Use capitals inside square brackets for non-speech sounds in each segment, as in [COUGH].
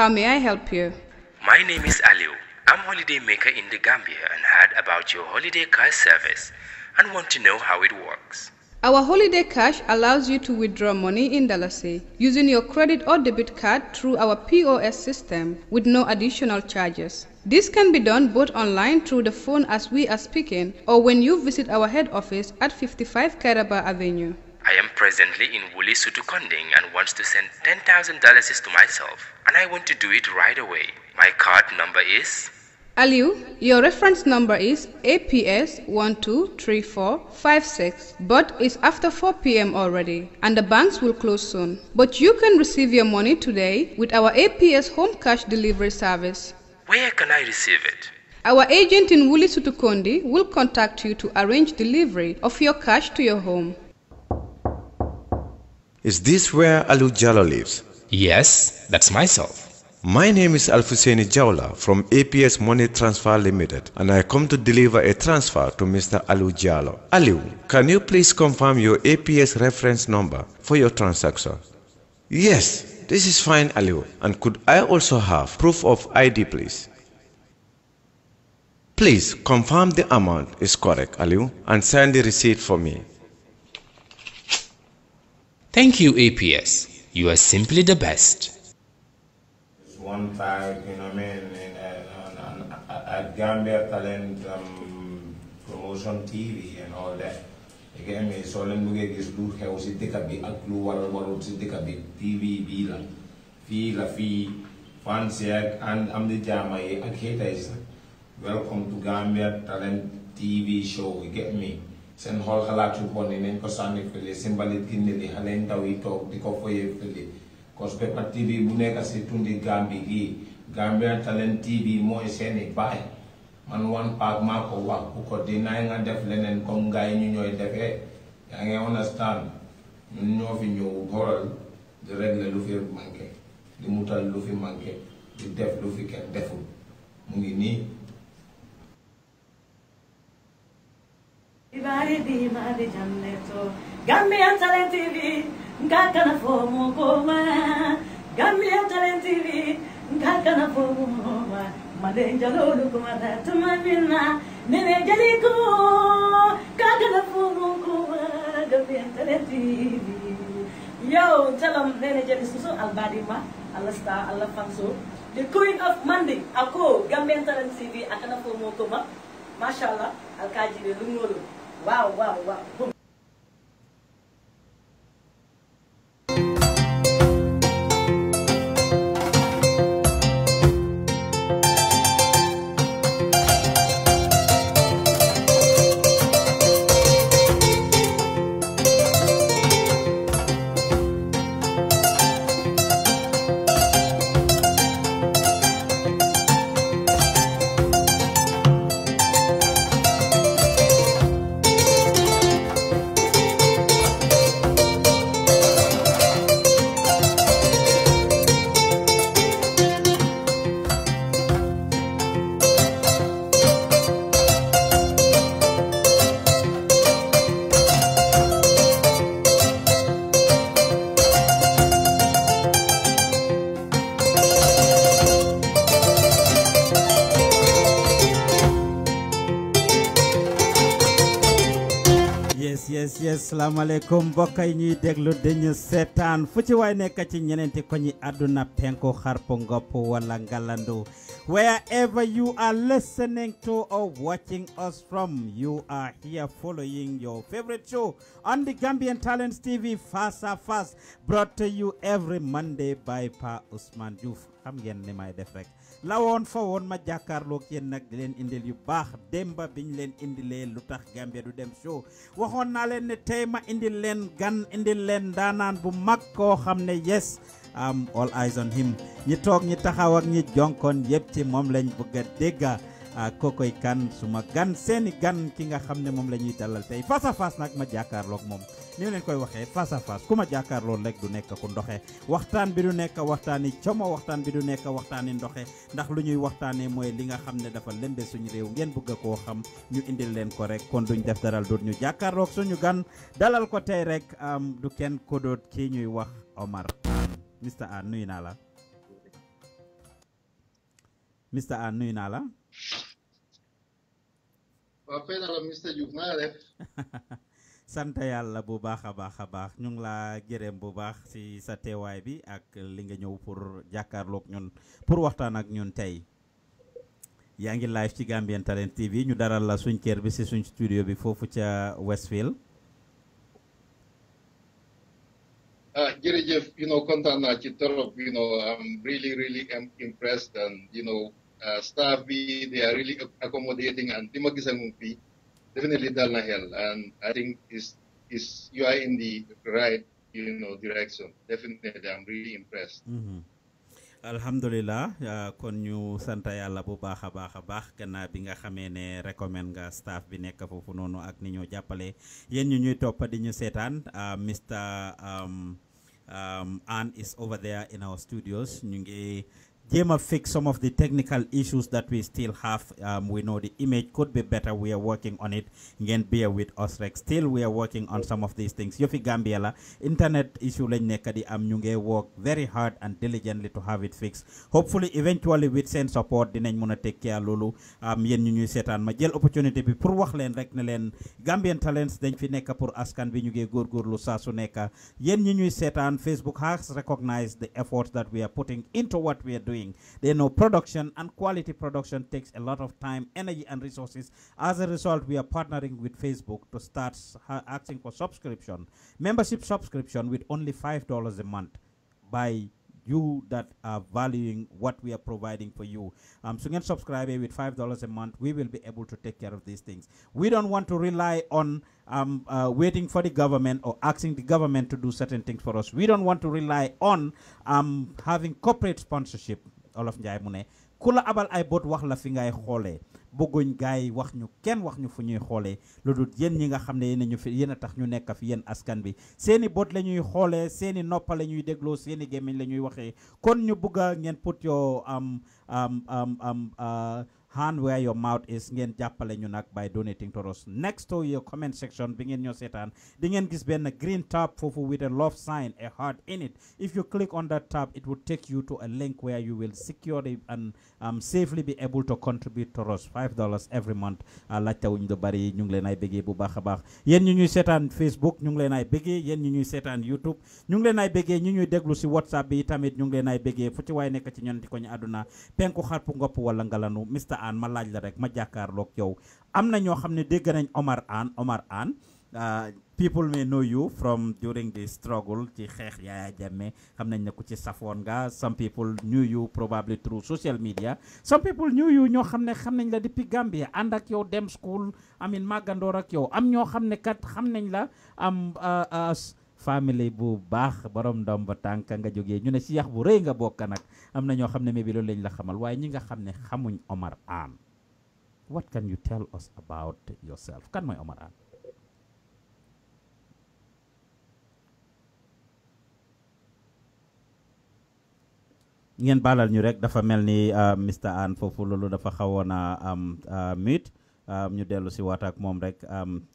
How may I help you? My name is Aliu. I'm a holiday maker in the Gambia and heard about your holiday cash service and want to know how it works. Our holiday cash allows you to withdraw money in Dalasi using your credit or debit card through our POS system with no additional charges. This can be done both online through the phone as we are speaking or when you visit our head office at 55 Karaba Avenue. I am presently in Wooly Sutukonding and want to send $10,000 to myself and I want to do it right away. My card number is Aliu, your reference number is APS 123456, but it's after 4 p.m. already and the banks will close soon. But you can receive your money today with our APS home cash delivery service. Where can I receive it? Our agent in Wuli Sutukondi will contact you to arrange delivery of your cash to your home. Is this where Alu Jala lives? Yes, that's myself. My name is Alfuseni Jawla from APS Money Transfer Limited and I come to deliver a transfer to Mr. Alu Jalo. Alu, can you please confirm your APS reference number for your transaction? Yes, this is fine Alu and could I also have proof of ID please? Please confirm the amount is correct Alu and send the receipt for me. Thank you, APS. You are simply the best. It's one five, you know what I mean? And, and, and, at Gambia Talent um, Promotion TV and all that. You get me? So len mu ngeen gis lu xew si dëkk A ak lu waral warul si dëkk bi TV bii la fii la fii fans yi ak and am the jaama yi ak xeetay sax welcome to Gambia Talent TV show you get me seen xool xalaat yu bon yi nañ ko sànni fële si mbalit gi ne li xale ndaw yi toog di ko foyee fële Cosepepa TV bu nekk si tundi Gambi gii Gambian Talent TV mooy seeni baay man one pack maa ko wax bu ko dinaay nga def leneen comme nga ñu ñooy defee yaa ngi understand ñun ñoo fi ñëw boral di régler lu fi manqué di mutal lu fi manqué di def lu fi kenn deful mu ngi nii Ibaribi mari jamneto Gambia Talent TV gak na fomu koma Gambia Talent TV nkaka na fomu koma Madenja lolu kumata tumamina Nene jaliko kaka na fomu koma Gambia Talent TV Yo, tell them ma jalisuso sta Alasta, alafanso The Queen of Monday, aku Gambian Talent TV, akana fomu koma al kaji de lungolo Wow, wow, wow. Boom. asalaamaaleykum alaikum yi ñuy déglu dañu seetaan fu ci waay nekk ci ñeneenti ko ñi àdduna ngopp wala wherever you are listening to or watching us from you are here following your favorite show on the Gambian Talents TV Fast, Fast brought to you every Monday by Pa Usman Diouf xam ngeen ni may def rek lawoon fa woon ma jàkkaarloog yéen nag di leen indil yu baax démba biñ leen indilee lu tax Gambia du dem show waxoon naa leen ne tey ma indil leen gan indil leen daanaan bu mag koo xam ne yes am all eyes on him ñi toog ñi taxaw ak ñi jonkoon yëpp ci moom lañ bëgg a dégga ah, kokoy kan ma gan seeni gan ki nga xam ne moom la ñuy dalal tey face à nag ma jàkkaarloog moom ñu leen koy waxee face à face kuma jakar jàkkaarlool rek du nek ku ndoxe waxtaan bi du nekk waxtaani como waxtaan bi du nekk waxtaani ndoxe ndax lu ñuy waxtaanee moy li nga xam ne dafa lembe suñu réew ngeen bëgg ko xam ñu indil leen ko rek kon duñ def daral doot ñu jàkkaarloog suñu gan dalal ko tay rek du kenn ko doot ci ñuy wax Omar Mr a nuy na la Mr a nuy na la waaw fay naa la Mr def [LAUGHS] sante yalla bu baakha baakha baax ñu ngi la gërëm bu baax si sa téway bi ak li nga ñëw pour ak ñun pour waxtaan ak ñun tay yaangi live ci Gambian Talent TV ñu daral la suñu kër bi ci suñu studio bi foofu ca Westfield. Uh, ah, Jerejev, you know, ci torop you know, I'm really, really am impressed and, you know, uh, staff, they are really accommodating and fi definitely kon ñu sant yàlla bu baax a baax a baax gannaaw bi nga xamee ne recommend nga staff bi nekk foofu noonu ak ni ñoo jàppale yéen ñu ñuy toppa di ñu seetaan ah, Mr. Um, um, Ann is over there in our studios ñu ngi. Jema fix some of the technical issues that we still have. Um, we know the image could be better. We are working on it. Again, bear with us, Rex. Still, we are working on some of these things. Yofi Gambiela, internet issue lañ nekk am ñu work very hard and diligently to have it fixed. Hopefully, eventually with seen support dinañ mën a take care lulu am um, yen ñu ñuy seetaan opportunity jël opportunité bi pour wax leen rek ne Gambian Talents dañ fi nekk askan bi ñu ngi góorgóorlu saa su nekk yéen ñu Facebook has recognized the efforts that we are putting into what we are doing doing. They know production and quality production takes a lot of time, energy, and resources. As a result, we are partnering with Facebook to start asking for subscription, membership subscription with only $5 a month by you that are valuing what we are providing for you. Um, so you can subscribe with $5 a month. We will be able to take care of these things. We don't want to rely on um, uh, waiting for the government or asking the government to do certain things for us. We don't want to rely on um, having corporate sponsorship. All of Njai Mune. Kula abal ay bot wax la fi ngay xolé bëgguñ gars yi wax ñu kenn wax ñu fu ñuy xoolee lu dul yéen ñi nga xam ne yéen ñu fi yéen a tax ñu nekk fi yéen askan bi seeni bot la ñuy xoolee seeni noppa la ñuy dégloo seeni gémmiñ la ñuy waxee kon ñu bëgg ngeen put yoo am am am am euh, hand where your mouth is ngeen jàppale ñu nag by donating to us next to your comment section bi ngeen ñoo seetaan di ngeen gis benn green tab foofu with a love sign a heart in it if you click on that tab it will take you to a link where you will securely and um, safely be able to contribute to us five dollars every month ah, laajte wuñ du bari ñu ngi leen ay bëggee bu baax baax yéen ñu ñuy seetaan Facebook ñu ngi leen ay bëggee yéen ñu ñuy seetaan YouTube ñu ngi leen ay ñu ñuy déglu si WhatsApp bi tamit ñu ngi leen ay bëggee fu ci waay nekk ci ñoon di ko ñu àdduna penku xarpu ngopp wala ngalanu Mr Aan ma laaj la rek ma jàkkaarloog yow am na ñoo xam ne dégg nañ Omar Aan Omar Aan ah, people may know you from during the struggle ci xeex Yaya Jammeh xam nañ ne ko ci safoon nga some people knew you probably through social media some people knew you ñoo xam ne xam nañ la depuis Gambia ànd ak yow dem school amin màggandoor ak yow am ñoo xam ne kat xam nañ la am as ah, ah, Family bu baax borom ndom ba tank nga joge ñu ne cheikh bu reey nga bokk nak amna ño xamne mebi ne loolu lañ la xamal waaye ñi nga xamne xamuñ Omar am what can you tell us about yourself kan Moy Omar am ngeen balal ñu rek dafa melni ni ah, Mr An, fofu loolu dafa xawoon a am ah, mute ñu dellu ci waat ak mom rek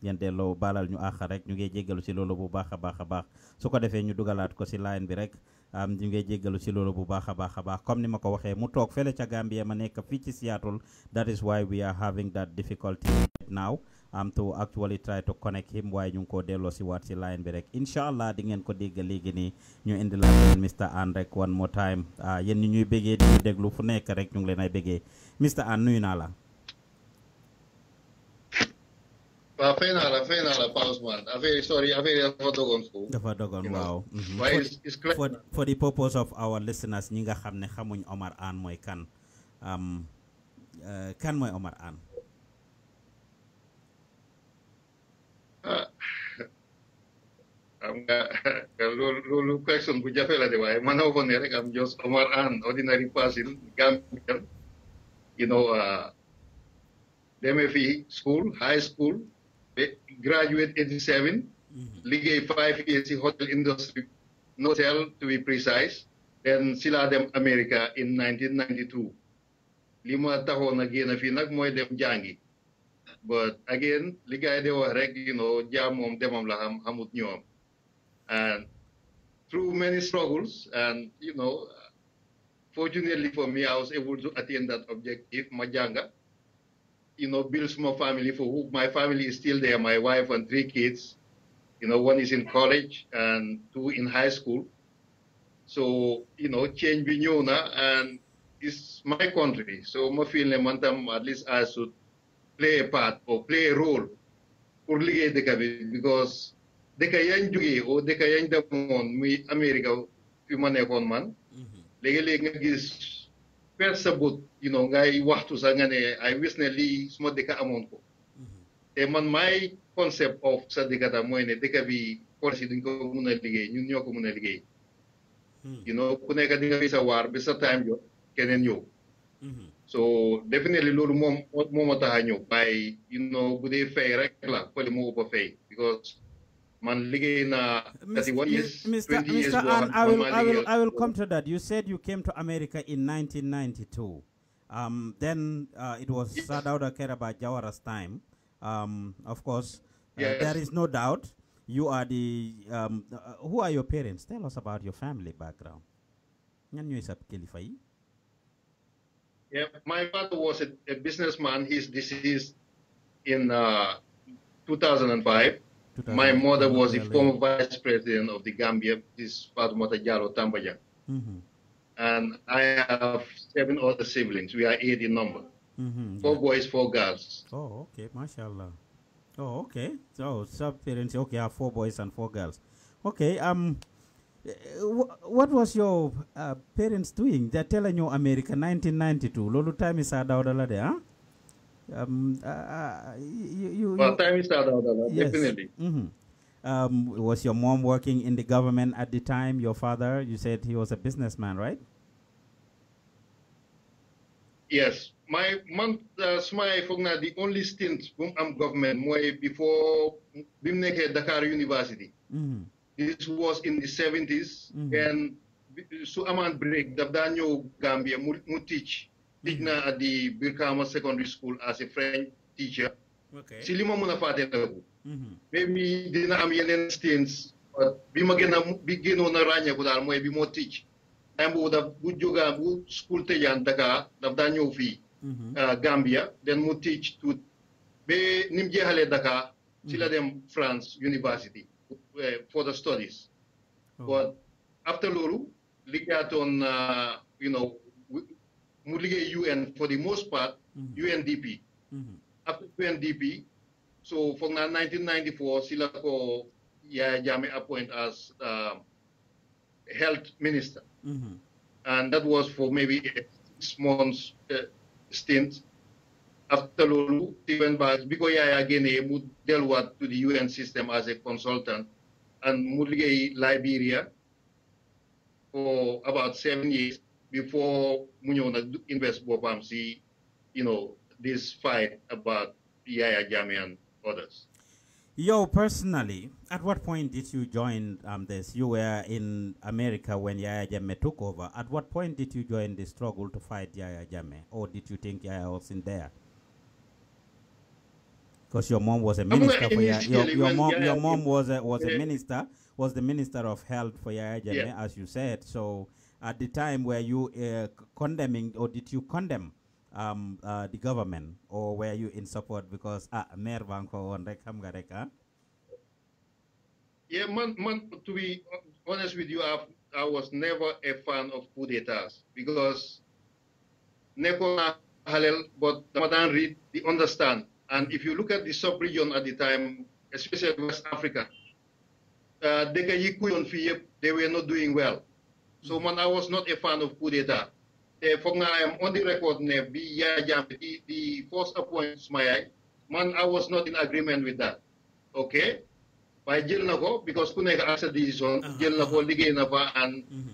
ñen delloo balal ñu àq rek ñu ngi jéggalu ci lolu bu baaxa baaxa baax a baax su ko defee ñu dugalat ko si line bi rek ñu ngi jéggalu ci lolu bu baaxa baaxa baax comme ni mako waxé mu tok ci Gambia ma nek fi ci Seattle that is why we are having that difficulty right now am to actually try to connect him why ñu ko koo ci si waat si line bi rek inshallah di ngeen ko dégg légui ni ñu indi la Mr Ann one more time ah, yeen ñi ñuy bégee di ñu déglu fu nek rek ñu ngi lay Mr Ann nuyu na la. La pena, la pena la Avere, sorry, avere dafa dogon School. Dafa dogon, wow. Mm -hmm. for, it's, it's clear, for, for, the purpose of our listeners, ñi nga xam xamuñ Omar An, mooy kan. Um, uh, kan mooy Omar An? xam ah. [LAUGHS] nga loolu [LAUGHS] loolu question bu jafe la de waaye man ko ne rek am jos Omar An, ordinary person Gambian you know uh, demee school high school graduate 87, mm-hmm. ligay 5 years in hotel industry, hotel to be precise, then sila America in 1992. Lima taho na ginafinag mo dem jangi. But again, ligay de rek, you know, jamom demam laham hamut nyom. And through many struggles, and you know, fortunately for me, I was able to attain that objective, majanga you know, small family, for who my family is still there, my wife and three kids. You know, one is in college and two in high school. So, you know, change Binyona and it's my country. So my feeling mantam at least I should play a part or play a role for liggéey dëkk because the yañ jógee o dëkk yañ demoon muy Amérique fi ma nekkoon man mm-hmm. Legally, persabut you know ngay waxtu sax nga ne ay wis ne lii suma dëkka amoon ko te man maay concept of sa dëkkata mooy ne dëkka bi force yi duñ ko mun a liggéey ñun ñoo ko mun a liggéey hmm. ku nekk di nga sa waar bi sa time jot keneen ñëw hmm. so definitely loolu moom moo tax a ñëw waaye you know bu dee fay rek la fële moo ëpp a fay Man, 31 years, 20 years. Mr. Ann, I will, I, will, I will uh, come to that. You said you came to America in 1992. Um, then uh, it was yes. Sadauda Keraba Jawara's time. Um, of course, uh, there is no doubt you are the. Um, uh, who are your parents? Tell us about your family background. Yeah, my father was a, a businessman. He's deceased in uh, 2005. My mother was the former vice president of the Gambia, this Fatumata Jalo Tambaya. Mm-hmm. And I have seven other siblings. We are eight in number. Mm-hmm, four yeah. boys, four girls. Oh, okay, mashallah. Oh, okay. So, sub-parents, okay, I have four boys and four girls. Okay, um, what was your uh, parents doing? They're telling you America 1992. Lolo time is a daudala huh? Um, uh, uh, you, you, well, time out, yes. definitely. Mm-hmm. Um, was your mom working in the government at the time? Your father, you said he was a businessman, right? Yes. My mom, uh, sumay the only stint from government way before bimneke mu nekkee Dakar University. Mm-hmm. This was in the 70s. Mm-hmm. and su amaan break daf daa Gambia mu mu digna di Birkama Secondary School as a French teacher. Okay. Si lima mo na patin ako. Mm-hmm. Maybe di na am yenen students but bi magena bi gino na ranya ko dal mo e eh, bi mo teach. Ay mo da bu juga bu school te yan daga da da fi mm-hmm. ah, Gambia then mo teach to be nim jeexale Dakar ci mm-hmm. dem France University eh, for the studies. Oh. But after loolu liggéeyaatoon uh, ah, you know mu UN for the most part. Mm-hmm. UNDP. Mm-hmm. après UNDP so foog 1994 si la ko Yaya appoint as um, health minister. Mm-hmm. and that was for maybe a six months uh, stint. after loolu Steven Barr because I again génnee moved delluwaat to the UN system as a consultant and mu Liberia for about seven years before Munoz invest see, you know, this fight about Yaya Jami and others? Yo, personally, at what point did you join um, this? You were in America when Yaya Jame took over. At what point did you join the struggle to fight Yaya Jame? Or did you think Yaya was in there? Because your mom was a minister for Yaya. Your, your, mom, Yaya your mom was a, was yeah. a minister, was the minister of health for Yaya Jame, yeah. as you said. So at the time were you uh, condemning or did you condemn um, uh, the government or were you in support because ah mayor banko on rek Gareka. Ah? yeah man man to be honest with you I've, i was never a fan of coup d'etats because neko halal but ramadan read the understand and if you look at the sub-region at the time especially west africa uh, they were not doing well so man, I was not a fan of coup d'etat. Therefore, now I am on the record ne biya jambi the, the first appointment Sumayay, man, I was not in agreement with that. Okay? Waaye jël na because ku nekk ak decision, ah, jël na ko ah. na fa and mm-hmm.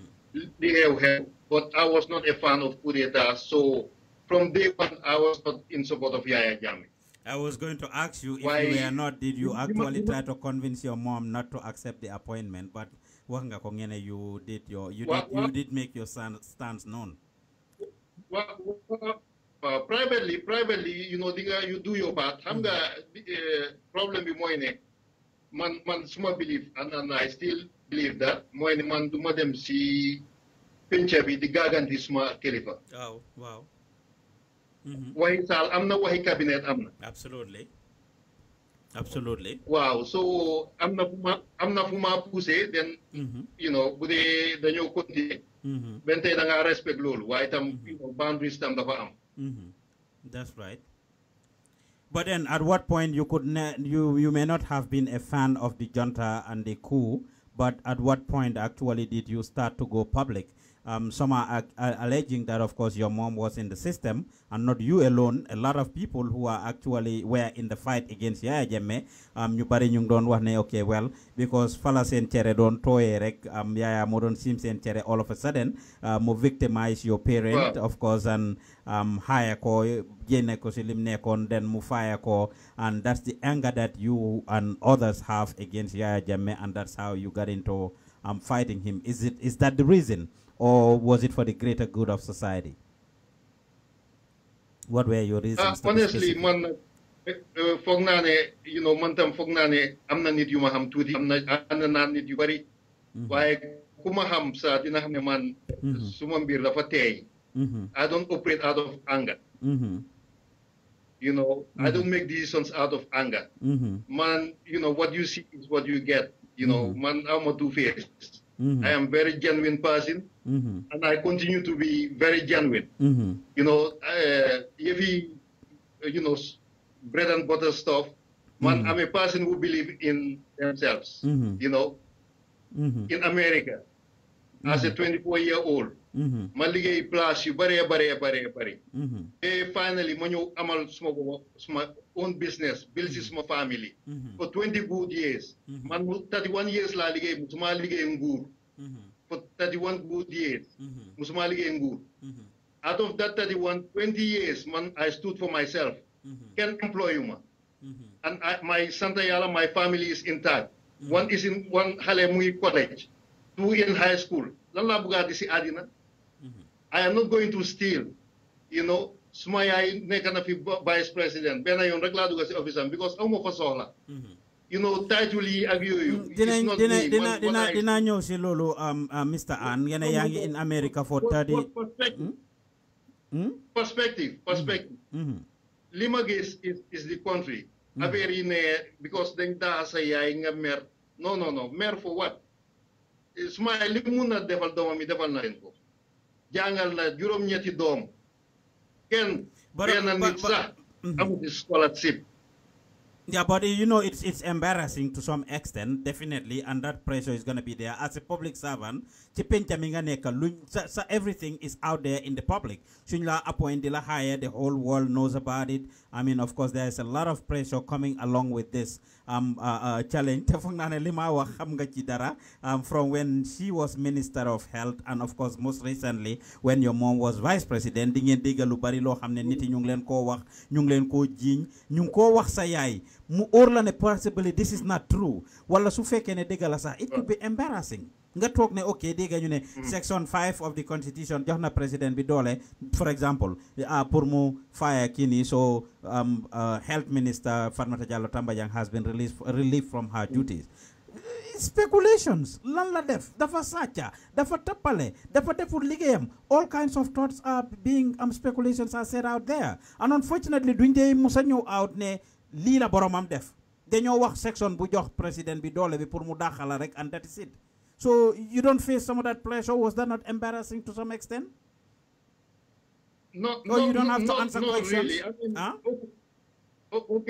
But I was not a fan of coup d'etat, so from day one, I was not in support of Yaya Jammeh. I was going to ask you if Why, you were not, did you actually try to convince your mom not to accept the appointment? But wax kongene you did your you did you did make your stance known Uh, privately privately you know di you do your part xam uh, hmm. eh, problem bi mooy man man suma believe and, and I still believe that mooy man duma dem si penca bi di gaaganti suma Wow, wow. waaw mm-hmm. waxi saal am na waxi cabinet am absolutely absolutely Wow. so am na fu am not fu ma Then mm-hmm. you know bu dee dañoo continuer mm-hmm. ben tey da ngaa respect tam mm-hmm. boundaries tam dafa am that's right but then at what point you could you you may not have been a fan of the junta and the coup but at what point actually did you start to go public um, some are, are alleging that, of course, your mom was in the system, and not you alone. A lot of people who are actually were in the fight against Yaya Jammeh, um, you bari ñu don doon wax ne okay well because fala seen cere doon tooyee rek um, Yaya moo doon sim seen cere all of a sudden uh, victimize your parent, well. of course, and um, hire ko génne ko si lim then mu fire ko and that's the anger that you and others have against Yaya and that's how you got into um, fighting him. Is it is that the reason? or was it for the greater good of society? What were your reasons? Uh, honestly, man, eh, eh, foog naa ne you know man tam foog naa ne am na nit yu ma i am not, I'm not yu bari mm-hmm. waaye ku ma sa dina xam ne man mm-hmm. suma mbir dafa teey mm-hmm. I don't operate out of anger you know I don't make decisions out of anger man you know what you see is what you get you know man I'm ma two face I am very genuine person Mm-hmm. And I continue to be very genuine. Mm-hmm. You know, uh, heavy, uh, you know, bread and butter stuff. Man, mm-hmm. I'm a person who believe in themselves. Mm-hmm. You know, mm-hmm. in America, as a 24 year old. ma liggéey place you bëree bëree bëree bëri et finally ma ñëw amal suma my own business build si my family for twenty good years man thirty one years laa liggéey musuma liggéey good. for 31 good years. Mm-hmm. Musumali mm -hmm. Out of that 31, 20 years, man, I stood for myself. Mm -hmm. Can employ you, man. Mm -hmm. And I, my Santa Yala, my family is intact. Mm-hmm. One is in one Halemui college, two in high school. Lala bugati si Adina. Mm-hmm. I am not going to steal. You know, sumayay nekana fi vice president. Bena yon duga si officer because amo fasola. Mm -hmm you know tajuli ak yooyu mm, dinañ dina dina dina dina ñëw si loolu Mr um, uh, Ann ngeen yaa ngi in America for thirty perspective hmm? Hmm? Hmm? perspective li Lima gis is the country affaire yi ne because deng da sa yaay nga mer no no no mer for what suma li mun na defal doomam yi defal na leen ko ken na juróom-ñetti di kenn sip. nit sax amul sip. Yeah, but you know, it's it's embarrassing to some extent, definitely, and that pressure is going to be there. As a public servant, ci luñ sa everything is out there in the public suñ la appoint di la hire the whole world knows about it I mean of course there is a lot of pressure coming along with this um, uh, uh, challenge te [LAUGHS] foog li ma wax xam nga ci dara um, from when she was minister of health and of course most recently when your mom was vice president di ngeen dégg lu bari loo xam ne nit yi ñu ngi leen koo wax ñu ngi leen koo ñu ngi koo wax sa yaay mu la ne possibly this is not true wala su fekkee ne la sax it could be embarrassing nga tok ne ok dega ñu ne hmm. section 5 of the constitution jox na président bi doole for example ya, pour mu fire kii nii so um, uh, health minister Fatoumatta Jallow Tambajang has been released relieved from her duties speculations lan la def dafa sàcca dafa tappale dafa deful liggéeyam all kinds of thoughts are being am um, speculations are set out there and unfortunately duñ dee musa ñëw out ne lii la boromam def dañoo wax section bu jox president bi doole bi pour mu daxala rek and that is it So you don't face some of that pressure. Was that not embarrassing to some extent? No, no, you don't have to answer questions. ah ok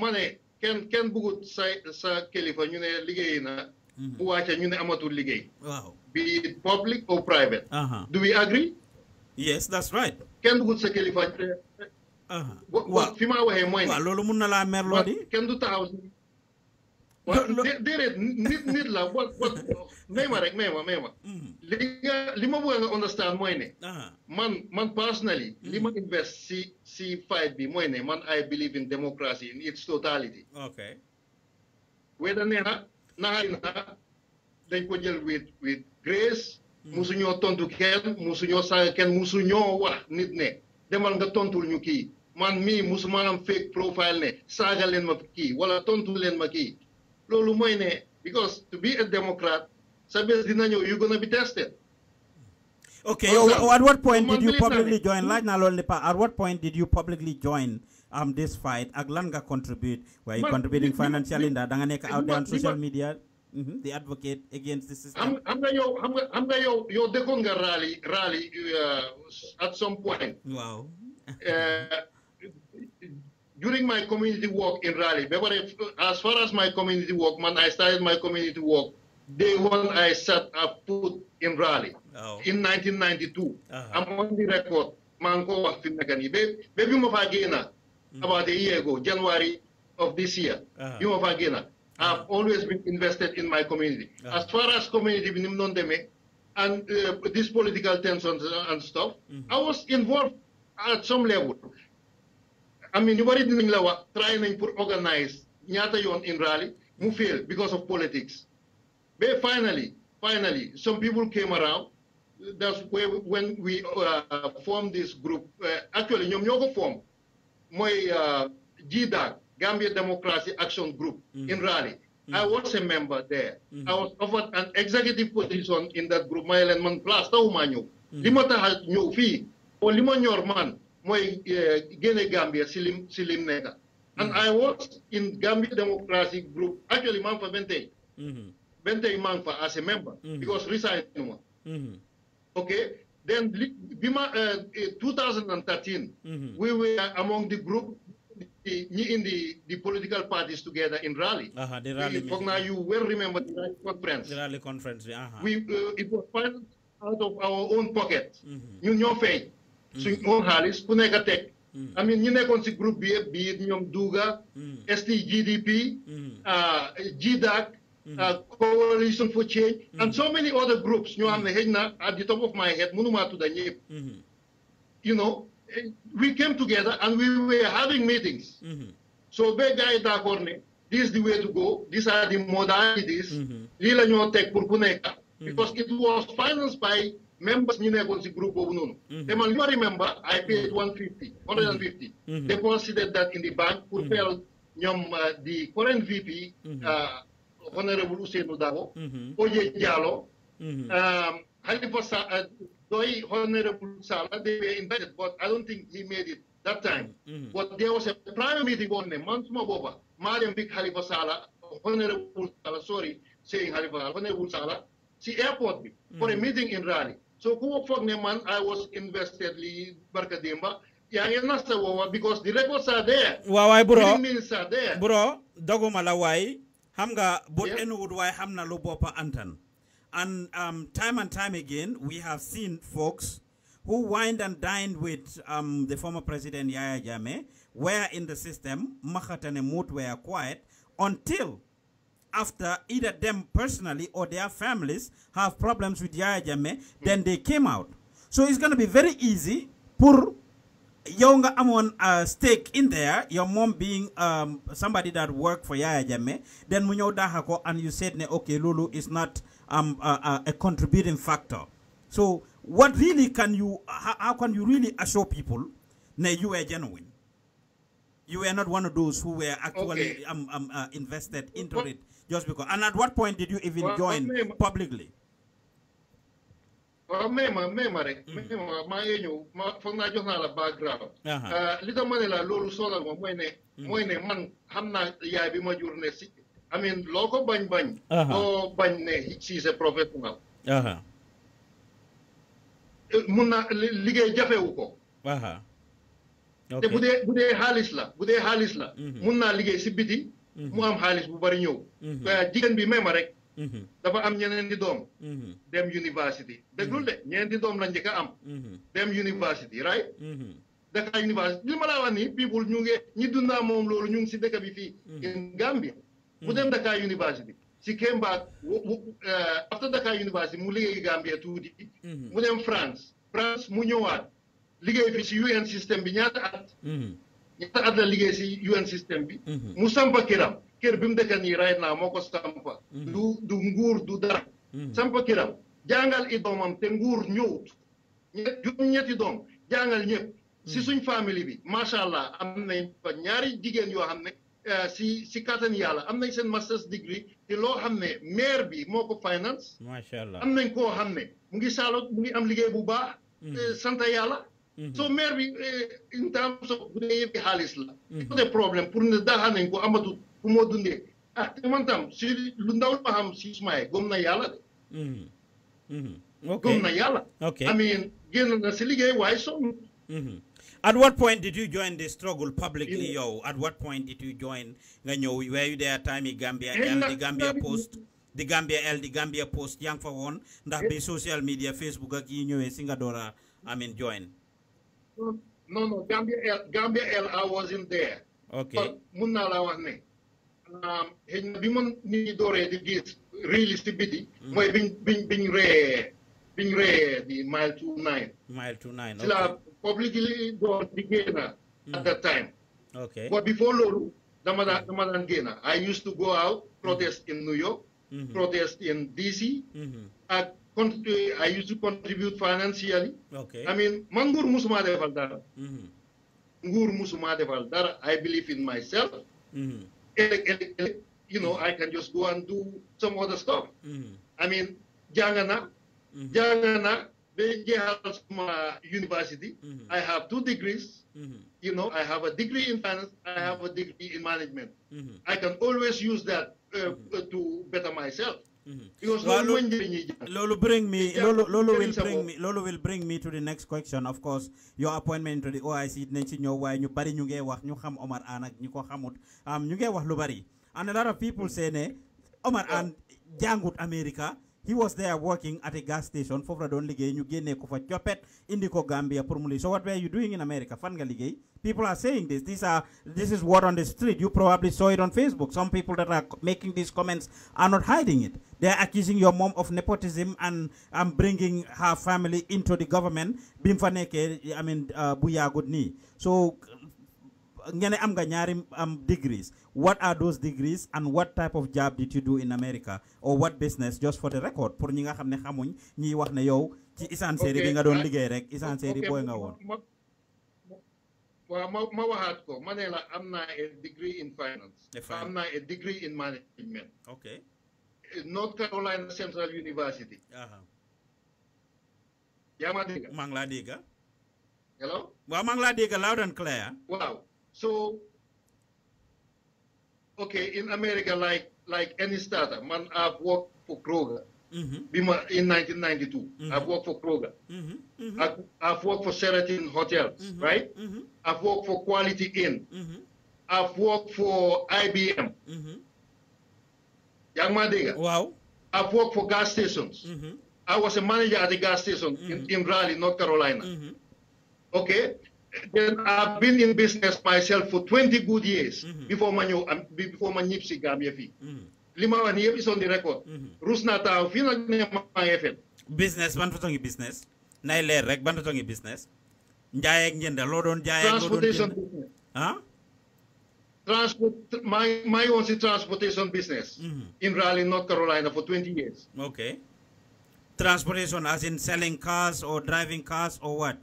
ma ne kenn kenn bëggut sa sa kilifa ñu ne liggéey na. Mhm. bu wàcce ñu ne amatul liggéey. waaw be it public or private. Uh-huh. do we agree. yes that's right. kenn bëggut sa kilifa. Uh-huh. waaw fi ma waxee mooy. waaw loolu mun na laa merloo di. kenn du taxaw déedéet nit la boo boo may ma rek may ma may ma. Mm-hmm. li nga li ma bëgg a understand mooy ne. Ah. man man personally mm. li ma invest si si fight bi mooy ne man I believe in democracy in its totality. ok. weda nee na naxari na dañ ko jël with with grace. Mm. musuñoo tontu kenn musuñoo saaga kenn musuñoo wax nit ne demal nga tontul ñu kii man mii musu maanaam fake ne saaga leen ma kii wala tontu leen ma kii. because to be a Democrat, sabihin din nyo, you're gonna be tested. Okay, oh, oh, at what point did you publicly eh. join? Like na lol pa, at what point did you publicly join um, this fight? At lan ka contribute? Were you contributing financially? Da, da nga out there on social media? Mm -hmm. The advocate against the system. am am nga yow, am nga rally, rally uh, at some point. Wow. uh, during my community work in Raleigh, as far as my community work, when I started my community work, day one I set a foot in Raleigh oh. in 1992. Uh -huh. I'm on the record. Man ko wax fi nekk about a year ago January of this year uh-huh. you ma faa i I've uh-huh. always been invested in my community uh -huh. as far as community eh, and uh, these political tensions and stuff mm -hmm. I was involved at some level mean, ñu bari dinañ la wax try nañ pour organize ñaata yoon in rally mu fail because of politics but finally finally some people came around that's where when we uh, formed this group uh, actually ñoom ñoo ko form mooy uh, Gambia Democracy Action Group mm. in Raleigh. Mm. I was a member there. Mm. I was offered an executive position in that group. My element plus taw maa ñëw. Mm. li tax a ñëw fii. o li ma ñor man Eh, Gambia and mm-hmm. I was in Gambia Democratic Group actually maa ngi fa bentey mm-hmm. bentey maa fa as a member mm-hmm. because resign ma ok then bi eh, eh, 2013 we were among the group in the political parties together in Raleigh. Uh -huh, the rally. foog you will remember the Raleigh conference. The rally conference, uh We, it was financed out of our own pocket. Union ñoo feeñ. Suñ own xaalis ku nekk teg I mean ñu nekkoon si b bi yëpp bii ñoom Duga mm. STGDP mm. uh, GDAC mm. uh, Coalition for Change and so many other groups you xam ne xëy na at the top of my head mënumaa tudda ñëpp mm-hmm. you know we came together and we were having meetings mm-hmm. so ba guy yi d'accord ne this is the way to go these are the modalities mm-hmm. lii la because it was financed by members ñu nekkoon si groupe boobu noonu. Mm-hmm. te man li remember I paid one fifty. hundred and fifty. Mm-hmm. they considered that in the bank. pour fayal ñoom di current VP. Mm-hmm. Uh, honorable Ousseynou Dabo. Oje Diallo. Um, Halifa Sala, uh, Doi honorable Sala, they were invited, but I don't think he made it that time. But there was a private meeting on a month Moboba. Madam Vic Halifa Sala, honorable Sala, sorry, saying Halifa Sala, honorable Sala, she airport me for a meeting in Raleigh. So kung wag naman, I was investedly Barkadimba. Yang ina sa wawa because the records are there. Wawai bro. Means are there. Bro, dogo Malawai, Hamga Xam nga bot yeah. na antan. And um, time and time again, we have seen folks who wined and dined with um, the former president Yaya Jame were in the system, Makatane Mutwe were quiet until after either them personally or their families have problems with Yaya Jammeh, then they came out. So it's going to be very easy for young amon uh, stake in there, your mom being um, somebody that worked for Yaya Jammeh, then munyo dahako and you said, okay, Lulu is not um, a, a contributing factor. So what really can you, how, how can you really assure people that you are genuine? you were not one of those who were actually okay. um, um, uh, invested into it just because. And at what point did you even well, join me, publicly? Well, memory, memory. rek, mema, ma yeñu, ma foog naa background. Li tax ma ne la loolu solo ma mooy ne, mooy ne man xam naa yaay bi I mean, loo bany bany, uh-huh. oh, bañ. Loo bañ ne she is a professional. Uh-huh. Uh, mun na liggéey jafewu ko. te uh-huh. bu dee bu dee xaalis la bu dee la. Mm-hmm. mun naa liggéey Mhm. mu am xaalis bu bari ñëw mhm. jigéen bi may rek mhm. dafa am ñeneenti doom dem university déglul de ñeneenti doom la njëkk am dem university right Dakar university li ma laa wax nii people ñu ngi ñi dundaa moom loolu ñu ngi si dëkk bi fii in Gambia mu dem Dakar university si came back after Dakar university mu liggéey Gambia tuuti mu dem France France mu ñëwaat liggéey fi si UN système bi ñaata at ñetti at la liggéey si UN système bi. Mhm. mu sampa kiram kër bi mu dëkk kan nii right now moo ko sampa. Mhm. du du nguur du dara. Mhm. sampa kiram jàngal i doomam te nguur ñëwut. juróom ñetti doom jàngal ñëpp. si suñ famille bi macha allah am nañ fa ñaari jigéen yoo xam ne eh, si si kattan yàlla am nañ seen master's degree te loo xam ne maire bi moo ko finance. macha allah am nañ koo xam ne mu ngi saalo mu ngi am liggéey bu baax. Eh, santa yàlla. Mm-hmm. so maire eh, bi in terms of bu dee yëpp xaalis la. côté mm-hmm. problème pour ne daaxaan nañ ko amatul ku moo dundee ah te man tam si lu ndaw ma xam si Ismaïla gëm na yàlla de. Mm-hmm. ok gëm na yàlla. ok I mean génn na si liggéey waaye sonn. At what point did you join the struggle publicly, yow yo? At what point did you join? You know, were you there time in Gambia L, the Gambia Post, the Gambia L, the Gambia Post, Young for One, that be social media, Facebook, you know, in Singadora, I mean, join. No, no. Gambia L Gambia L I wasn't there. ok But mun naa laa wax ne. Um, xëy na bi ma nit ñi di gis really stupid. biti. being mm. biñ biñ biñ ree biñ ree di mile two nine. mile two nine ok publicly door di génn at mm. that time. ok but before loolu dama daan dama I used to go out protest in New York. Mm-hmm. protest in DC. Mm-hmm. at I used to contribute financially. Okay. I mean, Mangur nguur musuma defal dara. Mm-hmm. nguur musuma defal dara. I believe in myself. Mm -hmm. You know, I can just go and do some other stuff. Mm -hmm. I mean, jangana, mm -hmm. university. Mm-hmm. I have two degrees. Mm -hmm. You know, I have a degree in finance. I have a mm-hmm. degree in management. I can always use that uh, to better myself. Mm-hmm. Lolo bring me Lolo, Lolo will bring me Lolo will bring me to the next question. Of course, your appointment to the OIC nañ ci ñëw you ñu bari ñu ngee wax ñu xam Omar Ann ak ñu ko am um, ñu ngee wax lu bari and a lot of people say ne Omar Ann jàngut America he was there working at a gas station foofu only doon new guinea génnee ko fa coppet Gambia pour so what were you doing in America fan nga people are saying this these are this is what on the street you probably saw it on Facebook some people that are making these comments are not hiding it they are accusing your mom of nepotism and and bringing her family into the government Bimfaneke. I mean uh, buya good nii so nga ne am nga ñaari am degrees what are those degrees and what type of job did you do in America or what business just for the record pour ñi nga xam ne xamuñ ñi wax ne yow ci Isan Série bi nga doon ah, liggéey rek Isan Série booy nga woon waaw ma ma waxaat ko ma ne la am na a degree in finance am naa a degree in management ok North Carolina Central University yaa ma dégg maa laa dégg waaw maa laa dégg loud and clear waaw So, okay, in America, like like any starter, man, I've worked for Kroger. Mm-hmm. In 1992, mm-hmm. I've worked for Kroger. Mm-hmm. mm-hmm. I've, I've, worked for Sheraton Hotels, mm-hmm. right? Mm-hmm. I've worked for Quality Inn. I've worked for IBM. Young Madiga. Wow. I've worked for gas stations. I was a manager at a gas station in, in Raleigh, North Carolina. Okay, then I've been in business myself for 20 good years mm -hmm. before my new, um, before my nipsi Gambia fee. Mm-hmm. Lima wan yep is on the record. Mm-hmm. Rusna ta fi nak ne ma FM. Business ban fatongi business. Nay leer rek ban fatongi business. Njaay ak ñënd lo doon jaay ak lo doon. Huh? Transport my my own transportation business mm -hmm. in Raleigh, North Carolina for 20 years. Okay. Transportation as in selling cars or driving cars or what?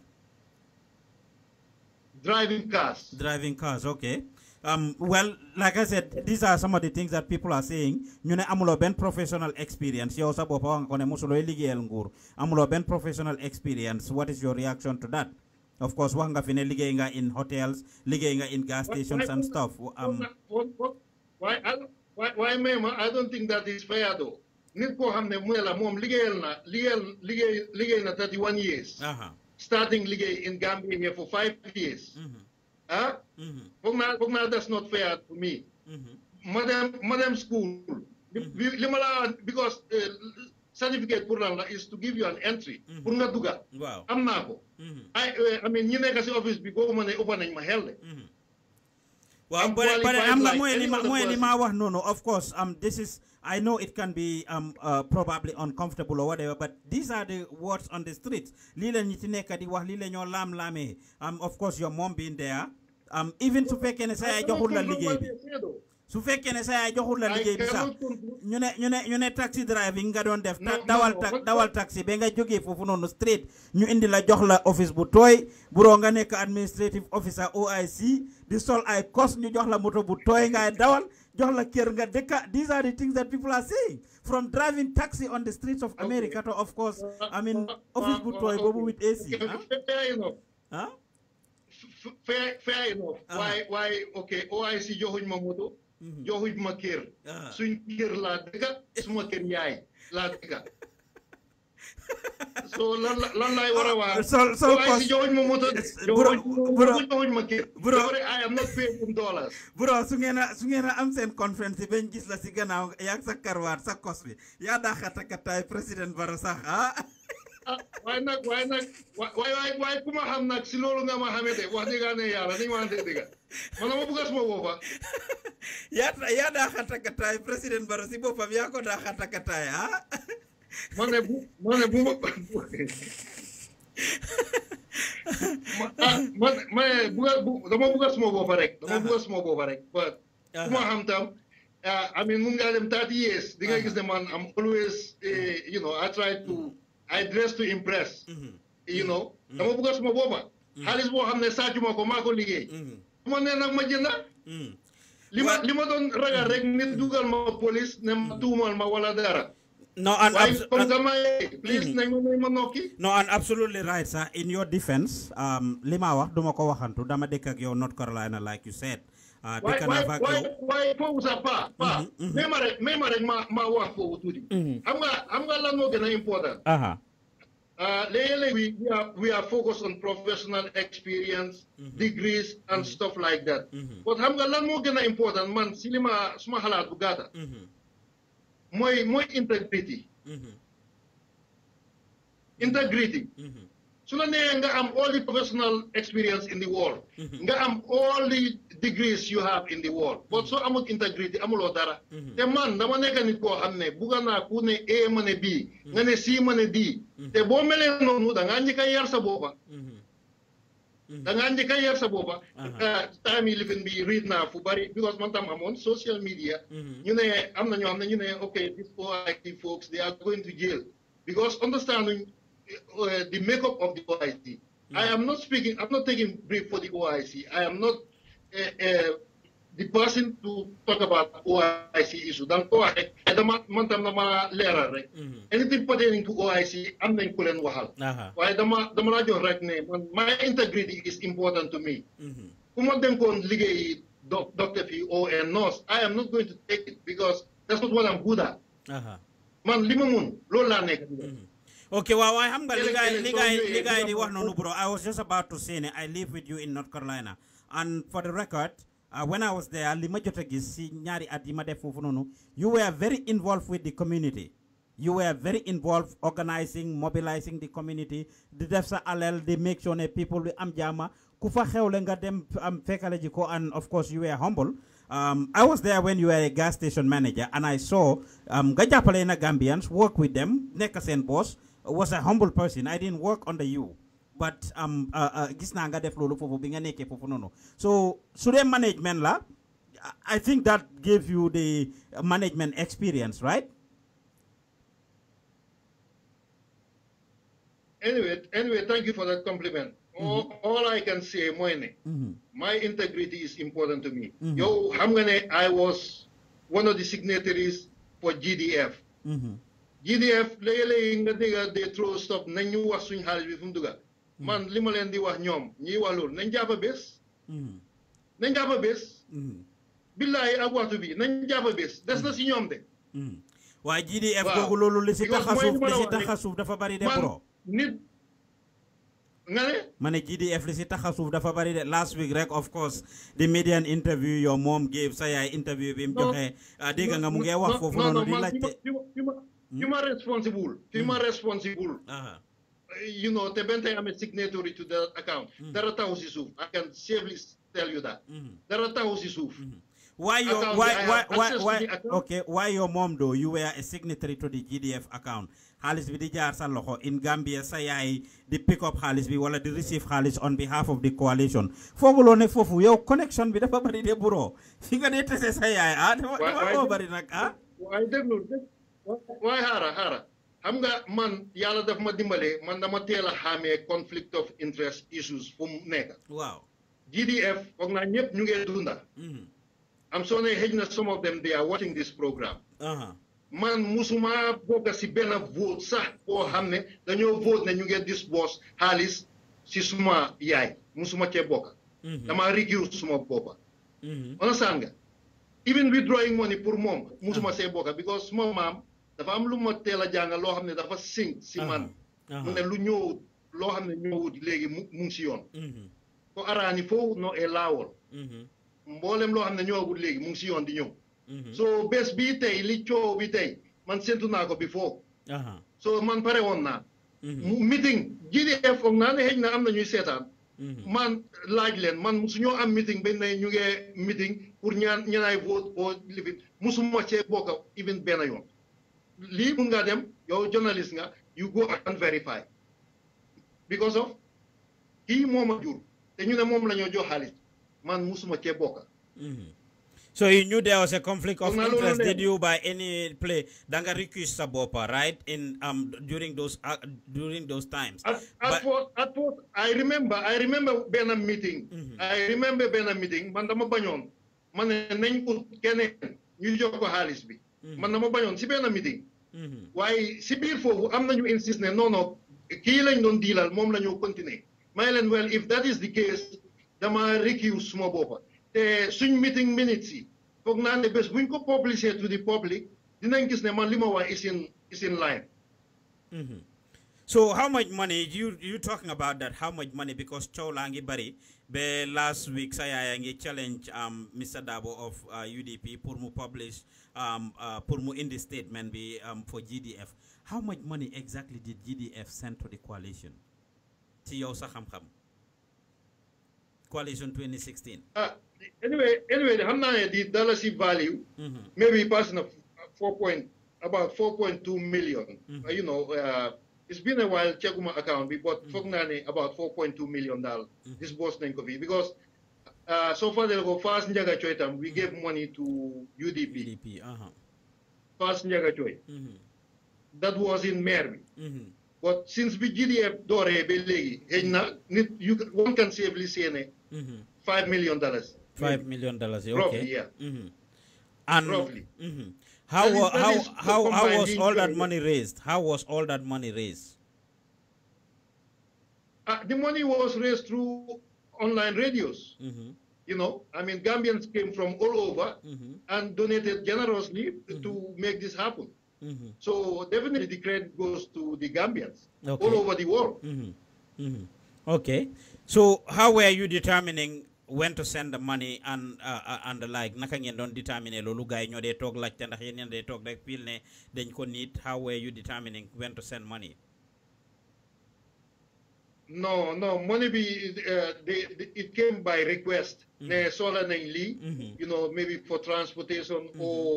Driving cars. Driving cars, okay. Um, well, like I said, these are some of the things that people are saying. ñu ne amuloo benn professional experience yow sa boppa wax nga ko ne mosulooy liggéeyal nguur professional experience what is your reaction to that of course wax nga fi ne in hotels liggéey inga in gas stations and stuff. Why? Um, why? Why, ma I don't think that is fair though nit hamne muela mum mu ne la moom liggéeyal na liggéeyal liggéey liggéey na thirty one years. Uh-huh. starting liggéey in Gambia here for five years. Mm-hmm. ah. Mm-hmm. foog naa foog naa that's not fair to mi mm-hmm. ma dem ma dem li ma la because eh, certificate pour lan la is to give you an entry. pour nga dugga. waaw am naa ko. ay eh, I mean ne nekk si office bi boobu ma ne nañ ma xel Well, but, but I'm not more li ma mooy li ma of course um this is I know it can be um uh, probably uncomfortable or whatever but these are the words on the streets. lii la ñu ci nekk di lame. um of course your mom being there um even su fekkee ne sa yaay joxul la liggéey bi su fekkee ne sa yaay joxul la liggéey bi sax ñu ne ñu ne ñu ne taxi driving nga doon def dawal dawal taxi ba nga jógee foofu noonu street ñu indi la jox la office bu tooy buroo nga nekk administrative officer OIC di sol ay kos ñu jox la moto bu tooy ngay dawal jox la kër nga dëkka these are the things that people are saying from driving taxi on the streets of America to of course I mean uh, uh, office bu uh, tooy boobu with AC ah fair enough waaye uh-huh. waaye ok OIC joxuñ ma Mm-hmm. joxuñ ma kër. Ah. suñ kër laa dëkka suma kër yaay laa dëkka [LAUGHS] so lan war a waa. Ah, sol sol kos joxuñ ma moto su ngeen su ngeen am seen conférence bañ gis la si gannaaw yaa sa karwaat sa kos bi yaa daa xatakataay président Barrow sax ah. ah. waaye nag waaye nag waay waay ku ma xam nag si loolu nga ma xamee de wax dëgg ne yàlla ni ma waxante dëgg man ma bëgg a suma boppa [LAUGHS] yaa yaa daa xatakataay président Barrow si boppam yaa ko daa xatakataay ah ma ne bu ma ne bu ma [LAUGHS] [LAUGHS] ah, ma ma bu dama bëgg a suma boppa rek dama bëgg a suma boppa rek ba ku ma xam tam ah, I mean mun ngaa dem thirty years di nga gis ne man am always eh, you know I try to I dress to impress mhm. you know mhm. dama bëgg a suma boppa mhm. xaalis boo xam ne sàccuma ko maa ko liggéey ma nee nag ma jënda hmm. li ma li ma doon ragal rek nit dugal ma police ne ma tuumal ma wala dara No, and hmm. absolutely right, sir. In your defense, um, lima wax duma ko waxantu dama dekk ak yow North Carolina like you said. Uh, why, why, why, why, why, pausa pa, pa. Mm -hmm, rek, ma, wax foofu tuuti. Mm Xam nga, xam nga lan moo gën a important. Uh, lately, we, we, are, we are focused on professional experience, mm -hmm. degrees, and mm -hmm. stuff like that. Mm -hmm. But xam nga lan moo gën important man si li ma suma xalaat bu mm-hmm. mooy mooy integrity mm-hmm. integrity mm-hmm su la nee nga am all the professional experience in the world mm-hmm. nga am all the degrees you have in the world but mm-hmm. soo amul integrity amuloo dara mm-hmm. te man dama nekk nit koo xam ne bugga naa ku ne A ma ne B nga ne C ma ne D te boo melee noonu da ngaa njëkk a yar sa boppa da ngaa njëkk a yar sa boppa uh-huh. ah, time yi lifin bi read naa fu bari because man tam amoon social media ñu ne am na ñoo xam ne ñu ne ok these poor folks they are going to jail because understanding uh, the makeup of the OIC. I mm. am not speaking, I'm not taking brief for the OIC. I am not uh, uh, the person to talk about OIC issue. Dan ko ay ada mantam na mga lera mm-hmm. Anything pertaining to OIC, I am na kulen wahal. Kaya dama dama right my integrity is important to me. Kumadem ko Dr. PO and nurse, I am not going to take it because that's not what I'm good at. Uh-huh. Man, limamun, lola nek. Mm-hmm. Okay, well, I am Ligai was bro. I was just about to say I live with you in North Carolina. And for the record, uh, when I was there, you were very involved with the community. You were very involved organizing, mobilizing the community. The Defsa Alel, they make sure that people am jama. Kufa xewlenga dem am fekale and of course you were humble. Um, I was there when you were a gas station manager and I saw um, Gambians work with them, Nekasen boss, was a humble person. I didn't work under you. But um, uh, uh gis naa nga def loolu foofu bi nga nekkee no no. so su management la I think that gave you the management experience right. anyway, anyway, thank you for that compliment. Mm -hmm. all, all, I can say, mm -hmm. my integrity is important to me. Mm -hmm. Yo, how many I was one of the signatories for GDF. Mm-hmm. GDF léegi-léegi nga dégg de trop stop nañ ñu wax suñu xaalis bi fu mu dugga mm. man li ma leen di wax ñoom ñiy wax loolu nañ jàpp bés mm. nañ jàpp bés mm. billaahi ak waxtu bi nañ jàpp bés des na si ñoom de waaye GDF googu loolu li si taxasuuf li dafa bari de bro ma ne GDF li si taxasuuf dafa bari de last week rek of course di median interview yow moom gave sa yaay interview bi mu joxe ah, dégg nga mu ngi wax foofu noonu di laajte Human hmm? responsible. Human responsible. Uh-huh. You know, Tebente, I'm a signatory to that account. Mm-hmm. Darata Hosisuf. I can safely tell you that. Mm-hmm. Darata Hosisuf. mm Why your account, why why why, why okay why your mom though you were a signatory to the GDF account Halis bi di jaar sa loxo in Gambia sa yaay di pick up halis bi wala di receive halis on behalf of the coalition fooguloo ne fofu. yow connection bi dafa bari de buroo fi nga dee tese sa yaay ah dafa dafa bari nag ah. waaye waaye xaara xaara xam nga man yàlla dafa ma dimbale man dama teel a xàmmee conflict of interest issues fu mu nekk. waaw GDF foog naa ñëpp ñu ngee dunda. am soo ne xëj na some of them they are watching this programme. Uh-huh. man musuma bokk si benn vote sax boo xam ne dañoo vote ne ñu ngee disboos xaalis si suma yaay musuma cee bokk. Mm-hmm. dama rigiw suma boppa mm-hmm. understand nga even withdrawing money pour moom musuma ah. see bokk because suma maam. dafa am lu ma teel a jàngal loo xam ne dafa sëñ si man mu ne lu ñëwut loo xam ne ñëwut léegi mu mu si yoon ko mhm. araani foofu no e laawol mhm. mboolem loo xam ne ñoo léegi mu si yoon di ñëw mhm. so bees bii tey li coow bi tey man séntu naa ko bi foo so man pare woon naa mu meeting GDF foog naa ne xëy na am na ñuy seetaan man laaj leen man su ñoo am meeting ba ne ñu ngee meeting pour ñaan ñanaay vote oo lifin musuma cee bokka even benn yoon Leave mun dem yow journalist nga you go and verify because of ki moma jur te ñu ne mom lañu jox xaalis man musuma ci bokka mhm. So you knew there was a conflict of interest. Did you, by any play, danga sa Sabopa, right? In um during those uh, during those times. At, at, what, at what, I remember, I remember ben a meeting. Mm -hmm. I remember ben a meeting. Man dama bañon. Man nañ ko kenen ñu jox ko xaalis bi. Mm-hmm. man na ma bañoon si na meeting. waaye si biir foofu am nañu insiste ne non non kii lañ doon diilal moom la ñu continuer may leen well if that is the case dama recuse suma boppa te suñ meeting minutes yi foog naa ne bés ñu ko publier di the public dinañ gis ne li ma wax is in is in line mm-hmm. So how much money you you talking about that? How much money? Because Cholangi Bari, be last week saya yang challenge um, Mr. Dabo of uh, UDP pour publish um, uh, in the statement be um, for GDF. How much money exactly did GDF send to the coalition? Tio sa Coalition 2016. Uh, anyway, anyway, xam the dollar value mm -hmm. maybe passing of four point about 4.2 million. Mm -hmm. you know. Uh, it's been a while checkuma account bi but mm. foog naa about four point two million daal disbursed mm. nañ ko fii because uh, soo fàttali ko Fass Njaga Coy tam we gave mm. money to UDP uh-huh. Fass Njaga Coy mm-hmm. that was in maire bi mm-hmm. but since bi GDF dooree ba léegi xëy na one can safely say mm-hmm. five million dollars five million dollars okay and roughly How, how, how, how was all that money raised? How was all that money raised? Uh, the money was raised through online radios. Mm -hmm. You know, I mean, Gambians came from all over mm -hmm. and donated generously mm -hmm. to mm-hmm. make this happen. Mm-hmm. So definitely the credit goes to the Gambians okay. all over the world. Mm-hmm. Okay. So how were you determining when to send the money and uh, uh and the like naka ngeen doon determine loolu gars yi ñoo dee toog laajte ndax yéen dee toog rek feel ne dañ ko need how were you determining when to send money no no money be uh, it came by request mm -hmm. ne sola nañ mm-hmm. you know maybe for transportation mm -hmm. or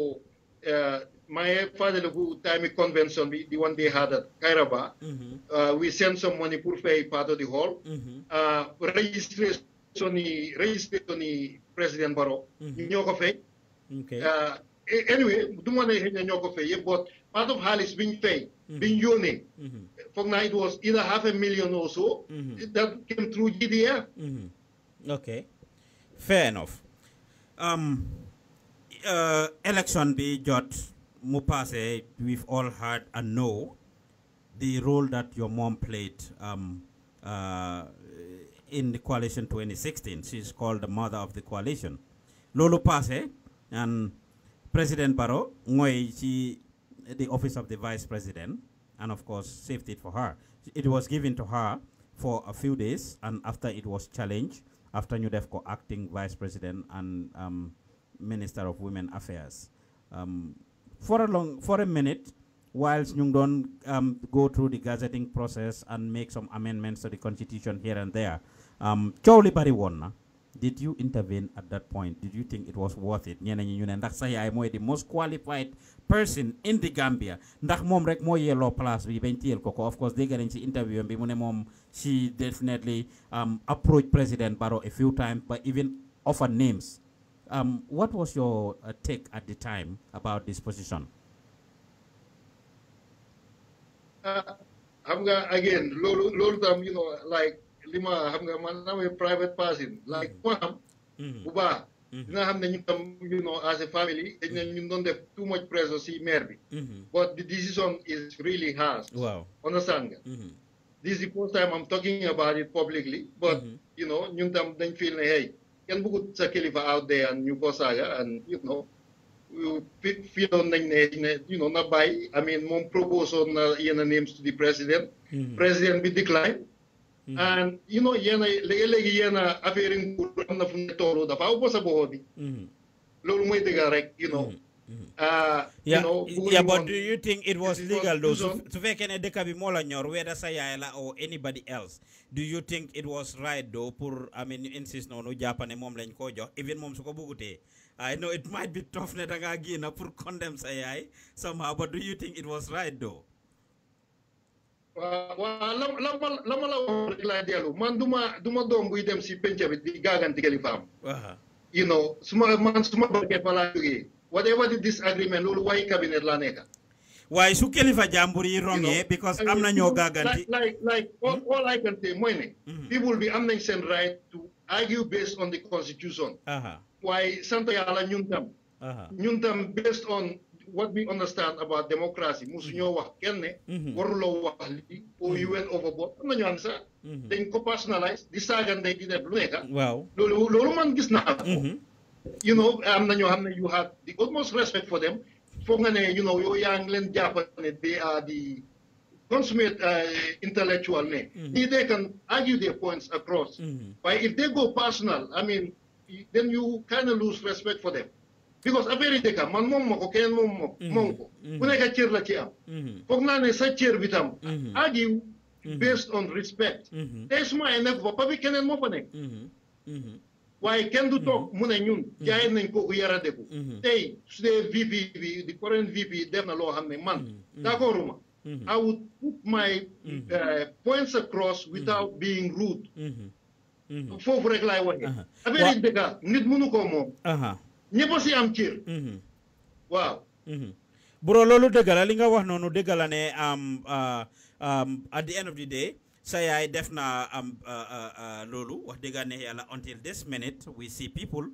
uh, my father who time convention the one they had at Kairaba mm -hmm. uh, we sent some money for pay part of the hall mm-hmm. uh, registration so ni raised ito ni President Baro, mm-hmm. Nyoko Faye. Okay. Uh, anyway, dumanahin niya Nyoko but part of Halis being Faye, mm-hmm. being Yuni, for now it was either half a million or so mm-hmm. that came through GDF. Mm-hmm. Okay. Fair enough. Um, uh, election be jot mu passé, we've all heard and know the role that your mom played um, uh, in the coalition 2016. She's called the mother of the coalition. Lolo Pase and President Barrow, Ngoy, she, the office of the vice president, and of course saved it for her. It was given to her for a few days, and after it was challenged, after NUDEFCO acting vice president and um, minister of women affairs. Um, for a long, for a minute, whilst Nyungdon um, go through the gazetting process and make some amendments to the constitution here and there, coow li bari did you intervene at that point did you think it was worth it ñeneen ñi ñu ne ndax sa yaay the most qualified person in the Gambia ndax moom rek moo yelloo place bi bañ téyel ko of course dégg nañ ci interview bi mu ne mom she definitely um, approached President Barrow a few times but even offer names um, what was your uh, take at the time about this position uh, gonna again loolu loolu you know like li mm-hmm. ma xam nga ma xam a baax mm-hmm. dina xam ne ñu tam ñu know as a family mm-hmm. doon def too much pressure si maire bi but the decision is really hard waaw understand nga this is the first time I'm talking about it publicly but you know ñun tam feel ne hey kenn bëggut sa kilifa out there and ñu ko saaga and you know filoon nañ ne ne I the president president bi decline and you know a léegi-léegi yéen a affaire yi am na fu mu toolu dafa aw bosa boxoo bi loolu mooy dëgg rek you but do you think it was legal though? Su fekkee ne dëkk bi moo la ñor whether sa yaay la or anybody else do you think it was right though pour I mean insist noonu jàpp ne moom lañ koo jox even moom su ko bëggutee I know it might be tough ne da ngaa pour condemn sa yaay somehow but do you think it was right though waaw lam lama lama la wax rek laa dellu duma duma doom buy dem si penc bi di gaaganti you know semua man suma barke whatever the disagreement lalu why kabinet laa Why waaye lima kilifa jàmbur yi because am na ñoo ganti. like like hmm? all, all I can say mooy people bi am nañ right to argue based on the constitution Why sant yàlla nyuntam, tam based on what we understand about democracy mosu ñoo mm-hmm. wax kenn ne mm-hmm. waruloo wax you mm-hmm. went overboard am na ñoo xam ne dañ ko personalize di saagandey di def lu nekka waaw loolu loolu man gis ko you know am na ñoo you have the utmost respect for them foog nga ne you know you're ngi leen jàppal ne they are the consummate uh, intellectual ne they can argue their points across but if they go personal I mean then you kind of lose respect for them because affaire yi man moom ma ko keneen moom ma ko mhm. moom ko mhm. ku la ci am mhm. foog naa ne sa cër bi tam based on respect That's my ay nekk fa can keneen moo fa nekk waaye kenn du toog mu ne ñun jaay nañ ko yara deku tey su VP bi di current VP def na loo xam man d'accord uma I would put my eh, points across without being rude For rek one, waxee uh-huh. affaire yi dëkka nit mënu koo bo si am cër mhm. waaw mhm. bro lolu dëgg wah li nga wax nonu dëgg ne am um, uh, um, at the end of the day sa yaay def na am um, uh, uh, lolu wax deugal ne yalla until this minute we see people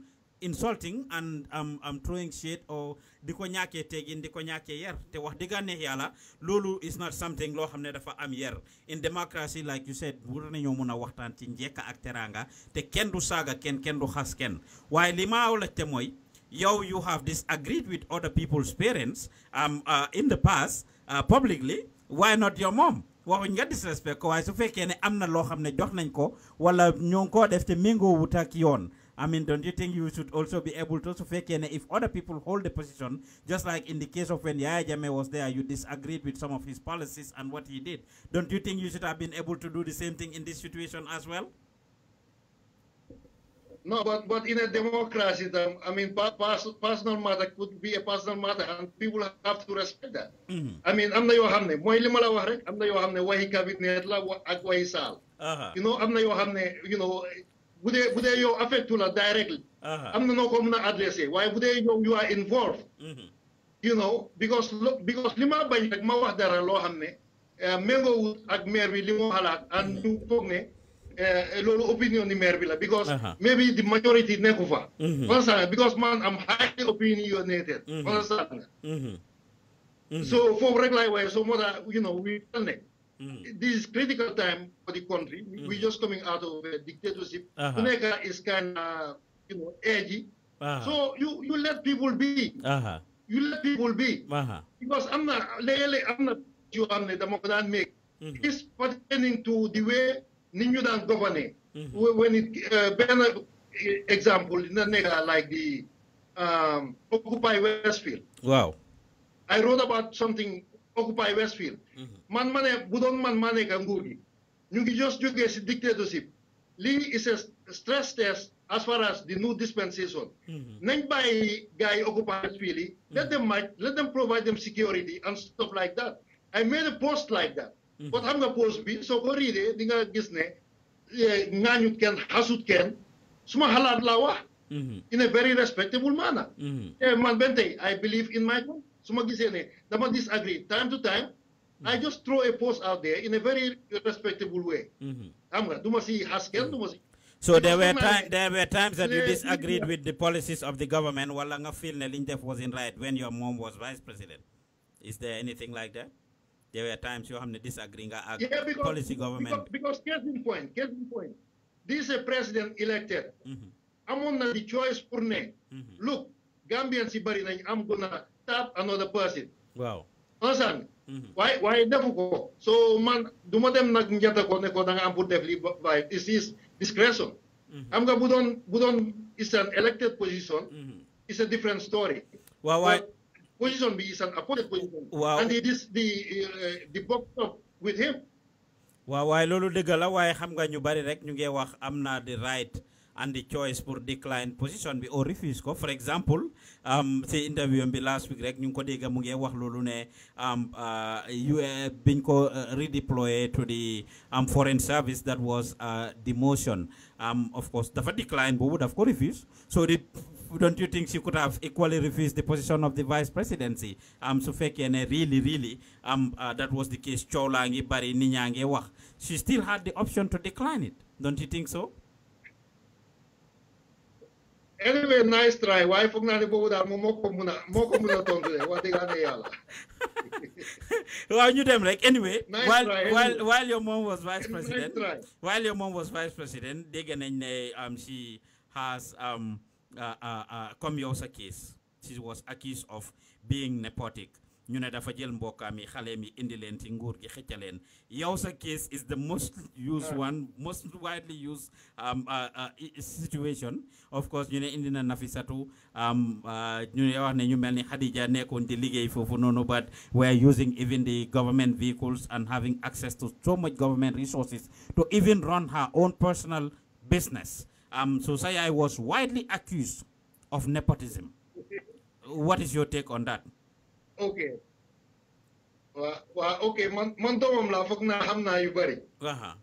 insulting and um, um, throwing shit or diko ñaké tegin diko ñaké yer te wax diga neex yalla lolu is not something lo xamné dafa am yer in democracy like you said bu na ñoo mëna waxtaan ci ñeek ak teranga te kenn du saga kenn kenn du xass kenn waye lima wala te moy yo, you have disagreed with other people's parents um, uh, in the past uh, publicly, why not your mom? you nga disrespect ko waaye fake fekkee i am not loo xam ne jox nañ ko wala ñoo ngi koo def te méngoo I mean, don't you think you should also be able to fake and if other people hold the position, just like in the case of when Yaya Jame was there, you disagreed with some of his policies and what he did. Don't you think you should have been able to do the same thing in this situation as well? No, but, but in a democracy, the, I mean, past, personal matter could be a personal matter, and people have to respect that. Mm-hmm. I mean, am na yoo xam ne mooy li ma la wax rek am na yoo xam ne waxi cabinet la ak waxi saal. Uh-huh. you know am na yoo xam ne you know bu dee bu dee yow affect la directly. Uh-huh. am na noo ko mun a adressé waaye bu dee yow you are involved. Mm-hmm. you know because because li ma bañ rek ma wax dara loo xam ne eh, méngoowul ak maire bi li mu xalaat and mm-hmm. ñu foog uh, eh, eh, lolo opinion ni Mayor because uh -huh. maybe the majority neko fa. Mm -hmm. Because man, I'm highly opinionated. Mm -hmm. Mm -hmm. Mm -hmm. So for regular way, so mother, uh, you know, we tell them. Mm-hmm. This is critical time for the country. Mm. Mm-hmm. We're just coming out of a dictatorship. uh -huh. is kind of, you know, edgy. Uh -huh. So you, you let people be. Uh -huh. You let people be. Uh because I'm not, really I'm not, you are the Democrat make. Mm -hmm. It's pertaining to the way Ninu dan daan mhm. when it euh, benn exemple dina nekk like the um, Occupy Westfield. Wow! I wrote about something Occupy Westfield. Mhm. man ma ne bu doon man maa nekk nguur gi ñu ngi just jógee si dictatorship Lee is a stress test as far as the new dispensation. Mhm. nañ bàyyi guy Occupy Westfield let them let them provide them security and stuff like that. I made a post like that. Wat ham na post be so ko ride di nga gis ne eh, ngañut kenn xasut kenn suma xalaat laa wax mm-hmm. in a very respectable manner mm-hmm. eh, man ben I believe in my book suma gisee ne dama disagree time to time mm-hmm. I just throw a post out there in a very respectable way xam nga duma si xas kenn duma si So there were time, there were times that you disagreed with the policies of the government. Wala nga feel ne was in right when your mom was vice president. Is there anything like that? there were times you have to disagreeing. yeah, because, policy government. Because, because case in point, case in point, this is a president elected. Mm-hmm. I'm on the choice for name. Mm-hmm. Look, Gambian si i I'm gonna tap another person. Wow. Understand? Mm-hmm. Why why never So man duma dem nag get ko ne ko da nga am pour def by this is discretion. Mm-hmm. going to put on put on. It's an elected position. Mm-hmm. It's a different story. Why? waaye position, is an appointed position. Wow. And it is the, uh, the box up with him. Wow, why Lulu dëgg la waaye xam nga ñu bari am na the right and the choice for decline position be or refuse ko for example um, the interview bi last week rek ñu ngi ko dégg mu ngi wax loolu ne um, uh, ko uh, redeployé to the um foreign service that was demotion uh, um, of course dafa declined. boobu would have refused. so the don't you think she could have equally refused the position of the vice presidency Um, su fekkee ne really really am that was the case Cholangi, laa ngi bari nit ñaa she still had the option to decline it don't you think so anyway nice try Why, foog naa ne boobu daal moom moo ko mun a moo ko mun a tontu de wax dëgg ne yàlla waaw ñu dem anyway while while while your mom was vice president while your mom was vice president dégg um, she has um uh, uh, uh Komyosa case she was accused of being nepotic ñu ne dafa jël mbokkaam yi xaleem yi indi leen ci nguur gi xëcca yow sa case is the most used one most widely used um, uh, situation of course ñu ne indi na Nafisatu um, ñu ne wax ne ñu mel ni Khadija nekkoon di liggéey foofu noonu but we are using even the government vehicles and having access to so much government resources to even run her own personal business um, Susaya was widely accused of nepotism. what is your take on that? Okay. Well, okay, man, man, I'm na ham na not you, buddy. Uh huh.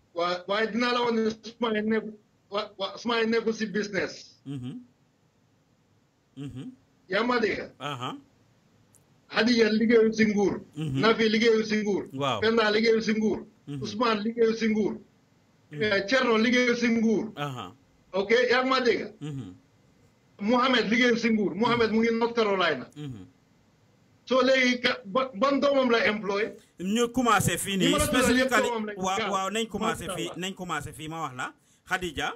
Why didn't I want to what's my negotiation business? Mm-hmm. Mm-hmm. Yamadega. Uh-huh. Hadiya ligayu singur. Mm-hmm. Nafi ligayu singur. Wow. Penda ligayu singur. Mm-hmm. Usman ligayu singur. Mm-hmm. Uh, Cherno ligayu singur. Uh-huh. ok yaa ngi maa dégg. Mhm. Mouhamed liggéeyam si nguur Mouhamed mu ngi North Carolina. Mhm. soo léegi ban doomam la employé. ñu commencé fii nii spécifiquement waaw waaw nañ commencé fii nañ commencé fii ma wax la Khadija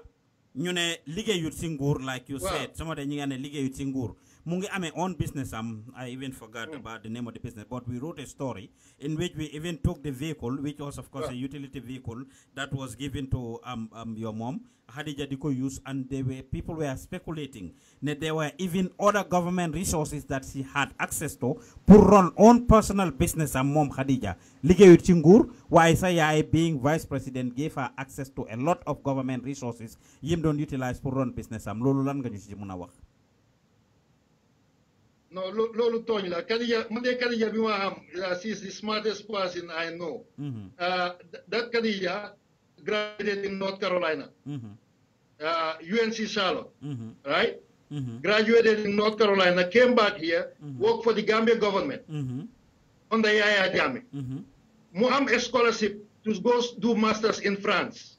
ñu ne liggéeyut si nguur like you said sama de ñi nga ne liggéeyut si nguur. I'm my own business am I even forgot hmm. about the name of the business but we wrote a story in which we even took the vehicle which was of course a utility vehicle that was given to um, um, your mom Hadija Diko use and they were people were speculating that there were even other government resources that she had access to for run own personal business and mom, Hadija liggéeyut ci nguur being vice president gave her access to a lot of government resources yim not utilize for run business i am loolu lan nga ñu no, loolu Tony. la Khadija man de Khadija is the smartest person I know. Ah, that Khadija graduated in North Carolina. UNC ah, Charlotte. Right? Graduated in North Carolina, came back here, worked for the Gambia government On the Yaya Jammeh. mu a scholarship to go do masters in France.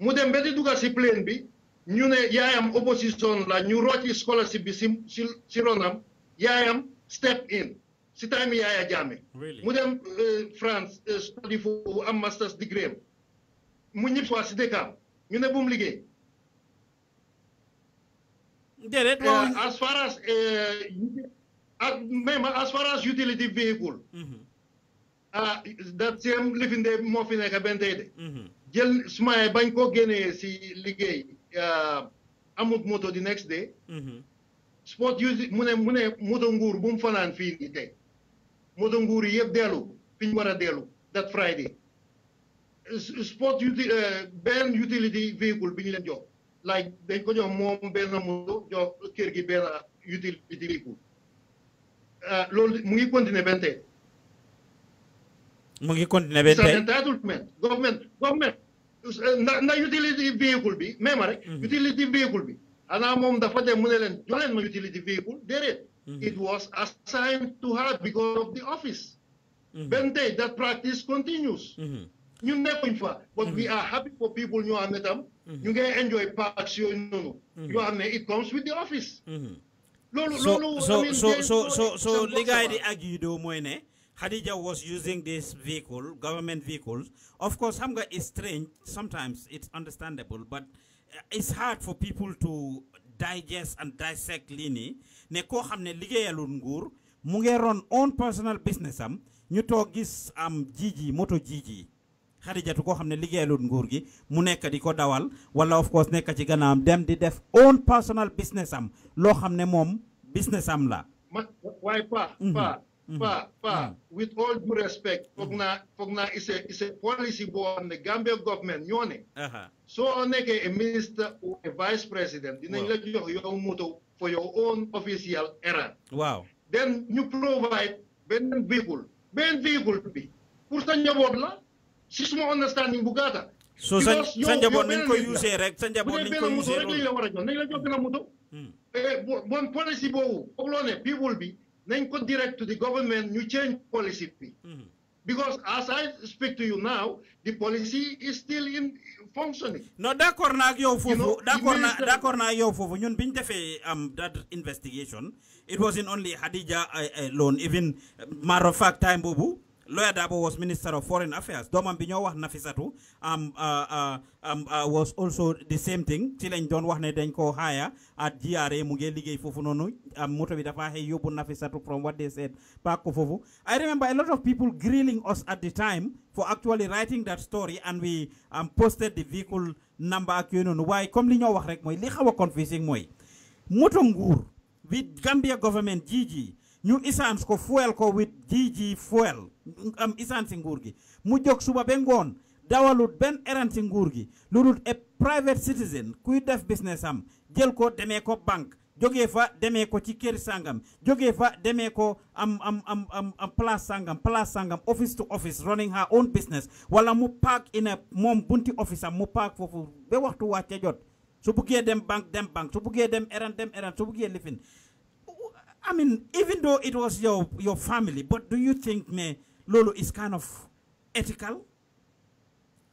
mu dem ba di dugal si ñu ne yaayam opposition la ñu rocci scholarship bi si si si ronam yaayam step in si time yaaya jaame mu dem euh, France euh, study foofu am masters degree am mu ñib si dëkkaam ñu ne bu liggéey déedéet euh, as far as même as far as utility vehicle mhm. ah that lifin de moo fi nekk benn tey de mhm. jël sumay bañ koo génnee si liggéey Euh, amut moto di next day. Mm-hmm. sport use mu ne mu ne moto nguur bu fanaan fii nii tey moto nguur yi yëpp dellu fi ñu war a dellu that Friday sport uti euh, benn utility véhicule bi ñu leen jox like dañ ko jox moom benn moto jox kër gi benn utility véhicule euh, loolu mu ngi continuer benn tey. mu ngi continuer benn tey. it's an government government. na utility vehicle bi même rek. Mhm. utility vehicle bi. ana moom dafa dem mu ne leen jox ma utility vehicle. déedéet. Mhm. it was assigned to her because of the office. Mhm. benn tey that practice continues. ñu nekkuñ fa. but we are happy for people ñu xam ne tam. ñu ngi enjoy parks. yooyu noonu. yoo xam ne it comes with the office. loolu loolu. so so so so so li gaay di ak yi doo mooy ne. Khadija was using this vehicle, government vehicles. Of course, Hamga is strange. Sometimes it's understandable, but uh, it's hard for people to digest and dissect lini. Ne ko xamne ligeyalul nguur own personal business am ñu gis am jiji moto jiji Hadija koo hamne ne liggéeyalul nguur gi mu di ko dawal wala of course nekk ci gannaawam dem di def own personal business am Lo hamne mom business am la. ma waaye pa pa mhm. pa mm-hmm. pa mm-hmm. with all due respect mm-hmm. foog naa foog naa is a is a policy boo xam ne Gambia government ñoo ne uh-huh. soo nekkee a minister ou a vice president dinañ la jox yow moto for your own official errand waaw then ñu provide benn véhicule benn véhicule bi pour sa njaboot la si suma understanding bu gaata so sa sa njaboot nañ ko usee rek sa njaboot nañ ko usee rek lañ la war a jox nañ la jox benn moto mm. eh, bon policy bi nañ ko direct to the government ñu change policy bi. Mm-hmm. because as I speak to you now the policy is still in functioning. non d' accord naa ak yow foofu d' accord naa d' accord naa ak yow foofu ñun biñ defee am um, that investigation it was in only Hadija alone even uh, matter of fact time boobu. Lawyer Dabo was Minister of Foreign Affairs. Doman Binyo Nafisatu um, uh, uh um, uh, was also the same thing. Ci lañ doon wax ne dañ ko hire at GRA mu ngi liggéey foofu noonu um, moto bi dafa xëy yóbbu Nafisatu from what they said back ko I remember a lot of people grilling us at the time for actually writing that story and we um, posted the vehicle number ak yooyu noonu waaye comme li ñoo wax rek mooy confusing mooy moto with Gambia government GG New isans ko fuel ko with GG fuel am isaan si nguur gi mu jóg suba ba ngoon dawalut benn errand si nguur gi a private citizen kuy def business am jël ko demee ko banque jógee fa demee ko ci kër sangam fa ko am am am am place sangam place sangam office to office running her own business wala mu in a moom bunti office am mu park foofu Be waxtu wàcce jot su dem bank dem bank. su buggee dem errand dem errand su buggee lifin I mean even though it was your your family but do you think me? Lolo is kind of ethical.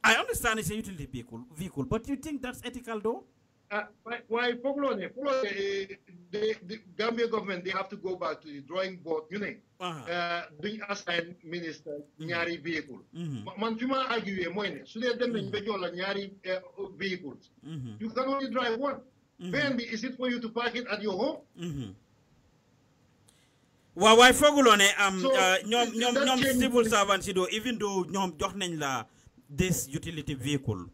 I understand it's a utility vehicle, vehicle but you think that's ethical though? Uh, why Poglone? Poglone, eh, the, the Gambia government, they have to go back to the drawing board, you know, doing huh a uh, assigned minister, mm-hmm. Nyari vehicle. Mm-hmm. Man, eh, mm-hmm. eh, you argue, Moine, so they're them Nyari vehicles. You can only drive one. Mm -hmm. Then is it for you to park it at your home? Mm -hmm. waaw waaye fooguloo ne am um, uh, ñoom ñoom ñoom civil servants doo even though ñoom jox nañ la this utility vehicle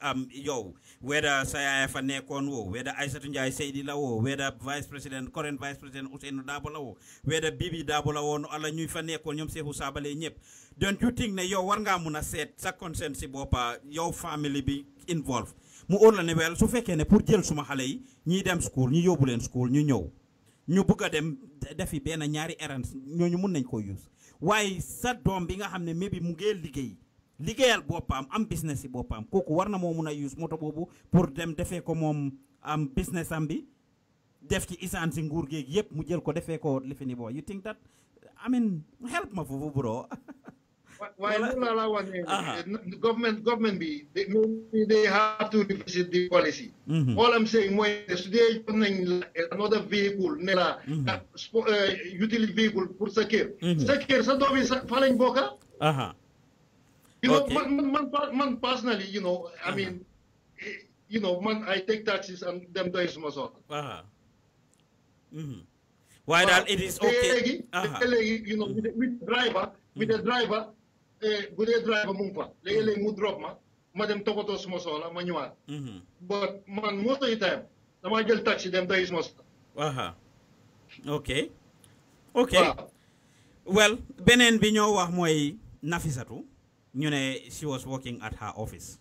am um, yow sa Saya fa nekkoon woo whether Aïssatou Njie Seydi la woo whether vice président current vice président Ousseynou Dabo la woo whether Bibi Dabo la woon ala ñuy fa nekkoon ñoom Seexu Saabale ñëpp don't you think ne yow war ngaa mun a seet sa conscience si boppa yow family bi involve mu óor la ne wel su fekkee ne pour jël suma xale yi ñiy dem school ñu yóbbu leen school ñu ñëw ñu bëgg a dem defi benn ñaari errands ñooñu mun nañ koo use waaye sa doom bi nga xam ne bi mu ngee liggéey liggéeyal boppam am business si boppam kooku war na moo mun a use moto boobu pour dem defee ko moom am business am bi def ci isaan si nguur géeg yëpp mu jël ko defee ko li fi ni boo you think that I mean help ma foofu bro [LAUGHS] Why well, rule uh, allow one uh-huh. Uh, government government be they, maybe they have to revisit the policy. Mm-hmm. All I'm saying when today uh, another vehicle nela mm-hmm. uh, utility vehicle for secure. Mm-hmm. Secure sa dobi sa falling boka. Uh-huh. You okay. know, man, man, man personally, you know, uh-huh. I mean, eh, you know, man, I take taxes and them doing small sort. Uh-huh. Mm-hmm. Why but that it is okay. uh-huh. you know, mm-hmm. with, with driver, with mm-hmm. the driver, Eh, driver mu fa mm-hmm. mu drop ma ma dem suma soxla ma ñëwaat mm-hmm. but man most of the time the jël taxi dem doyi suma soxla aha ok ok well Benen bi ñoo wax mooy Nafisatu ñu ne she was working at her office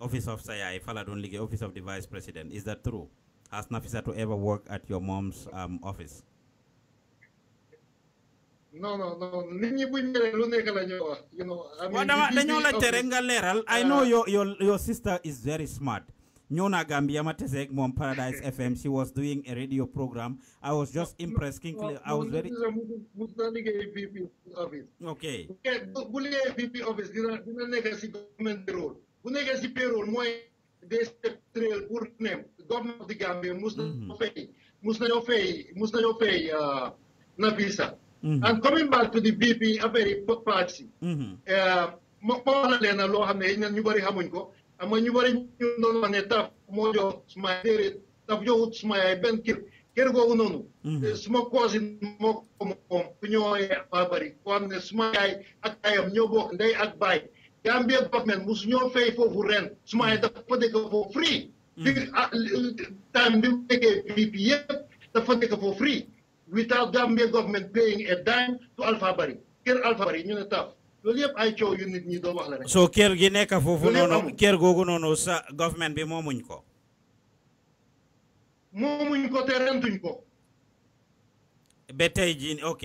office of sa yaay doon liggéey office of the vice president is that true has Nafisatu ever worked at your mom's um, office non non non nit lu nekk la ñuy wax. waaw dama nga leeral. I know your sister is very smart. ñëw Gambia ma tese ak Paradise FM she was doing a radio program I was just impressed. I was very. mus na liggéey VP office. office dina dina nekk si government payroll bu nekkee si payroll mooy des secrétaires pour ne government of Gambia mus nañoo fay na visa. Mm-hmm. and coming back to the BP affaire yi parti ma wax la leen loo xam ne ñun ñu bëri xamuñ ko am ñu bëri ñu doon wax ne taf moo jox suma déedéet taf joxut suma yaay benn kër kër googu noonu mm-hmm. uh, suma cousin moo ko moom ku ñooyee waa bëri koo xam ne suma yaay ak yaayam ñoo bokk ndey ak baay Gambia government musu ñoo fay foofu ren suma yaay dafa dëkk foofu free bi mm-hmm. ah, time bi mu nekkee BP yëpp dafa dëkk foofu free without Gambia government paying a dime to Alpha Bari kër Alpha Bari ñu ne taaf loolu yëpp ay coow yu nit ñi doon wax la rek. soo kër gi nekk foofu noonu kër googu noonu sa government bi moomuñ ko. moomuñ ko te rentuñ ko. ba tey jii ok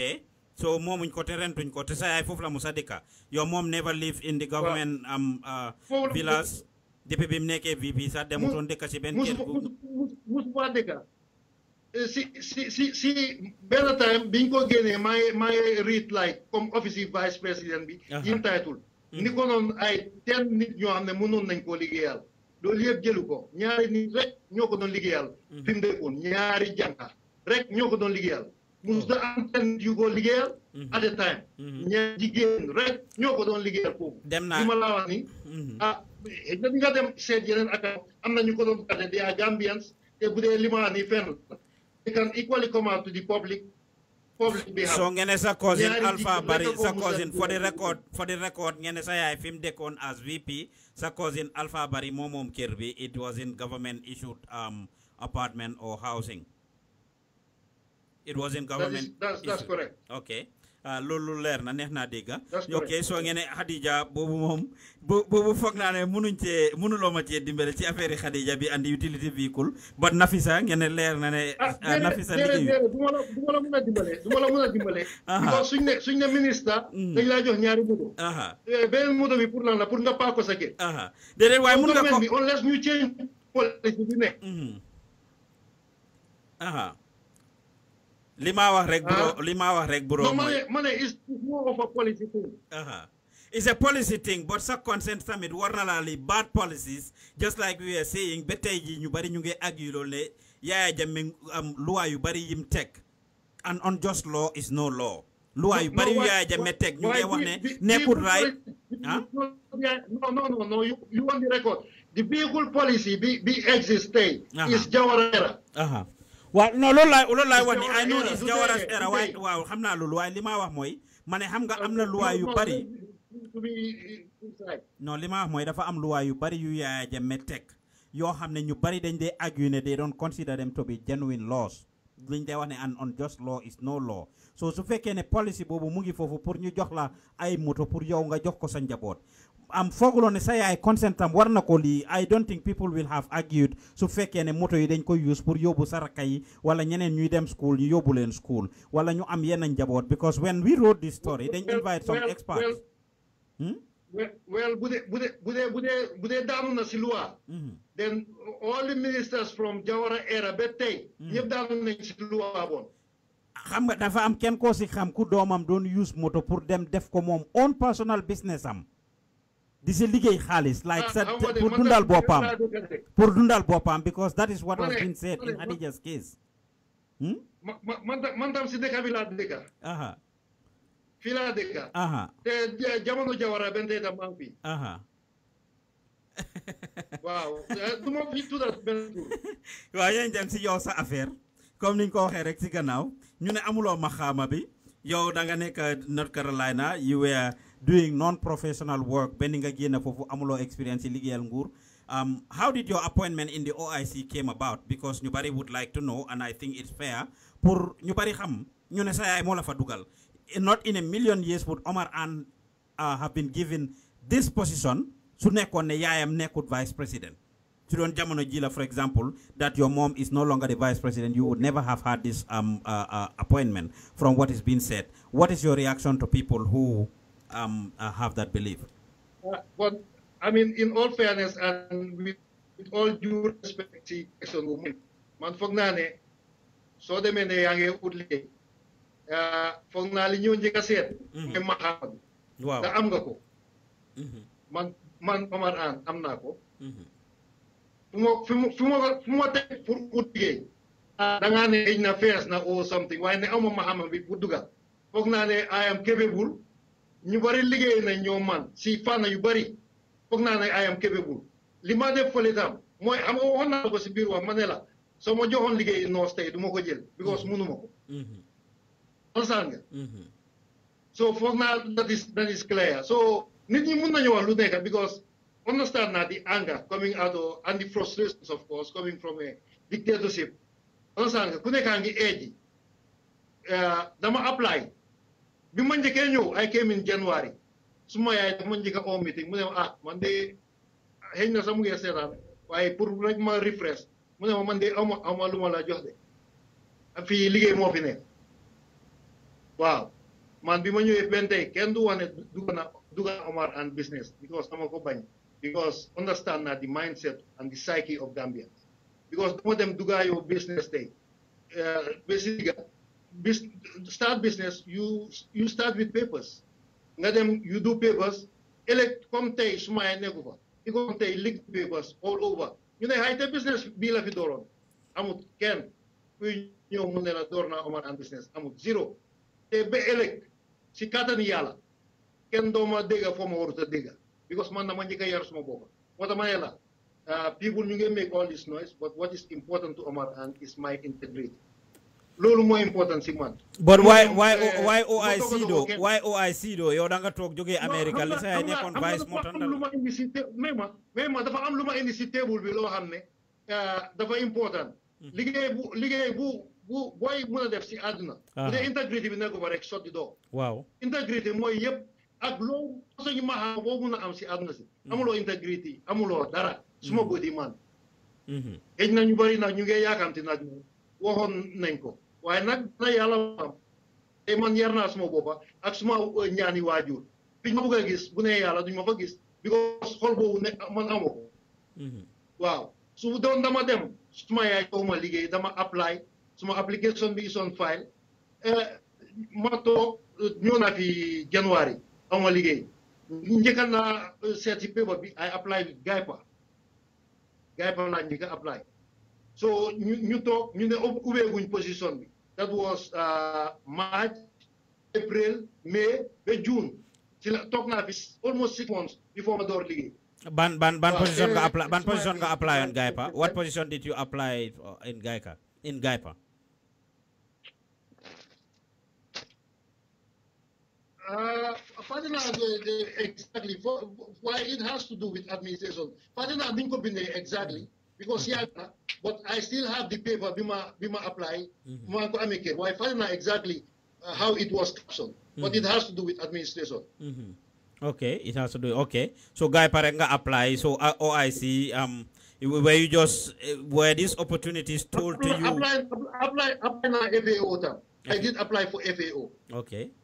so moomuñ ko te rentuñ ko te sa yaay foofu la mu sa dëkka yow never live in the government am um, uh, village depuis bi mu nekkee VP sax demutoon dëkka si benn kër gu. musu musu musu Eh, si si si si benn time biñ ko génnee maa ngi maa ngi read like comme office yi vice président bi. yim title mm-hmm. ni ko noonu ay ten nit ñoo xam ne mënoon nañ ko liggéeyal loolu yëpp jëlu ko ñaari nit rek ñoo ko doon liggéeyal. Mm-hmm. fi mu ñaari jànka rek ñoo ko doon liggéeyal. mus da am ten yu ko liggéeyal. Mm-hmm. at a time. ñaari jigéen rek ñoo ko doon liggéeyal foofu. dem naa li ma laa wax ni. ah nga dem seet yeneen am na ñu ko doon gàdde di Gambians te bu dee li ma they can equally come out to the public public So ngene cousin Alpha Barry sa cousin for the record for the record ngene sa yaay fim as VP sa cousin Alpha Barry Momom Kirby. it was in government issued um apartment or housing. It was in government. That is, that's, that's correct. Okay. Ah, lolu leer na neex na dégg ah. ok soo ngeen ne Khadija boobu moom boobu foog naa ne munuñ cee munuloo ma cee dimbale ci affaire yi bi andi utilité véhicule ba Nafisa ngeen ne leer na ne. Ah, Nafisa liggéey duma la duma la mun a dimbale du la mun a dimbale. kon suñ ne suñ ne ministre. Mm. dañ laa jox ñaari moto. Eh, beneen moto bi pour lan la pour nga paako sa kër. déedéet waaye mun nga ko. on laisse ñu change policy bi ne. li maa wax rek bro ah. li maa wax rek bro mooy ma ne it's more of a policy thing it's a policy thing but sa consent tamit war na laa li bad policies just like we are saying ba tey ji ñu bari ñu ngi argue loolu ne Yaya Jammeh am luwaa yu bari yim teg an unjust law is no law luwaa yu bari yu Yaya Jammeh teg ñu ngi wax ne nekkul right ah no no no no you want the record the vehicle policy bi bi existe is Jawara waaw non loolu laay loolu laay wax ni ay noonu is Jawara's era waaye waaw xam naa loolu waaye li ma wax mooy ma ne xam nga am na luwaa yu bari non li ma wax mooy dafa am luwaa yu bari yu Yaya Jammeh teg yoo xam ne ñu bari dañ dee argue ne they doon consider them to be genuine laws liñ dee wax ne an unjust law is no law so su fekkee ne policy boobu mu ngi foofu pour ñu jox la ay moto pour yow nga jox ko sa njaboot am fogloon ne sa yaay consent am war I don't think people will have argued su fekkee ne moto yi dañ koy use pour yóbbu saraka yi wala ñeneen ñuy dem school ñu yóbbu leen school wala ñu am yenn njaboot because when we wrote this story dañ invite some experts. well bu dee bu dee bu dee bu dee bu na si then all the ministers from Jawara era bete tey ñëpp daanu nañ si loi boon xam nga dafa am kenn koo si xam ku doomam don use moto pour dem def ko moom own personal business am di si liggéey xaalis like ah, said, ah, pour dundal boppam pour dundal bopam because that is what was being said in Adijas case hmm? man tam si deka bi laa dëkk aha fii laa dëkk aha te jamono jawara ben tey tam bi aha [LAUGHS] waaw eh, du ma fi tuddal benn tur [LAUGHS] waaw yéen dem si yow sa affaire comme niñ ko waxe rek ci gannaaw ñu ne amuloo maxaama bi yow da nga nek North Carolina you were doing non-professional work experience Um, how did your appointment in the OIC came about? Because nobody would like to know, and I think it's fair. Pour nobody, ham, ñu ne sa eh, Not in a million years would Omar and uh, have been given this position su nekkoon ne yaayam vice president. Su doon jamono ji for example that your mom is no longer the vice president, you would never have had this um, uh, uh, appointment from what is being said. What is your reaction to people who um, uh, have that belief? Uh, but I mean, in all fairness and with, with all due respect, Jackson Gumun, man fognane, so de mene yange udli, uh, fognali nyo nje kaset, ke mm-hmm. mahad, na amga ko. Mm-hmm. Man, man pamaran, amna ko. Fuma tek pur udli, dangane na fes na or something, why ne amma mahamam bi buduga. Fognane, I am capable, ñu bari liggéey nañ ñoo man si fànn yu bari foog naa ne ayam kébegul li ma def fële tam mooy am nga si biir wax ma ne la soo ma joxoon liggéey noos tey du ma ko jël because mënuma ko mm-hmm. alsaan nga mm-hmm. so foog naa that is clear so nit ñi mun nañu wax lu nekka because understand naa the anger coming out of and the frustrations of course coming from a dictatorship understand nga ku nekkaa ngi eeji uh, dama apply bi ma njëkkee ñëw ay kéemin januari su ma yaay dama njëkk a oo meeting mu ne ma ah man de xëy na sax mu ngi seetaan waaye pour rek ma refresh mu ne ma man de ama ama lu ma la jox de fii liggéey moo fi nekk waaw man bi ma ñëwee benn tey kenn du wax ne duga Omar and business because dama ko bañ because understand naa the mindset and the psyche of Gambia because dama dem dugaa yow business tey eh, ba start business, you you start with papers. Then you do papers, elect come tey su ma nekkul i ko papers all over You know how te business bii la fi dooroon amut you know ñëw mu ne la door naa Omar Ann business amut zero They ba elect She kattan yàlla kenn dooma dégga foo ma warut a diga because man dama njëkk yar suma boppa What tax ma ne ah, people you make all this noise but what is important to Omar and is my integrity loolu moo important si man. but why why eh, why OIC doo why OIC doo yow da toog jógee Amérique li sa yaay nekkoon vice moo tax. lu ma indi mais dafa am lu ma indi si table bi loo xam ne euh, dafa important. Hmm. liggéey bu liggéey bu bu booy mën a def si àdduna. Ah. bu dee intégrité bi nekk ba rek sotti doo. waaw intégrité mooy yëpp ak loo soñu ma boo mun a am si àdduna si. Hmm. amuloo intégrité amuloo dara. suma hmm. bëti man. xëy na ñu bëri nag ñu ngi yaakamti waxoon nañ ko waaye nag na yàlla am tey man yar naa suma boppa ak suma euh, ñaani waajur duñ ma bëgg gis bu ne yàlla duñ ma fa gis because xol boobu ne man amoo mm-hmm. waaw su doon dama dem suma yaay ma liggéey dama apply suma application bi son file euh, ma toog euh, ñëw naa fi januari ama liggéey njëkka seeti paper bi ay apply gaypa gaypa laa njëkka apply So ñu ñu toog ñu ne ubbeeguñ position that was uh, March April May June till la toog naa almost six months before my door ban ban ban position nga apply ban position nga apply on Gaipa what position did you apply in Gaipa in Gaipa. Uh, Fadina, the, exactly. why it has to do with administration. Fadina, I think exactly because yeah, but I still have the paper bima bima apply. Mga mm-hmm. ko amike, why find out exactly uh, how it was captioned. Mm -hmm. But it mm-hmm. has to do with administration. Mm -hmm. Okay, it has to do. Okay, so guy parenga apply. So uh, OIC um. Where you just uh, where these opportunities told to you? Apply, apply, apply, apply FAO. Okay. I did apply for FAO. Okay.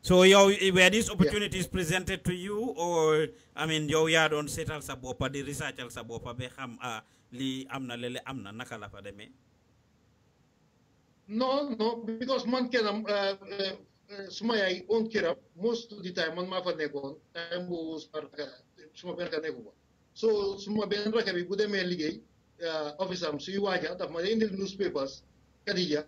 So your were these opportunities yeah. presented to you or I mean yow yaa on seetal sa boppa di researchal sa boppa ba xam ah lii am um, uh, um, na lele amna um, na naka la fa demee. Eh? no no because man këram uh, uh, suma yaay own këram most of the time man maa fa nekkoon time bu suma benn ka nekku so suma benn rakk bi bu demee liggéey office am suy waaja daf ma indil newspapers Kadija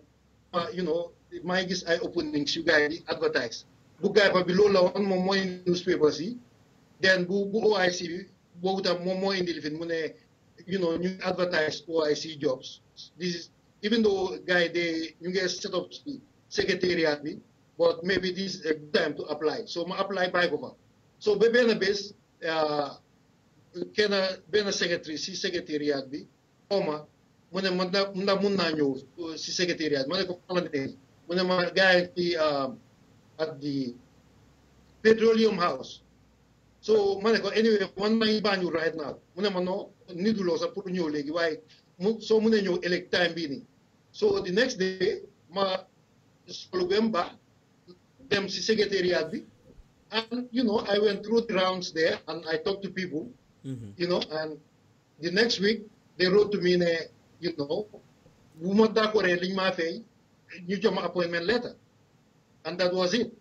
you know my ngi gis ay openings yu gars advertise bu GAEPA bi loolu la woon moom mooy newspapers yi den bu bu OIC bi boobu tam moom mooy indi lifin mu ne you know ñu advertise OIC jobs this is even though gars de ñu ngi set up secretariat bi but maybe this is a good time to apply so ma apply bàyyi ko fa so ba benn bés uh, kenn benn secretary si secretariat bi oma mu ne man ndax mun naa ñëw uh, si secretariat ma ne ko mu ne ma gars yi uh, at the petroleum house. So mane anyway one nañ bañu right now mu ne ma no niduloo sax pour ñëw léegi waaye elect time bini. so the next day ma November, them ba dem si secretariat bi and you know I went through the rounds there and I talked to people mm -hmm. you know and the next week they wrote to me ne you know bu ma d'accordee liñ maa fay ñu appointment letter and that was it.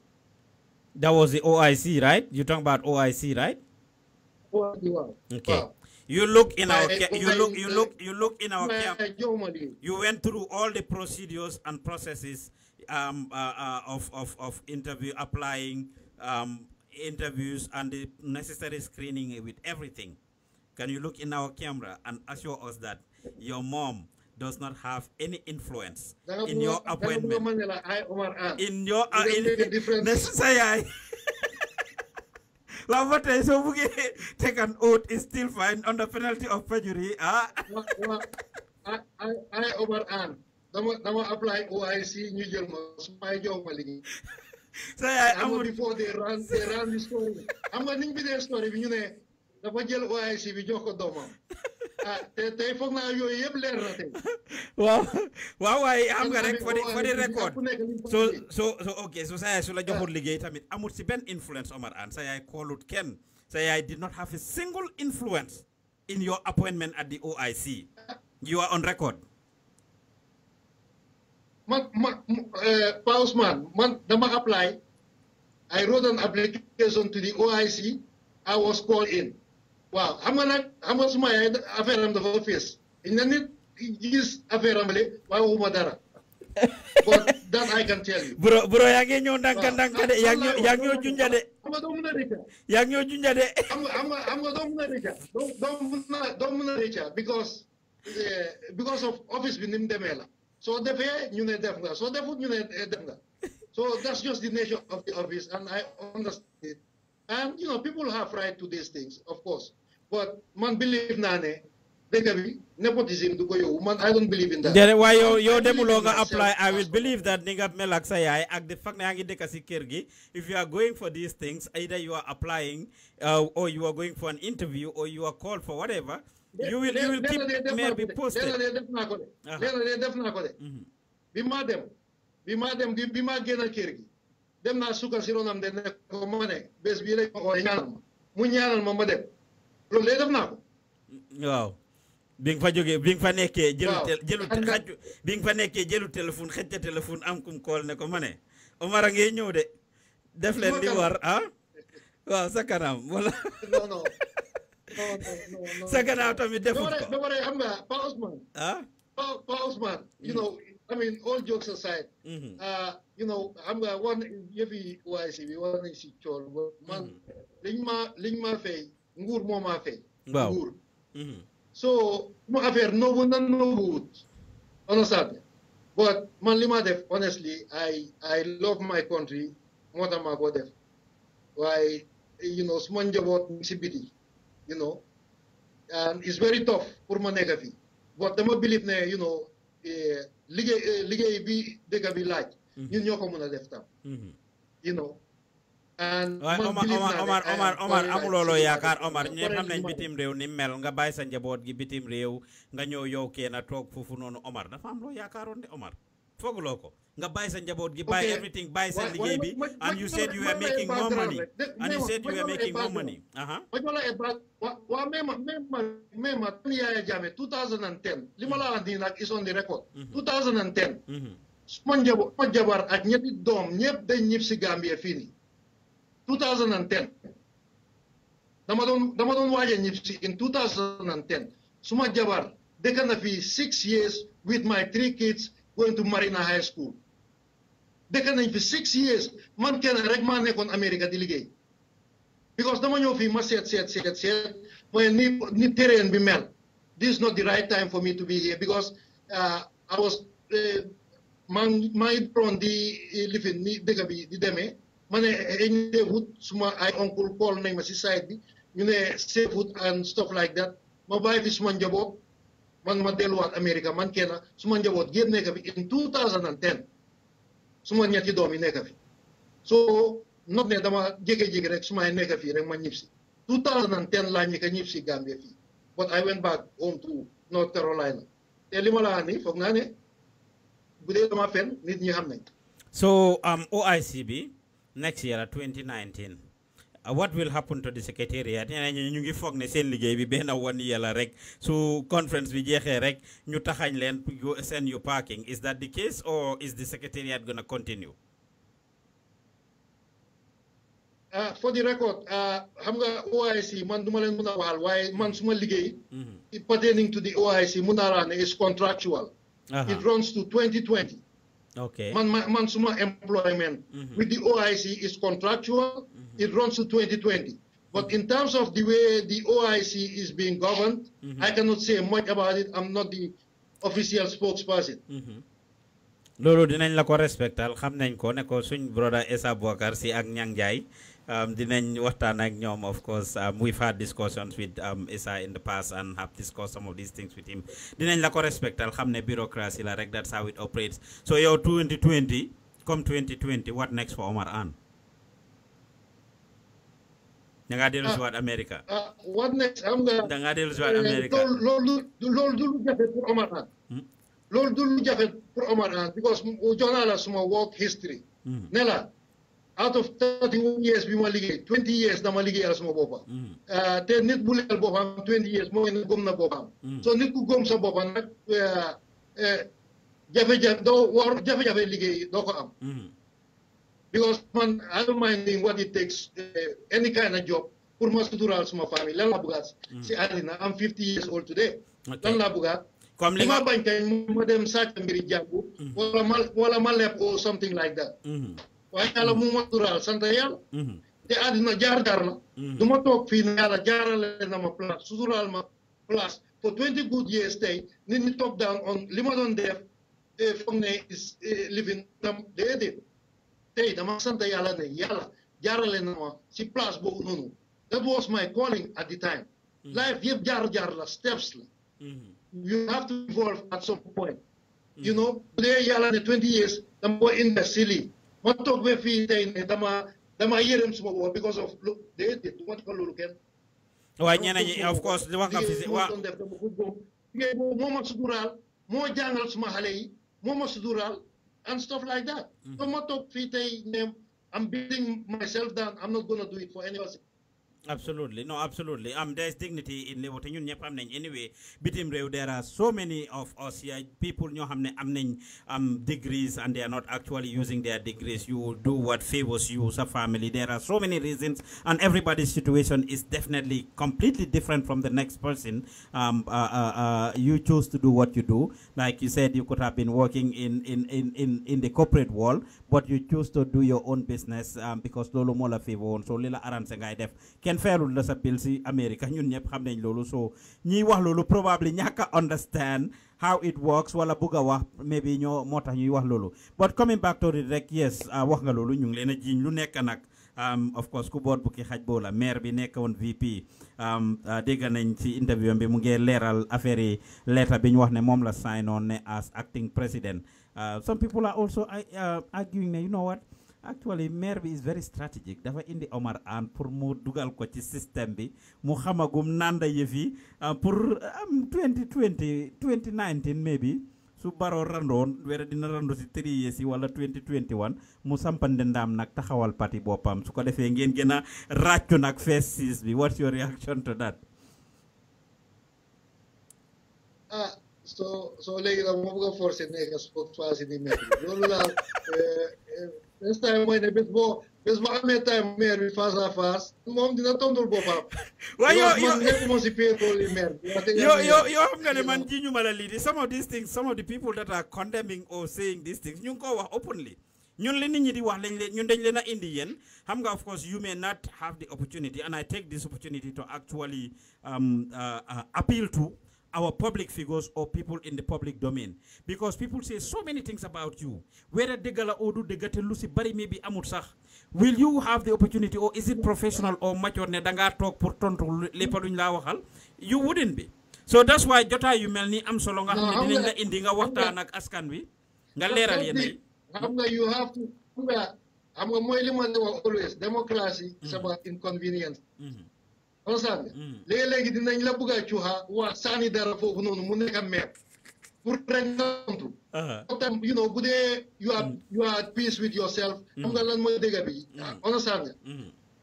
That was the OIC, right? You talk about OIC, right? Okay. you look in our you look you look you look in our camp. You went through all the procedures and processes um, uh, uh, of, of of interview applying um, interviews and the necessary screening with everything. Can you look in our camera and assure us that your mom does not have any influence in your appointment. Ah. In your ah, in, [LAUGHS] necessary. Lavate, so we take an oath is still fine under penalty of perjury. Ah. I, I, I over an. Ah. Dama, dama apply OIC New York. My job, my Say I am before they run, they run the story. I'm going to be their story. You know, dafa jël OIC bi jox ko for the record so so so ok so sa yaay su la joxul liggéey tamit amul si benn influence Omar Ann sa yaay koolut Ken. So I did not have a single influence in your appointment at the OIC you are on record. man man eh, Pa Ousmane man dama apply I wrote an application to the OIC I was called in. Well, am gonna, am Sumaya Averam the office. In the net, is Averamle, Waumadara. But that I can tell you. Bro, bro, yang ñew ndank ndank de, yang ñew yang ñew junja de. Am nga do mëna richa. Yang ñew junja de. Am am am nga do mëna richa. Do mëna do mëna richa because uh, because of office bi nim demee la. So defee ñu ne def nga. So defut ñu ne def nga. So that's just the nature of the office and I understand it. And, you know, people have right to these things, of course. But man believe nane, dégg bi nepotism to go yo man I don't believe in that. Then why yow yow demuloo apply I will believe that ni nga mel ak sa the fact na yaa ngi dëkk si if you are going for these things either you are applying uh, or you are going for an interview or you are called for whatever. you will you will keep maybe posted. léeg-léeg def naa ko de léeg-léeg Be naa Be de. Mhm. be maa dem bi dem naa sukkal si ronam de ne ko ma bés bii lañ ma oo ñaanal mu ñaanal ma ma dem loolu léegi def naa ko. waaw bi fa jógee bi nga fa nekkee. waaw jëlu jëlu bi nga fa nekkee jëlu téléphone xëcc téléphone am kum kool ne ko ma ne Omar a ngi de. def leen li war ah waaw sa kanam wala. [LAUGHS] tamit defut ko. ba pare nga Pa Ousmane. ah Pa Pa I mean, all jokes aside, mm-hmm. uh, you know, I'm war na yëfi OIC bi want to see cool ba man mm-hmm. liñ ma lingma lingma fay ngur moo ma fay. Ngur. Mm-hmm. so mu affaire no na no wut understand but man li def honestly I I love my country more than my ko Why? you know suma what si you know and it's very tough for my nekk fii but dama believe ne you know. Eh, liggéey eh, liggéey bi dëgg bi laaj. Mhm. ñun ñoo ko mën a def tam. Mhm. you know. waaye Omar Omar Omar amuloo loo yaakaar Omar ñëpp xam nañ bitim réew ni mel nga bàyyi sa njaboot gi bitim réew nga ñëw yow kenn a toog foofu noonu Omar dafa am loo yaakaaroon de Omar fooguloo ko. nga bàyyi sa njabot gi bàyyi everything bàyyi sa ligay bi and you said you were making more money and you said you were making more money aha wa mema mema mema tan Yaya Jammeh 2010 lima ma la di nak is on the record 2010 suma njaboot jabar ak ñetti dom ñëpp dañ ñib ci Gambia fini 2010 dama don dama don waje ñib ci in 2010 suma jabar dëkk na fii six years with my three kids going to Marina High School Because can, in six years, man can regman kon America delegate. Because the yung FEMA said, said, said, yet, when ni, ni Terry be mel, this is not the right time for me to be here because uh, I was uh, man my from the eh, living ni de did di deme man ende eh, eh, wood suma I uncle Paul name, my society you know safe and stuff like that my wife is man jabot man ma America man kena suma jabot get ne in 2010 suma ñetti doom yi nekk fi soo not ne dama jékki-jékki rek suma nekk fii rek ma ñib si 2010 laa ñi ko ñib si Gambia fii but I went back home to North Carolina te li ma laa ni foog naa ne bu dee dama fen nit ñi xam nañ so am um, OIC bi next year 2019 Uh, what will happen to the secretariat ñu ngi foog ne seen liggéey bi benn one year la rek su conference bi jeexee rek ñu taxañ leen seen yu parking is that the case or is the secretariat gonna continue ah for the record uh, xam nga OIC man duma leen mën a waxal man suma liggéey mm-hmm. pertaining to the OIC mun naa ne is contractual it runs to 2020 Okay. Man, man, man suma employment mm -hmm. with the OIC is contractual. Mm It runs to But in terms of the way the OIC is being governed, mhm. I cannot say much about it. I'm not the official spokesperson. Mhm. loolu dinañ la ko respectal xam nañ ko ne ko suñ brother Essa Bokar ak Ñang Njaay um, dinañ waxtaan ak ñoom of course um, we've had discussions with um, Issa in the past and have discussed some of these things with him dinañ la ko respectal xam ne bureaucracy la rek that's how it operates so yow 2020 come 2020 what next for Omar Ann da ngaa dellu uh, si waat America uh, what next xam nga da ngaa dellu si waat America loolu loolu du lu jafe pour Omar Ann hmm? loolu du lu jafe pour Omar Ann because jox la suma work history hmm. ne la out of 31 years bi ma liggéey 20 years dama liggéeyal sama boppam mm. eh, te nit bu leel boppam 20 years mooy na gom na boppam mm. so nit ku gom sa boppam nag eh, eh, jafe-jafe doo war jafe-jafe liggéey doo ko am mm. because man I don't mind in what it takes uh, any kind of job pour ma sutural sama famille lan laa bëggaat si adina am 50 years old today lan laa bëggaat comme li ma bañ kay ma dem sàcc mbiri jàmbu wala ma wala ma lepp something like that waaye yàlla mu ma dural sant yàlla mhm. te àddina jaar jaar la mhm. du ma toog fii ne yàlla jaarale na ma place sutural ma place for twenty good years tey nit ñi toog daan on li ma doon def foog ne is eh, living dam déedéet tey dama sant yàlla ne yàlla jaarale na ma si place boobu noonu that was my calling at the time mhm. life yëpp jaar jaar la steps la you have to evolve at some point you know bu dee yàlla ne twenty years dama ko invest si lii man toog ba fii tey ne dama dama yërëm suma bopp because of lu déedéet du ma defal loolu kenn. waaye ñeneen ñi of course li wax nga fi si waaw moo ma suturaal moo jàngal suma xale yi moo ma suturaal and stuff like that. Mm-hmm. so ma toog fii tey ne I'm beating myself down I'm not gonna do it for any person. Absolutely, no, absolutely. Um, there's dignity in liberty. Ñun ñëpp am anyway. Bitim there are so many of us here people ñoo xam ne am um degrees and they are not actually using their degrees. You will do what favors you, sa family. There are so many reasons, and everybody's situation is definitely completely different from the next person. Um, uh, uh, uh, you choose to do what you do. Like you said, you could have been working in in in in, in the corporate world, but you choose to do your own business um, because lolo mola la favor. So lila aram sa def kenn feerul la sa bill si Amérique ñun ñëpp xam nañ loolu so ñiy wax loolu probably ñàkk a understand how it works wala bugg wax maybe ñoo moo tax ñuy wax loolu but coming back to it rek yes ah, wax nga loolu ñu ngi leen a jiiñ lu nekk nag um, of course ku boot bukki xaj boo la maire bi nekk woon VP um, ah, dégg nañ ci interview bi mu ngi leeral affaire yi letter bi wax ne moom la sign on ne as acting president ah, some people are also arguing ne you know what actually maire bi is very strategic dafa indi Omar Ann pour mu dugal ko ci système bi mu xamagum nanda pour yi ah, pour am 2020 2019 bi su baroo randoon wera dina rando si three years yi wala 2021 mu sampande ndaam nag taxawal parti boppam su ko defee ngeen gën a ràccu nag phase six bi what's your reaction to that ah, Esta é mãe, vez vou. Vez vou aumentar a I'm gonna continue, Malalidi. Some of these things, some of the people that are condemning or saying these things, you go openly. ñun li nit ñi di wax lañ leen ñun dañ leen a indi yéen xam nga of course you may not have the opportunity and I take this opportunity to actually um, uh, uh, appeal to our public figures or people in the public domain because people say so many things about you Where whether degala odu degate lusi bari maybe amut sax will you have the opportunity or is it professional or mature ne danga tok pour tontu lepp luñ la waxal you wouldn't be so that's why jota yu melni am solo nga xamne dinañ la indi nga waxtaan ak askan wi nga leral yeen xam nga you have to xam nga moy li man always democracy is mm-hmm. about inconvenience mm -hmm. constat nga hmm. léegi-léegi dinañ la bugg a cuuxa waa sànni dara foofu noonu mu nekk meer pour rek nantu ah. tam you know bu dee you are hmm. you are at peace with yourself xam hmm. nga mooy dëgg bi constat nga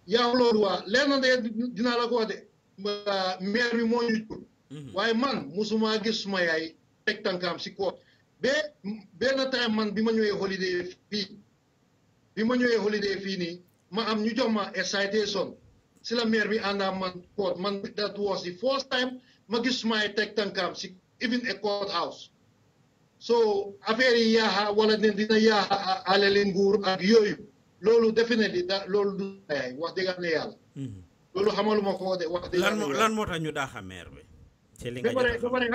yaa loolu waa leer na de dinaa la ko wax de meer moo ñu jur waaye man musuma gis suma yaay teg tànkaam si koor ba benn time man bi ma ñëwee holiday fii bi ma ñëwee holiday fii ma am ñu jox ma excitation sila Mary Anna man court man that was the first time magismay tektan kam si even a court house so affaire yaha wala din dina yaha alalen nguur ak yooyu loolu definitely da loolu du ay eh, wax dëgg ne yàlla mm-hmm. loolu xamaluma ko de wax dëgg lan moo lan moo tax ñu daaxa maire bi ci li nga ba pare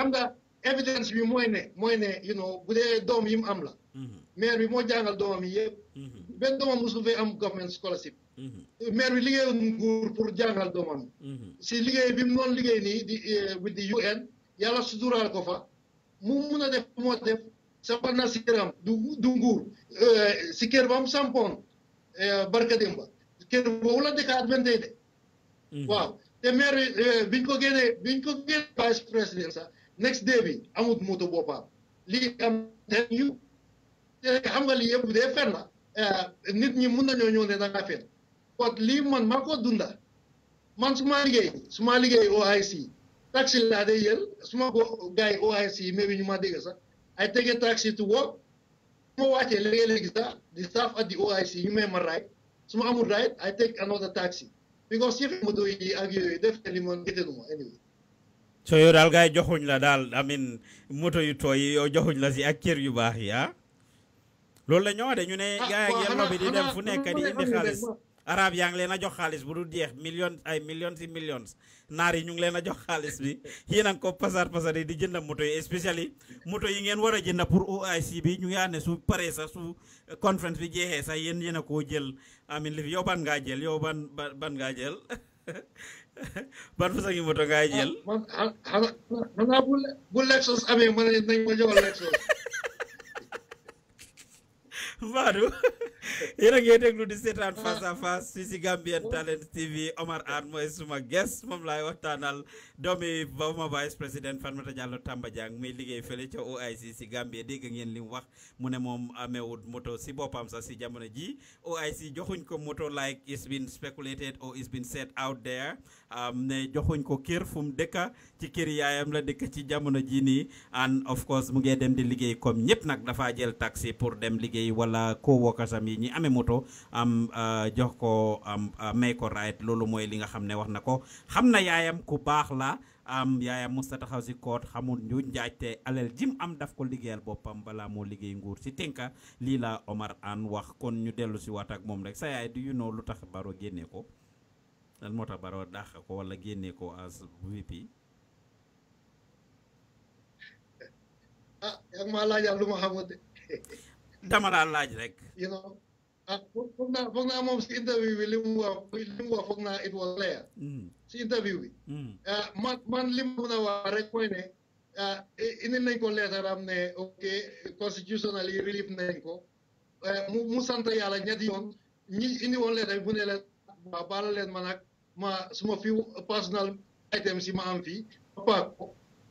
evidence bi mooy ne mooy ne you know bu dee doom yi mu mm-hmm. mm-hmm. am la maire bi moo jàngal doomam yi yëpp benn doomam mosu fee am government scholarship maire mm-hmm. bi liggéeyul nguur pour jàngal doomam mm-hmm. si liggéey bi mu doon liggéey nii di eh, with the UN yàlla suturaal ko fa mu mun a def moo def sampan na si du du nguur eh, si kër ba mu sampoon eh, barka démba kër boobu la dëkk adventey de mm-hmm. waaw te maire biñ ko génnee biñ ko vice President sax next day bi amut moto boppam lii am ten yu te xam nga lii yëpp dee fen la nit ñi mun nañoo ñëw ne fen kon lii man maa ko dunda man su ma liggéey su ma liggéey OIC taxi laa day jël su ma ko gars yi OIC mais ñu ma dégg sax I take a taxi to work su ma wàccee léegi sax di staff at the OIC ñu may ma ride su ma amul ride I take another taxi because si fi moto yi ak yooyu def na li man gëtëlu anyway so yow daal gars joxuñ la daal amin moto yu tooy yi yow joxuñ la si ak cër yu baax yi ah loolu la ñoo de ñu ne ah, gars yi bi di dem fu nekk di indi xaalis arab yang leena jox xaliss bu du diex millions ay millions si millions nar yi ñu ngi leena jox xaliss bi yi nang ko pasar pasar di jënd moto yi especially moto yi ngeen wara jënd pour OIC bi ñu yaane ne su paré sa su conference bi jéxé sa yeen yéen ko jël amin lifi yow ban nga jël yow ban ban nga jël [LAUGHS] ban façon ngi moto nga jël. xanaa ah, ah, ah, bu bu Lexus amé man nañ ma jox Lexus. Mbadou. [LAUGHS] [LAUGHS] yéen a déglu di seetaan ah. face à face fii si Gambian Talent TV Omar Ann mooy suma guest moom laay waxtaanal doomi Bawuma vice président Fatoumatta Jallow Tamba Jang muy liggéey fële ca OIC si Gambie dégg ngeen li wax mu ne moom amewut moto si boppam sax si jamono ji OIC joxuñ ko moto like it's been speculated or it's been set out there um, ne joxuñ ko kër fu mu dëkka ci kër yaayam la dëkk ci jamono ji nii and of course mu ngee dem di liggéey comme ñëpp nag dafa jël taxi pour dem liggéey wala co-workers am yi ñi amee moto am euh, jox ko euh, may ko ride loolu mooy li nga xam ne wax na ko xam na yaayam ku baax la am yaayam musta taxaw si koot xamul ñu njaajte alal jim am daf ko liggéeyal boppam balaa moo liggéey nguur si tënka lii la Omar Ann wax kon ñu dellu si waat ak moom rek sa yaay du you know lu tax baro génnee ko lan moo tax Barrow dàq ko wala génnee ko as VP. ah yaa maa laajal lu ma xamul de. dama daal laaj rek. you know ah foog naa foog naa moom si interview bi li mu wax foog naa it was hmm. si interview bi. Hmm. Ah, man man li mu rek mooy ne ah, indi nañ ko leetar am ne ok constitutional yi relief nañ ko eh, mu mu yàlla ñetti ñi indi woon leetar bu ne leen waaw leen ma nag. ma suma ma few personal items yi ma am fii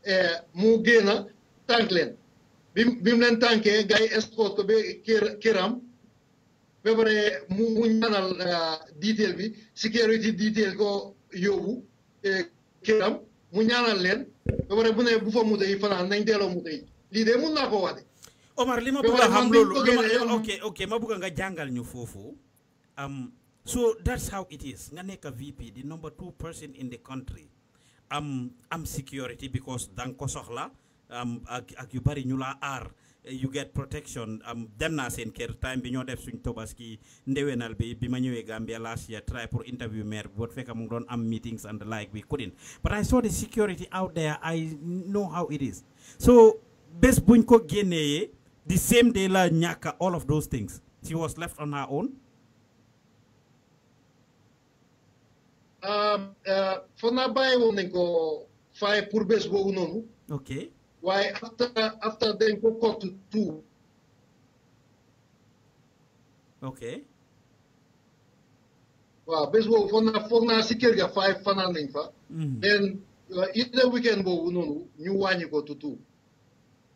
eh, mu génn tànk leen bi bi mu leen tànkee gars yi escort ko ba kër këram ba pare mu ñaanal eh, detail bi security detail ko yóbbu eh, këram mu ñaanal leen ba pare bu ne bu fa muta yi fanaan nañ delloo muta yi lii de mun naa ko Omar li ma bëgg nga jàngal ñu foofu so that's how it is nga VP the number two person in the country am am security because danga ko i am um, ak ak yu bari eh, you get protection am um, dem naa seen kër time binyo ñoo def suñ tobaski ndewenal bi bi Gambia last year try for interview maire bi but fekk mu ngi am meetings and the like we couldn't but I saw the security out there I know how it is so bés buñ ko the same day la nyaka. all of those things she was left on her own foog naa bàyyi woon nañ ko fay pour bés boobu noonu. ok waaye after after dañ ko kott tout. ok. waa bés boobu foog naa foog naa si kër ga fay fanaan nañ fa. Mhm. then uh, ida weekend boobu noonu ñu wàññi ko tout.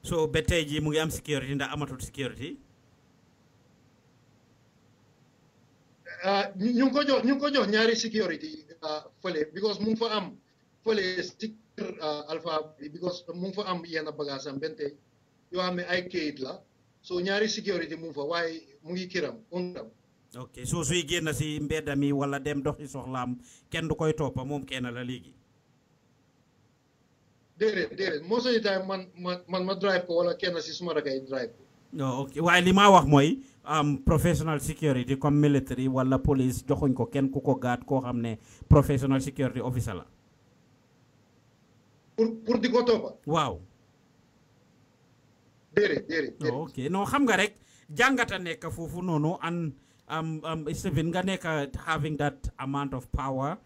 so ba tey jii mu ngi am sécurité ndax amatul sécurité. Eh, ñu ko jox ñu ko jox security eh, because mu fa am fele sticker eh, alpha because mu fa am yena bagage am bente yo ame ay kayit la so ñaari security mu fa way mu ngi kiram dam ok so suy genn si mbedda wala dem doxi soxlam kenn du koy top mom kenn la ligi dere dere mo so man man ma drive ko wala kenn si suma ragay drive waaye li ma wax mooy professional security comme military wala police joxuñ ko kenn ku ko gaat koo xam ne professional security officer la. pour di ko toppa waaw. déedéet déedéet ok non xam nga rek jàngata nekk foofu noonu an Stephen nga nekk having that amount of power.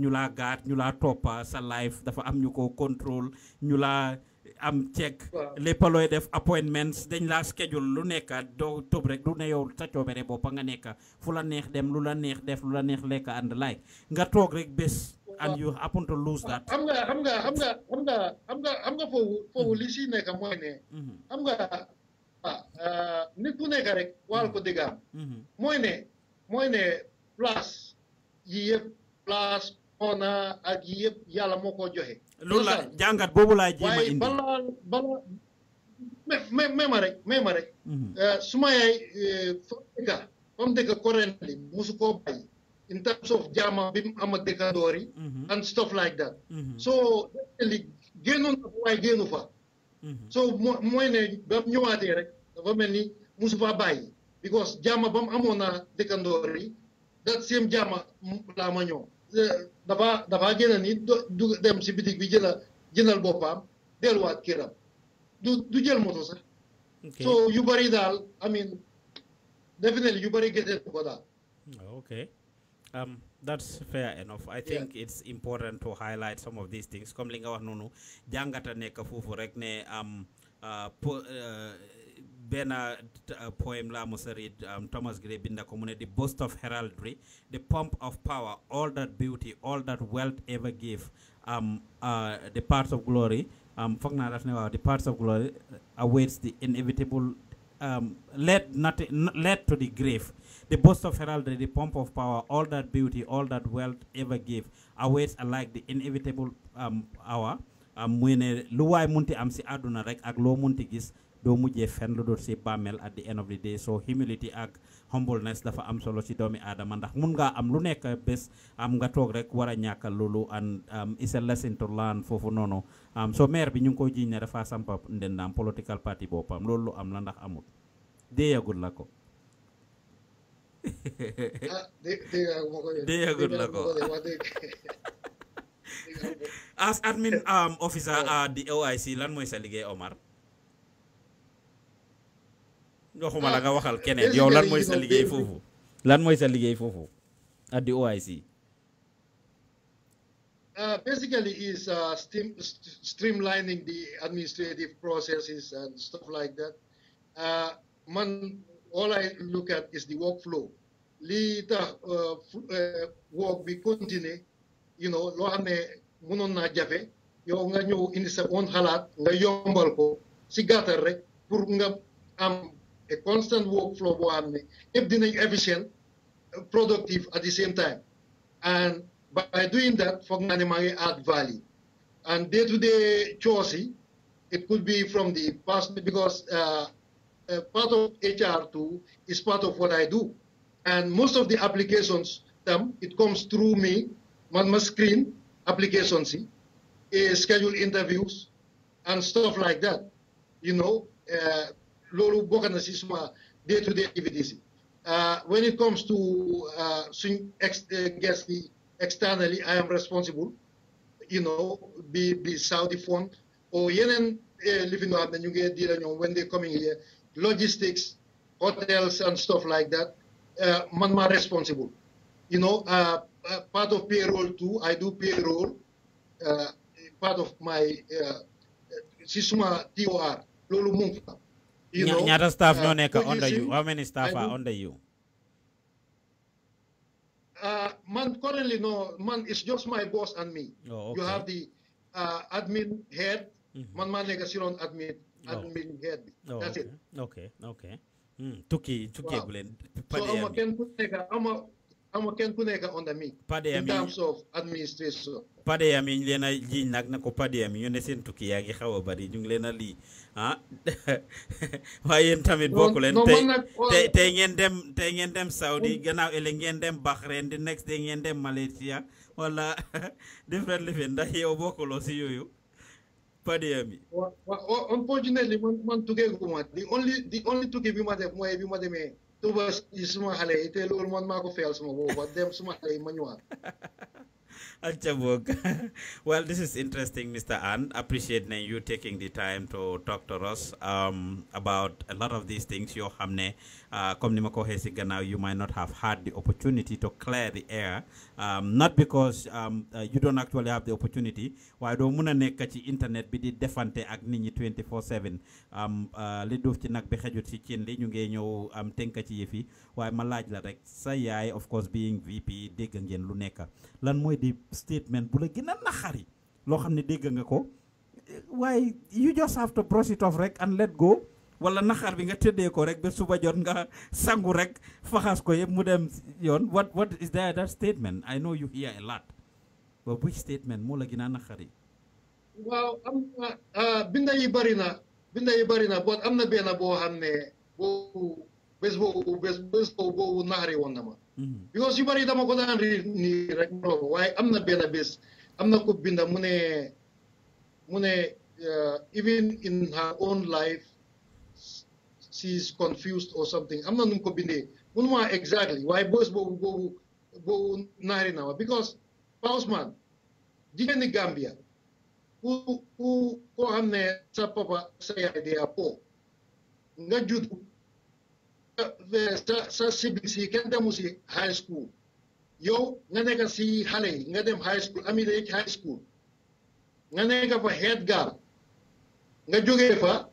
ñu laa gaat ñu laa toppa sa life dafa am ñu ko contrôle ñu laa. am check lépp looy def appointments dañ laa schedule lu nekka doo tëb rek du ne yow sa coobere boppa nga nekka fu la neex dem lu la neex def lu la neex lekka and like nga toog rek bés and you happen to lose that xam nga xam nga xam nga xam nga xam nga xam nga mm-hmm. li si nekka mooy ne mm-hmm. xam nga ah, ah, nit ku nekka rek waal ko dëggaam mm-hmm. mooy ne mooy ne place yi yëpp place ona ak yi yëpp yàlla moo ko joxe loolu iya, la jàngat boobu laa jéem a indi balaa balaa mais mais ma currently koo bàyyi in terms of jama bi mu am ak dëkkandoor yi. and stuff like that. Hmm. so li genu na waaye génnu fa. Hmm. so mooy ne ba mu ñëwaatee rek dafa mel musu faa bàyyi because jama ba mu amoon na that same jama laa ma ñëw. ni du dem si bi du du jël moto so yu bëri daal I mean definitely yu ko oh, ok um, that's fair enough I think it's important to highlight some of these things comme li nga wax noonu jàngata nekk rek ne am um, uh, benn poème uh, poem mos Moserid um, Thomas Gray in the community. the boast of heraldry the pomp of power all that beauty all that wealth ever gave um, uh, the parts of glory um, foog the parts of glory uh, awaits the inevitable um, led, not, led to the grave. The boast of heraldry, the pomp of power, all that beauty, all that wealth ever gave, awaits alike the inevitable um, hour. Um, when a luai munti am aduna rek munti gis Do mujjee fenn lu do si bàmmeel at the end of the day so humility ak humbleness dafa am solo ci doomi aadama ndax mun nga am lu nekk bes am nga tok rek wara a ñàkk loolu um, is a lesson to learn nono um, so maire bi ñu ngi koy jiiñ dafa sampa ndendam political party bopam lolu am la ndax amul deyagul lako deyagul lako as admin officer di OIC lan mooy sa liggéey Omar waxuma la nga ah. waxal keneen yow lan mooy sa liggéey foofu lan mooy sa liggéey foofu at OIC. Uh, basically is uh, st streamlining the administrative processes and stuff like that. Uh, man, all I look at is the workflow. Later, uh, uh, work we continue, you know, lo ame mënon na jafé yow nga ñëw indi sa on halat nga yombal ko si gàttal rek nga am a constant workflow for having everything efficient, uh, productive at the same time. And by doing that, Fognanimari add value. And day-to-day choice, it could be from the past because uh, uh part of HR2 is part of what I do. And most of the applications, them, it comes through me, my screen, applications, uh, schedule interviews, and stuff like that. You know, uh, loolu bokk na suma day to day activities euh, when it comes to euh, suñ ex euh, guest yi externally I am responsible you know be be Saudi fund or yeneen li fi ñu xam ne ñu ngi di la when they coming here logistics hotels and stuff like that man maa responsible you know part of payroll too I do payroll part of my si suma TOR loolu mu fa you know ñaata staff ñoo uh, nekk under you how many staff are under you uh, man currently no man it's just my boss and me oh, you have the uh, admin head mm-hmm. man maa nekk si roon admin oh. admin head bi oh, that's hmm, tukki tukki bu leen so ama kenn ama kenn ku nekk on the meat. Pader in terms ñu leen a jiiñ nag na ko Pader Amin ñu ne seen tukki yaa ngi xaw a bari ñu ngi leen a lii ah [LAUGHS] waaye yéen tamit bokk leen. tey tey ngeen dem tey ngeen dem Saudi mm. gannaaw ëllëg ngeen dem Bahrain di next day ngeen dem Malaysia wala [LAUGHS] different living ndax yow bokkuloo yooyu Pader Amin. waaw man man tukkee ma the only tukki bi ma def mooy bi ma demee. tuba si suma xale yi te loolu man maa ko suma booba dem suma xale yi ma ñëwaat [LAUGHS] Acha [LAUGHS] Well, this is interesting, Mr. Ann. Appreciate you taking the time to talk to us um, about a lot of these things. Your hamne comme uh, ni ko waxee si you might not have had the opportunity to clear the air um, not because um, uh, you don't actually have the opportunity waaye doo mun a nekk ci internet bi di defante ak nit ñi 24/7 um, uh, li duuf ci nag bi xejut si cin li ñu ngee ñëw am tënk ci yëf yi waaye ma laaj la rek sa yaay of course being VP dégg ngeen lu nekk lan mooy di statement bu la gën a naxari loo xam ne dégg nga ko Why you just have to brush it off rek and let go. wala nakhar bi nga tedde ko rek be suba jot nga sangu rek fakhas ko yeb mu dem yon what what is that that statement I know you hear a lot but which statement mo la gina a naxari waaw am na ah, binda yi bari na binda yi bari na boot am bena bo xamne bo bes bo bes bes bo bo nakhari won na ma mm-hmm. because yi bari dama ko dan ri ni rek loolu way am bena bes amna am ko binda mu ne mu ne ah, even in her own life she's confused or something. I'm not nungkobinde. Unwa exactly. Why boys bo bo bo nari nawa? Because Pausman, did ni the Gambia, who u ko hamne sa papa sa idea po ngajud sa sa siblings kenda musi high school Yo nga si Hale ngadem high school ami high school nga fa head guard nga fa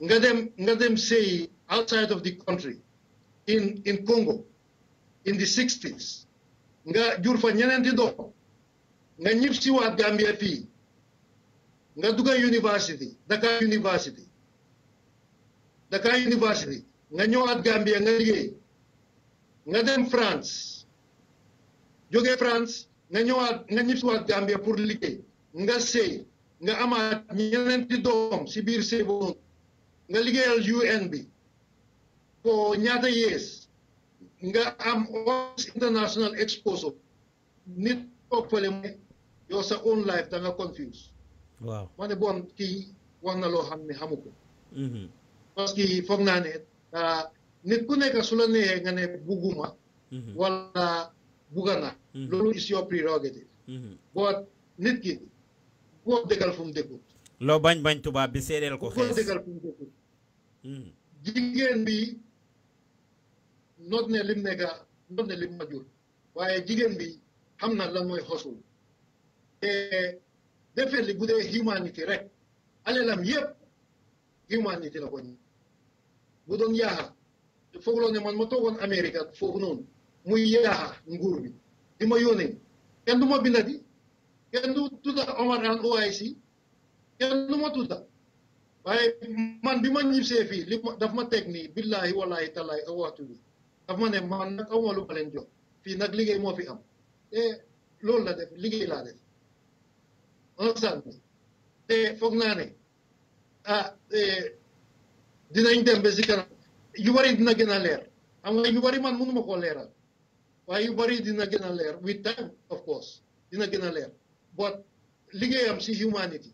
Let them, let them say outside of the country, in, in Congo, in the 60s, nga jur fa ñeneenti do nga ñib do waat Gambia fii nga dugga university Dakar university Dakar university nga ñëwaat Gambia nga liggéey nga dem France jóge France nga ñëwaat nga ñib si waat Gambia pour liggéey nga sëy nga amaat ñeneenti doom si biir sëy boobu nga liggéeyal UN bi pour ñaata yees nga am Office International Exposure nit toog fële mu sa own life da confuse waaw ma ne bon kii wax na loo xam ne xamu mm-hmm. parce que foog naa ne ah, nit ku nekk su la neexee nga ne bugguma mm-hmm. wala bugga na mm-hmm. loolu is your prerogative but nit ki boo dëggal fu mu dëkkut loo bañ bañ tubaab bi seedeel ko xees jigéen bi not ne lim ma jur waaye jigéen bi xam na lan mooy xosul te defet li bu dee humanité rek alelam yëpp humanité la ko ñu bu doon yaaxa foog man ma toogoon Amérique foofu noonu muy yaaxa nguur bi di ma yónnee kenn du ma bindati kenn du tudda Omar An OIC kenn du ma tudda waaye man bi ma ñibsee fii li ma daf ma teg nii billahi wallahi tallahi a waxtu bi daf ma ne man nag awma lu ma leen jox fii nag liggéey moo fi am te loolu la def liggéey laa def onsan te foog naa ne ah dinañ dem ba si kanam yu bari dina gën a leer xam nga yu bari man mënuma koo leeral waaye yu bari dina gën a leer with time of course dina gën a leer but liggéeyam si humanity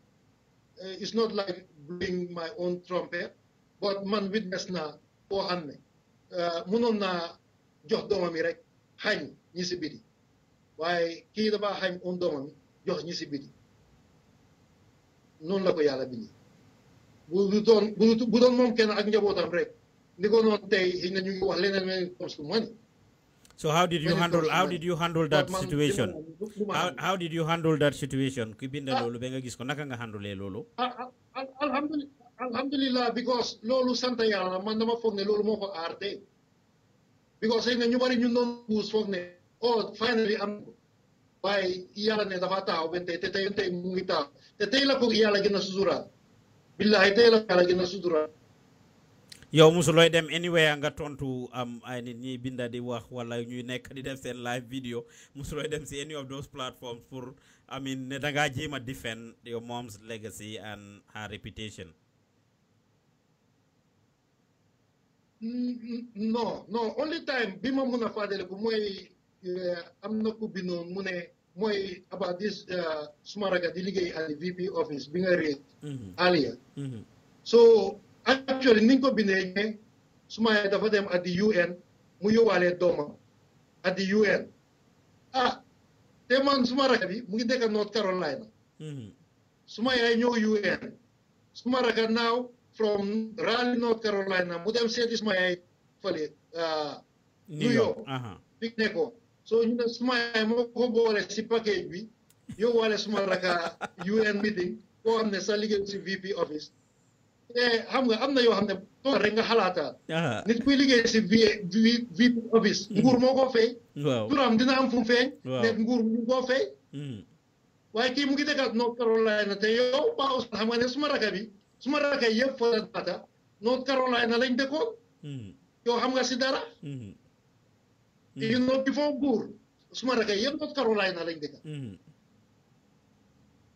eh, it's not like bring my own trumpet but man witness na koo xam ne eh, Munon na jox doomam yi rek xañ ñi si biti waaye kii dafa xañ un doomam jox ñi si biti Non la ko yàlla bindi bu du doon bu bu doon moom ak rek ni ko noonu tey xëy ñu ngi wax leneen So how did you handle how did you handle that situation? How, how did you handle that situation? Kibinda lolo benga gis ko naka nga handle lolo? Ah, ah, Alhamdulillah, alhamdulillah because Lolo Santayana mandama fogne Lolo mo ko arte. Because ay nanyo bari yung non-bus fogne. Oh, finally, am by iyala ne dafata o bente tete yente mungita. Tete ila kung iyala gina susura. Billahi tete ila iyala gina susura. yow musulooy dem anywhere nga tontu am ay nit ñi binda di wax wala ñuy nekk di def seen live video musulooy dem si any of those platforms pour I mean, danga jéem a defend your mom's legacy and her reputation. No, no, only time bi ma mun a fàttali bu eh, am not ku bindoon mu ne mooy about this eh, suma raga at the VP office bi nga mm-hmm. earlier. Mm-hmm. so actually ni ñu ko bindee ne suma at the UN mu Wale Doma, at the UN ah. te man suma rakk bi mu ngi dëkk North Carolina. Hmm. suma yaay ñëw UN suma rakk naaw from Raleigh North Carolina mu dem seeti suma yaay fële ah, New York fi so ñu ne suma yaay moo ko boole si package bi yow wale suma rakk UN meeting koo xam ne sa liggéey si VP office Eh, xam nga am na yoo xam ne toog nga xalaata nit kuy liggéey si vi vi office hmm. nguur moo koo fay waaw dina am fu mu feeñ nguur mu koo fay hmm. waaye kii mu ngi dëkkat North Carolina te yow ne suma raka bi suma raka yëpp fa daata North Carolina lañ dëkkoon hmm. yow xam nga si dara you know before nguur suma raka yëpp North Carolina lañ dëkka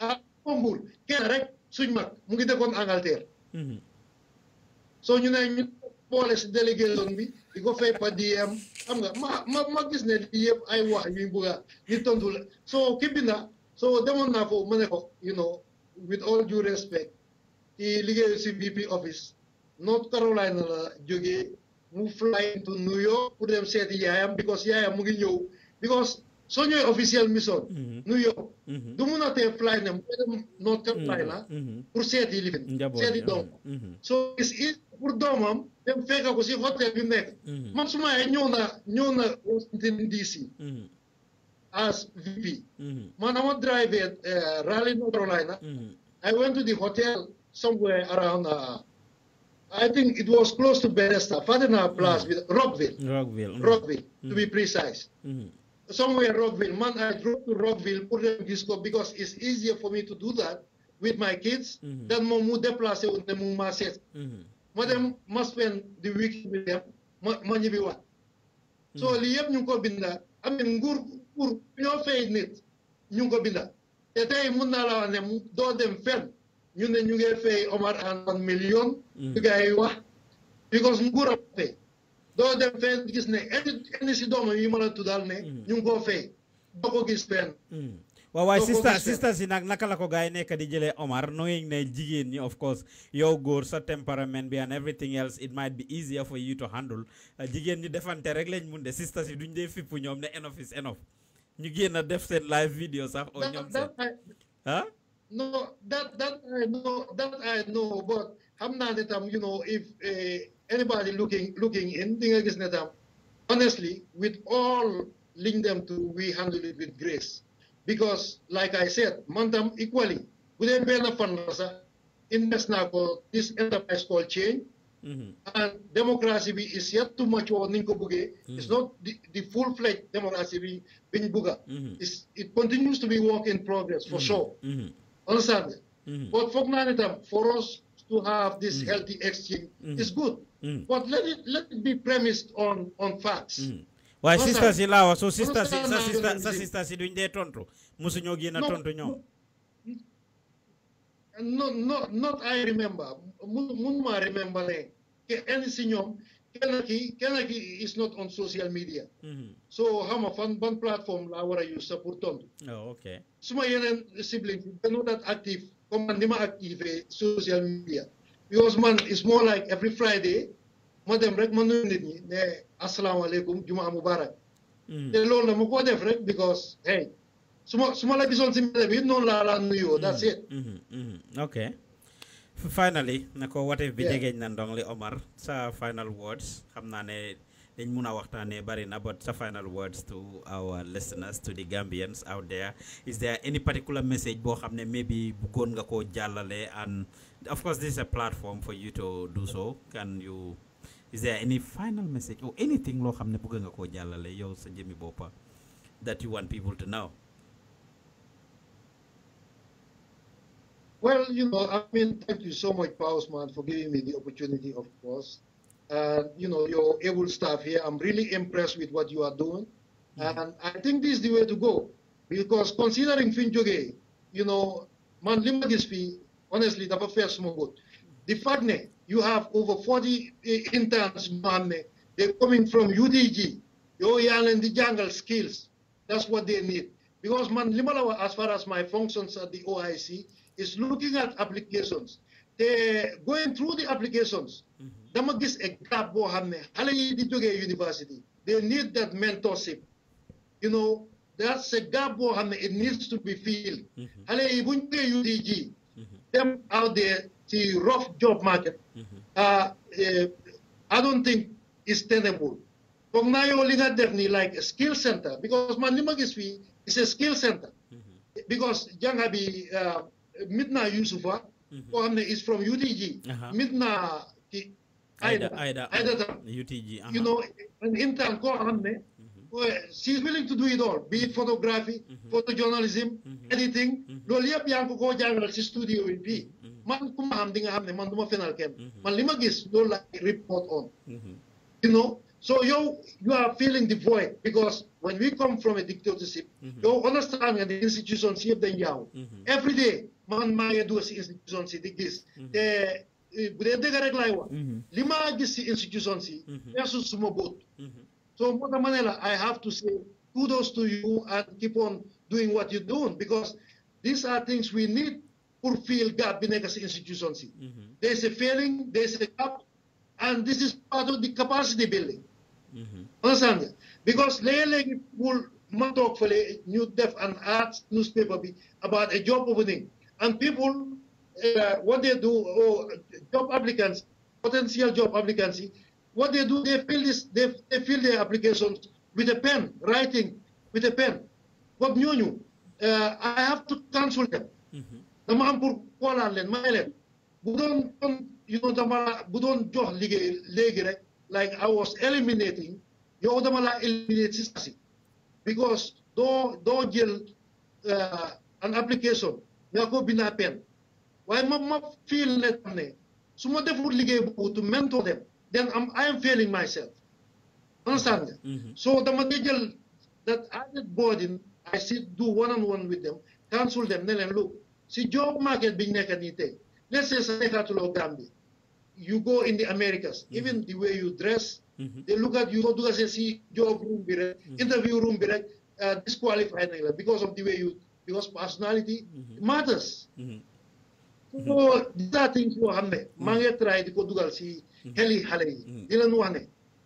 ah nguur kenn rek suñ mag mu ngi dëkkoon Angleterre Mhm. soo ñu nee ñu boole si délégué zone bi di ko fay pa DM xam nga ma ma gis ne lii yëpp ay wax yuy bugg a ñu tontu la so ki binda soo demoon naa foofu ma ne ko you know with all due respect ci liggéeyu si BP office North Carolina la jógee mu fly to New York pour dem seeti yaayam because yaayam mu ngi ñëw because So ñëwee officiel mission New York du mun a tee fly ne mooy dem North Carolina pour seeti li seeti doom So gis it pour doomam dem fekk ko si hôtel bi nekk mm-hmm. man su maayee ñëw na ñëw na Washington DC mm-hmm. as VP mm-hmm. man dama drive eh, Raleigh North Carolina I went to the hotel somewhere around uh, I think it was close to Bethesda, Father Plaza, Rockville, Rockville, Rockville, to be precise somewhere Rockville. Man, I drove to Rockville, Puerto disco because it's easier for me to do that with my kids mm-hmm. than mo mu place ou the mu marcher. Mm-hmm. Ma dem spend the week with them, money be what. So mm-hmm. I yep ñu ko binda, I mean nguur nguur ñoo fay nit ñu ko binda. Te tey mun naa la wax ne doo dem fenn You ne ñu ngi fay Omar and one million. you mm-hmm. Gars yi because nguur a doo dem fenn gis ne indi indi si doomam yi mën a tuddal ne. Mm. ñu ngi koo fay doo ko gis fenn. Mm. waaw waaye sista si nag naka la ko gars yi nekk di jëlee Omar knowing ne jigéen ñi of course yow góor sa temperament bi and everything else it might be easier for you to handle uh, jigéen ñi defante rek lañ mun de sista si duñ dee fippu ñoom ne enough is enough ñu génn def seen live video sax. o ñoom seen ah. no that that I know that I know but xam naa ne tam you know if. Eh, anybody looking looking in netam, honestly, with all link them to we handle it with grace. Because like I said, Mantam equally. Within Bela Fanasa, invest now for this enterprise called change. Mm -hmm. And democracy is yet too much. ninko buge. Mm-hmm. It's not the, the full-fledged democracy being buga. Mm-hmm. It continues to be work in progress for mm -hmm. sure. Mm-hmm. Understand? Mm-hmm. But for, for us, to have this mm. healthy exchange mm. is good. Mm. But let it let it be premised on on facts. Mm. Why sister silawa so sister sister sister sa sister si their tonto musu nyogina tonto nyom. No no not I remember. Mun ma remember le any sinyom Kenaki Kenaki is not on social media. Mm -hmm. So hama fan ban platform la wara use support tonto. Oh okay. Suma yenen sibling, they're not that active comme man li ma activé social media because man it's more like every Friday ma dem rek ma nuyu nit ñi ne asalaamaaleykum jumaa mubarak mm. te loolu la ma ko def rek because hey su ma su ma la gisoon si mbedd bi noonu laa laa nuyoo that's mm-hmm. it mm-hmm. Mm-hmm. ok finally na ko wateef bi jegeeñ na ndong li Omar sa final words xam naa ne dañ mun a waxtaanee bari na but sa final words to our listeners to the Gambians out there is there any particular message boo xam ne maybe bëggoon nga koo jàllale and of course this is a platform for you to do so can you is there any final message or anything loo xam ne bëgg nga koo jàllale yow sa jëmmi boppa that you want people to know Well, you know, I mean, thank you so much, Pausman, for giving me the opportunity, of course and uh, you know your able staff here. I'm really impressed with what you are doing, mm-hmm. and I think this is the way to go because considering Finjoge, you know, man fee, honestly dapat fair good. The fact that you have over 40 eh, interns, man, eh, they're coming from UDG, your and the jungle skills. That's what they need. Because man, Limalawa, as far as my functions at the OIC, is looking at applications. They're going through the applications. Mm-hmm dama gis a gap boo xam ne xale yi di jógee university they need that mentorship you know that's a gap boo xam ne it needs to be filled mm-hmm. xale yi bu jógee UDG mm-hmm. dem out there ci rough job market mm-hmm. uh, eh, I don't think it's tenable foog naa yow li nga def like a skill center because man li ma gis fii it's a skill center because jànga bi uh, mit naa Yusufa boo xam ne is from UDG uh-huh. mit naa Aida Aida Aida UTG you know an intern koo xam ne mhm. she is willing to do it all be it photography mhm. photojournalism mhm. editing loolu yëpp yaa ngi ko koo jàngal si studio bi bii man ku ma xam di nga xam ne man du ma fenal kenn man li ma gis loolu la report on you know so yow you are feeling the void because when we come from a dictatorship yow understand nga the institutions yëpp dañ yaaw every day man maa ngi dugg si institutions yi di gis te bu rek laay wax. Mm-hmm. li gis institution si. Mm-hmm. versus suma boot. Mm-hmm. so moo tax I have to say kudos to you and keep on doing what you're doing because these are things we need pour fill gap bi nekk si institution si. there is a failing there is a gap and this is part of the capacity building. understand because léegi-léegi wul ma toog fële ñu def an arts newspaper bi about a job opening and people uh, what they do, oh, job applicants, potential job applicants, what they do, they fill this, they, they fill their applications with a pen, writing with a pen. What new new? Uh, I have to cancel them. Naman purkuanan len, mailen. Budon the damala budon joh lige legere like I was eliminating. you Yo damala eliminate sisasi because do do gel uh, an application nga ko pen. Why I'm feel feeling xam ne su ma deful to mentor them then am I am failing myself understand nga mm-hmm. so the material jël that added burden I sit do one on one with them counsel them Then look see job market big ñu nekk let's say sa nekkaatuloo you go in the Americas mm-hmm. even the way you dress mm-hmm. they look at you go to see job room bi rek interview room bi rek uh, disqualified because of the way you because personality matters foo gisaatuñ koo xam ne mm. maa ngi try di ko dugal si mm. xeli xale yi mm. di leen wax ne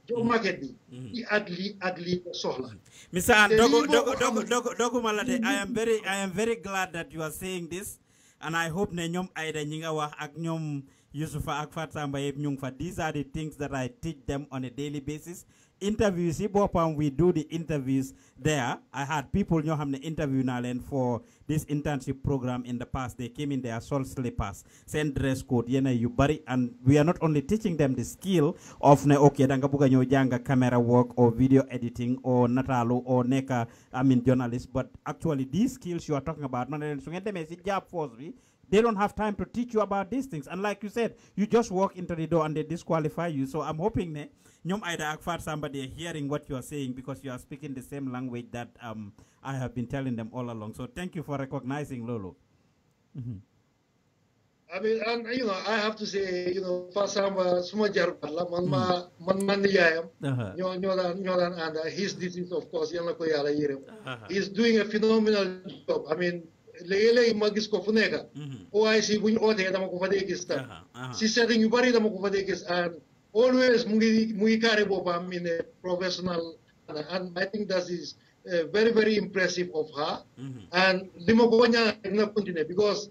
job market bi di at lii at lii soxla Mr. Ann dogu dogu dogu dogu ma la de mm-hmm. I am very I am very glad that you are saying this and I hope ne ñoom Aida ñi nga wax ak ñoom Yusufa ak Fatamba yëpp ñu ngi fa these are the things that I teach them on a daily basis interviews yi boppam we do the interviews there I had people ñoo xam ne interview naa leen for this internship program in the past they came in their sol slippers seen dress code know yu bari and we are not only teaching them the skill of ne ok da nga bugg a ñëw jàng camera work or video editing or nataalu or nekk I mean journalist but actually these skills you are talking about ma leen su ngeen demee si force bi they don't have time to teach you about these things and like you said you just walk into the door and they disqualify you so I'm hoping ne Nyom have heard somebody hearing what you are saying because you are speaking the same language that um, I have been telling them all along. So thank you for recognizing Lolo. Mm -hmm. I mean, and you know, I have to say, you know, Fasamba, uh, Suma Jarbala, Manma, mm-hmm. Manman Yayam, Nyolan, uh-huh. and his disease, of course, ko Yala Yirim. Uh-huh. He's doing a phenomenal job. I mean, lele Magis Kofunega, mm-hmm. OIC, Win Ote, Damakufadekis, uh-huh, si setting you buried Damakufadekis, and always Muikaribo Bam in a professional and I think that is uh, very, very impressive of her. Mm-hmm. And Limogonya continue because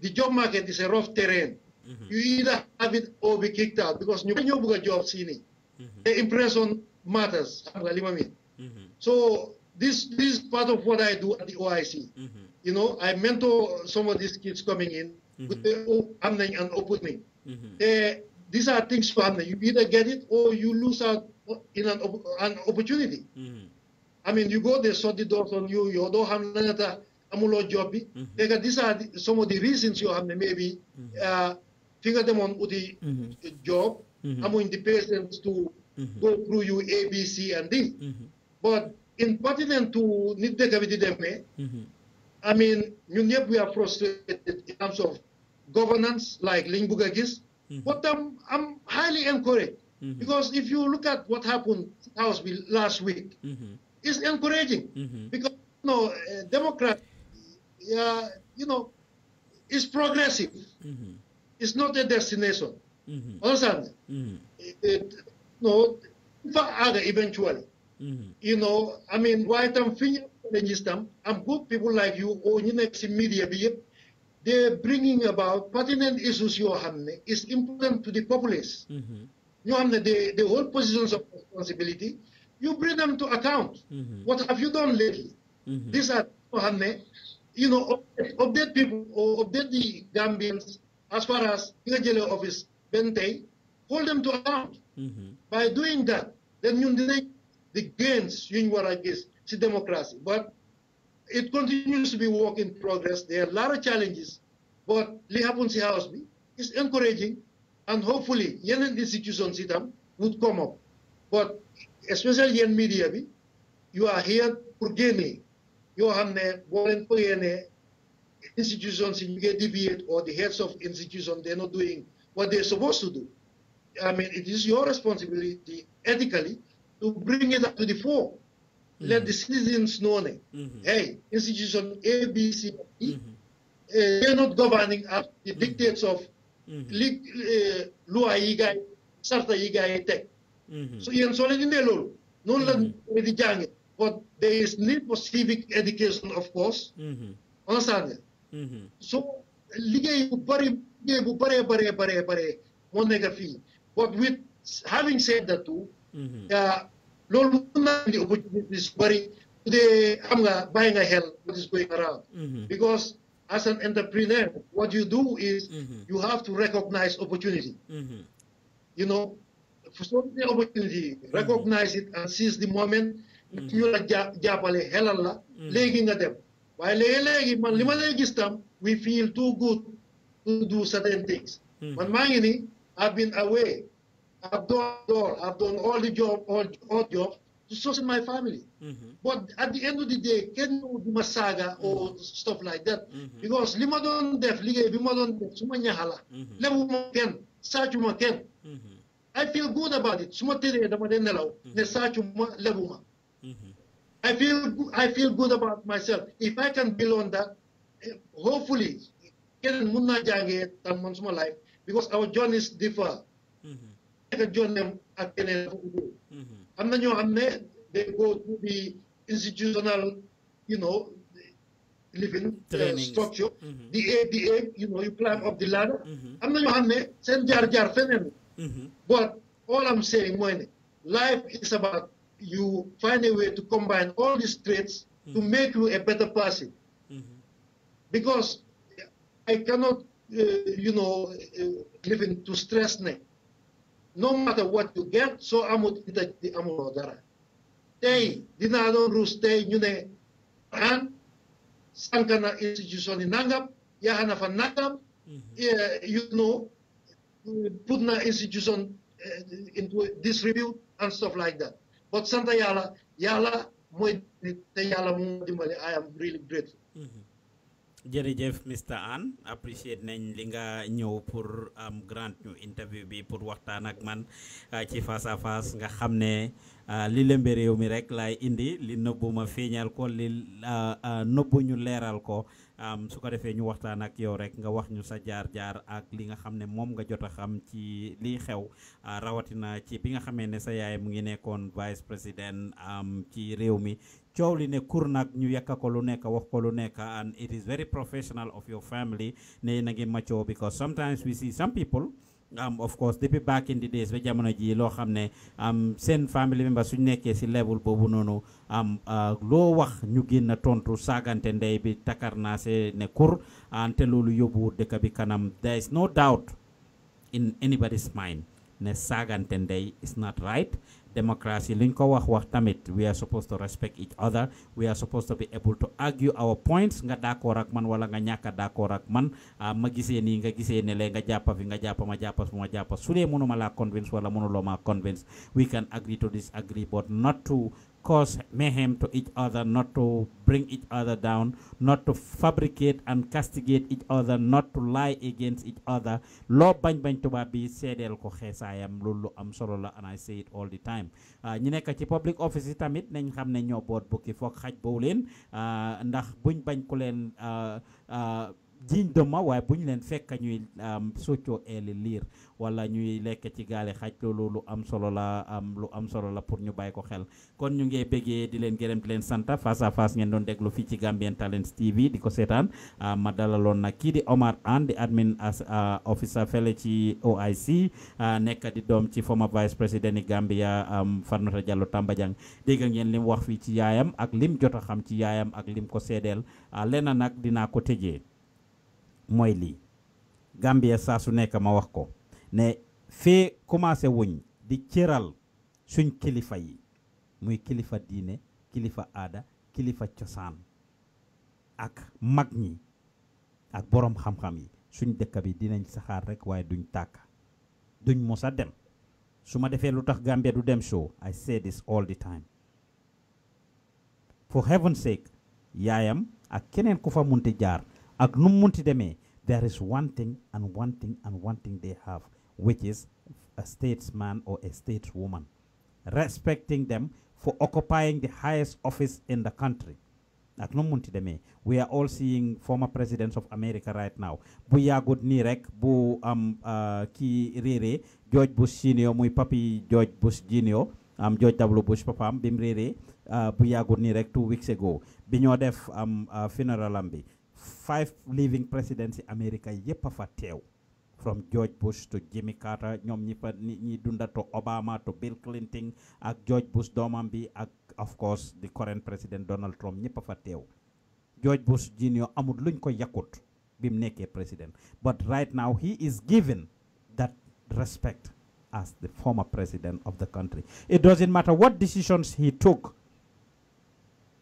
the job market is a rough terrain. Mm-hmm. You either have it or be kicked out because you know buka job sini. Mm-hmm. The impression matters. Mm-hmm. So this this part of what I do at the OIC. Mm-hmm. You know, I mentor some of these kids coming in with the opening and opening. Mm-hmm. They, these are things, family. You either get it or you lose out in an, an opportunity. Mm. I mean, you go there, shut the doors on you. You don't have another amulo job. Mm-hmm. These are the, some of the reasons you have maybe mm-hmm. uh, figure them on the mm-hmm. job. Mm-hmm. among the patients to mm-hmm. go through you A, B, C, and D. Mm-hmm. But in pertinent to need the them, I mean, we are frustrated in terms of governance, like Lingbugagis, Mm -hmm. But I'm, um, I'm highly encouraged mm -hmm. because if you look at what happened last week, mm-hmm. it's encouraging mm-hmm. because you know, uh, Democrat, uh, you know, is progressive. Mm-hmm. It's not a destination. Understand? It, no, for other eventually. You know, I mean, why I'm finished, um, I'm good people like you, or you next media, be they're bringing about pertinent issues You xam ne is important to the populace. Mm-hmm. You have ne the the whole positions of responsibility. you bring them to account. Mm-hmm. what have you done lately? Mm-hmm. these are you know update people or update the Gambians as far as the office bente. hold them to account. by doing that then you deny the gains you were against gis ci democracy but it continues to be work in progress. There are a lot of challenges, but Lihapunsi House is encouraging, and hopefully, Yenan institutions would come up. But especially Yen media, you are here for gaining. You are here institutions in UK or the heads of institutions, they're not doing what they're supposed to do. I mean, it is your responsibility ethically to bring it up to the fore. Mm-hmm. Let the citizens know that, mm-hmm. hey, institution A, B, C, E, uh, they're not governing up the dictates of mm-hmm. loi eh, yi gars yi sarta yi gars so yéen soo leen indee loolu noonu la di but there is need for civic education of course understand nga so liggéey bu bëri liggéey bu bëree bëree bëree bëree moo nekk fii but with having said that too uh, loolu mën naa indi opportunities yu bëri su dee xam nga bàyyi nga xel what is going around because as an entrepreneur what you do is mhm. you have to recognize opportunity mhm. you know so the opportunity mhm. recognize it and seize the moment ñu la jàppale xelal la léegi nga dem waaye léegi-léegi man li ma lay gis tam we feel too good to do certain things man maa ngi ni I've been away I've done I've done all the job, all, all jobs to sustain my family. Mm-hmm. But at the end of the day, can you do masaga mm-hmm. or stuff like that? Mm-hmm. Because lima don def, lige lima do def, suma nyahala. Level ken, saju ma mm-hmm. ken. Mm-hmm. I feel good about it. Suma tere dama den mm-hmm. ne saju level ma. I feel I feel good about myself. If I can build on that, hopefully, can munna jange tam suma life because our journeys differ. Mm-hmm nekk joonee ak keneen dafa ubbi mm-hmm. am na ñoo xam ne they go to the institutional you know living uh, structure mm-hmm. The A, the A, you know you climb up the ladder i mm-hmm. am na ñoo xam ne seen jaar-jaar feneen but all I'm saying mooy life is about you find a way to combine all these traits to make you a better person because I cannot uh, you know uh, live in to stress neck no matter what you get, so amut ita di amulodara. Tay, dinadong rus tay nyo ne, han, saan ka na institution ni nanggap, yahanafan nanggap, mhm. you know, put na institution eh, into disrepute and stuff like that. But Santa Yala, Yala, mo mo yala di I am really grateful. Mm -hmm. jërëjëf Mr Anne appreciate nañ li nga ñëw pour am grant ñu interview bi pour waxtaan ak man euh, ci face à nga xam ne euh, li lëmbe réew mi rek laay indi li nëbbu ma feeñal ko li euh, nëbbu ñu leeral ko su ko defee ñu waxtaan ak yow rek nga wax ñu sa jaar-jaar ak li nga xam ne moom nga jot a xam ci liy xew rawatina ci bi nga xamee ne sa yaay mu ngi nekkoon vice président ci réew mi coow li ne kur nag ñu yàkka ko lu nekk wax ko lu nekk and it is very professional of your family ne na ngeen mature because sometimes we see some people um, of course depuis back in the days ba jamono ji loo xam ne am um, seen family member suñ nekkee si level boobu noonu am um, uh, loo wax ñu génn tontu saagante ndey bi takar naa see ne kur ante loolu yóbbuwut dëkk bi kanam there is no doubt in anybody's mind ne saagante ndey is not right democracy liñ ko wax wax tamit we are supposed to respect each other we are supposed to be able to argue our points nga d'accord ak man wala nga ñàkk a d'accord ak man ma gisee nii nga gisee ne lee nga jàppa fi nga jàppa ma jàppa su ma jàppa su dee mënuma laa convince wala mënuloo convince we can agree to disagree but not to cause mayhem to each other, not to bring each other down, not to fabricate and castigate each other, not to lie against each other. Lo bañ bañ tuba bi sédel ko xéssayam lolu am solo la and I say it all the time. Ah, ñi nekk ci public office tamit nañ xam ne ñoo boot bukki foog xaj bow leen ah, ndax buñ bañ ku leen ah, jiiñ dëmma waaye bu ñu leen fekk ñuy soccoo eeli liir wala ñuy lekk ci gaale xaj lu am solo la am lu am solo la pour ñu bàyyi ko xel kon ñu ngi bëggee di leen gërëm di leen santa face à ngeen doon déglu fii ci Gambian Talents TV di ko seetaan ah, ma dalaloon nag kii di Omar Ann di admin ah, officer fële ci OIC ah, nekk di doom ci former vice président yi Gambia Fatoumata Jallow Tambajang dégg ngeen lim wax fii ci yaayam ak lim jot a xam ci yaayam ak lim ko seedeel lenn nag dinaa ko tëjee mooy lii Gambia saa su nekk ma wax ko ne fee commencé wuñ di cëral suñ kilifa yi muy kilifa diine kilifa aada kilifa cosaan ak mag ñi ak boroom xam-xam yi suñ dëkk bi dinañ saxaar rek waaye duñ tàkk duñ musa dem su ma defee lu tax Gambia du dem show ay say this all the time for heaven's sake yaayam ak keneen ku fa munti jaar ak nu mu munti demee there is one thing and one thing and one thing they have, which is a statesman or a stateswoman, respecting them for occupying the highest office in the country. We are all seeing former presidents of America right now. Bu good ni rek bu am ah, ki rere George Bush senior muy papi George Bush junior am George W Bush papam bim rere ah, bu yagut ni rek 2 weeks ago. Bi um funeral am five living presidents in America yëpp from George Bush to Jimmy Carter ñoom ñi ñi dunda to Obama to Bill Clinton ak George Bush doomam bi ak of course the current president Donald Trump ñëpp a fa George Bush junior amul luñ ko yàkkut president but right now he is given that respect as the former president of the country it doesn't matter what decisions he took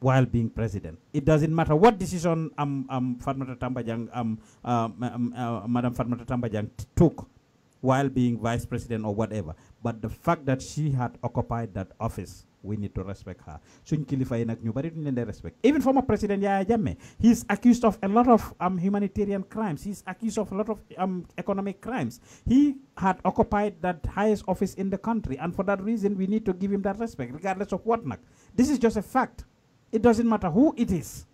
while being president. It doesn't matter what decision um, um, Fatmata Tambajang, um, uh, um, uh, Madam Fatmata Tambajang took while being vice president or whatever. But the fact that she had occupied that office, we need to respect her. Suñ kilifa yi nak respect. Even former president Yaya Jammeh, he's accused of a lot of um, humanitarian crimes. He's accused of a lot of um, economic crimes. He had occupied that highest office in the country and for that reason we need to give him that respect regardless of what This is just a fact it doesn't matter who it is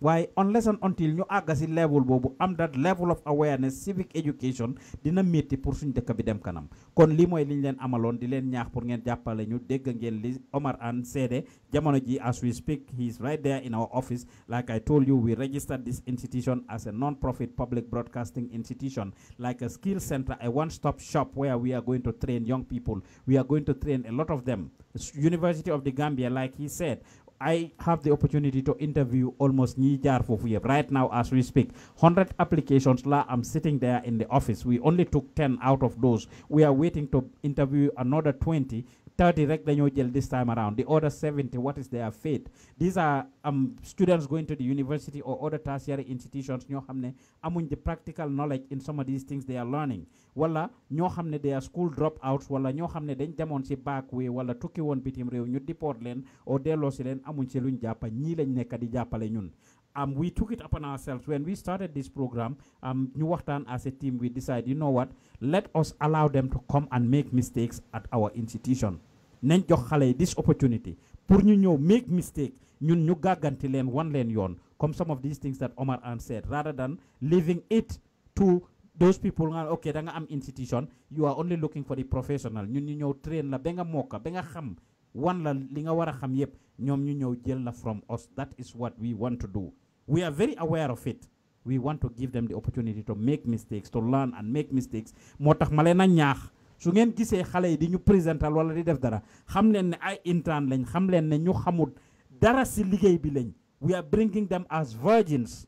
Why, unless and until you are at level boobu am that level of awareness civic education dina métti pour suñ dëkk bi dem kanam kon lii mooy liñ leen amaloon di leen ñaax pour ngeen jàppale ñu dégg ngeen li Omar Ann seede jamono ji as we speak he is right there in our office like I told you we registered this institution as a non-profit public broadcasting institution like a skill center a one-stop shop where we are going to train young people we are going to train a lot of them University of the Gambia like he said I have the opportunity to interview almost Nijar Fofuyev right now as we speak. 100 applications, la, I'm sitting there in the office. We only took 10 out of those. We are waiting to interview another 20 30 rek dañoo jël this time around the other 70 what is their fate these are um, students going to the university or other tertiary institutions ñoo xam ne amuñ the practical knowledge in some of these things they are learning wala ñoo xam they are school dropouts wala ñoo xam They dañ demoon si back way wala tukki woon bitim réew ñu deport leen oo delloo si leen amuñ si luñ jàppa ñii lañ nekk di jàppale ñun Um, we took it upon ourselves when we started this program. Um, New Watan as a team, we decided, you know what? Let us allow them to come and make mistakes at our institution nañ jox xale this opportunity pour ñu ñëw make mistake ñun ñu gàgganti leen wan leen yoon comme some of these things that Omar Ann said rather than leaving it to those people nga ok da nga am institution you are only looking for the professional ñun ñu ñëw train la benga nga benga ba nga xam wan la li nga war xam yëpp ñoom ñu ñëw jël la from us that is what we want to do we are very aware of it we want to give them the opportunity to make mistakes to learn and make mistakes moo tax ñaax su ngeen gisee xale yi di ñu présental wala di def dara xam leen ne ay intrant lañ xam leen ne ñu xamul dara si liggéey bi lañ we are bringing them as virgins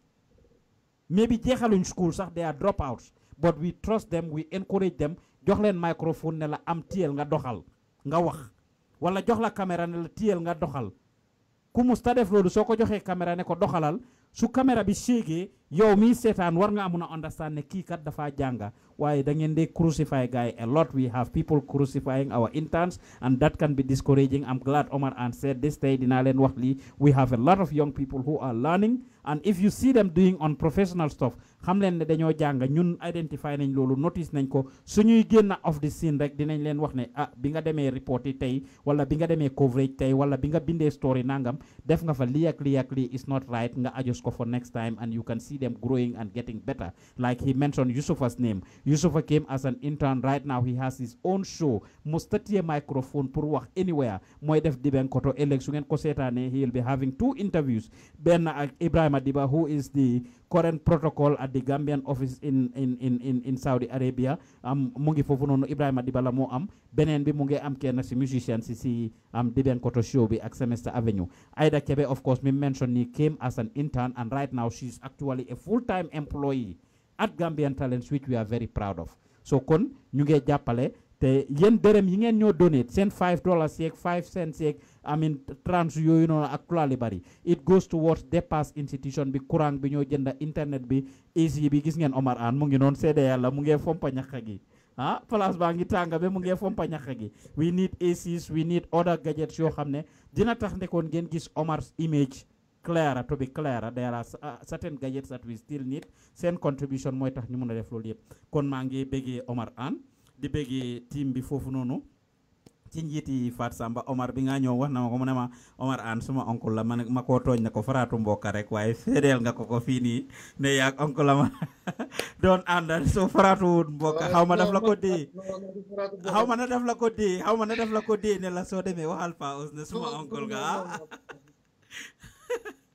maybe jeexaluñ school sax they are dropouts but we trust them we encourage them jox leen microphone ne la am tiyel nga doxal nga wax wala jox la caméra ne la tiyel nga doxal ku musta def loolu soo ko joxee caméra ne ko doxalal su caméra bi séegee yow mii seetaan war nga amun understand ne ki kat dafa jànga waaye da ngeen dee crucify guy a lot we have people crucifying our interns and that can be discouraging I'm glad Omar answered said this day in leen wax lii we have a lot of young people who are learning and if you see them doing unprofessional stuff xam leen ne dañoo jàng ñun identify nañ loolu notice nañ ko suñuy génn off the scene rek dinañ leen wax ne ah bi nga report it tey wala bi nga cover coverage tey wala bi nga bindee story nangam def nga fa lii ak lii ak is not right nga adjust ko for next time and you can see them growing and getting better. Like he mentioned Yusufa's name. Yusufa came as an intern. Right now, he has his own show. Mustatia microphone pour work anywhere. Moy def diben koto elek su ngeen he will be having two interviews. Ben uh, Ibrahim Adiba, who is the current protocol at the Gambian office in in in in, in Saudi Arabia. Um, mu ngi Ibrahim Adiba la mo am. Benen bi mu ngi am kenn ci musician ci um am diben koto show bi ak Semester Avenue. Aida Kebe of course me mentioned he came as an intern and right now she's actually a full-time employee at Gambian Talents which we are very proud of so kon ñu ngi jappalé té yeen dërëm yi ngeen ñoo donné seen 5 dollars yek 5 cents yek I mean trans yooyu noonu ak tulaali bari it goes towards dépasse institution bi courant bi ñoo jënd internet bi AC bi gis ngeen Omar An mu ngi non seede yàlla mu ngi fompa ñax gi ah place ba ngi tanga be mu ngi fompa ñax gi we need ACs we need other gadgets yo xamné dina tax kon ngeen gis Omar's image Clear, to be clear there are uh, certain gadgets that we still need Same contribution moy tax ñu mëna def lool yépp kon ma ngi Omar An, di bëggee team bi fofu nonu ci njiti Fat Samba Omar bi nga ñow wax na ko mëna ma Omar An suma oncle la man ne ma koo tooñ na ko rek waye nga ko ko fii nii ne yaag oncle la ma [LAUGHS] don àndal so faratu mbokka xaw ma daf la ko di xawma na daf la ko di xawma na daf la ko di né la so démé waxal suma oncle ga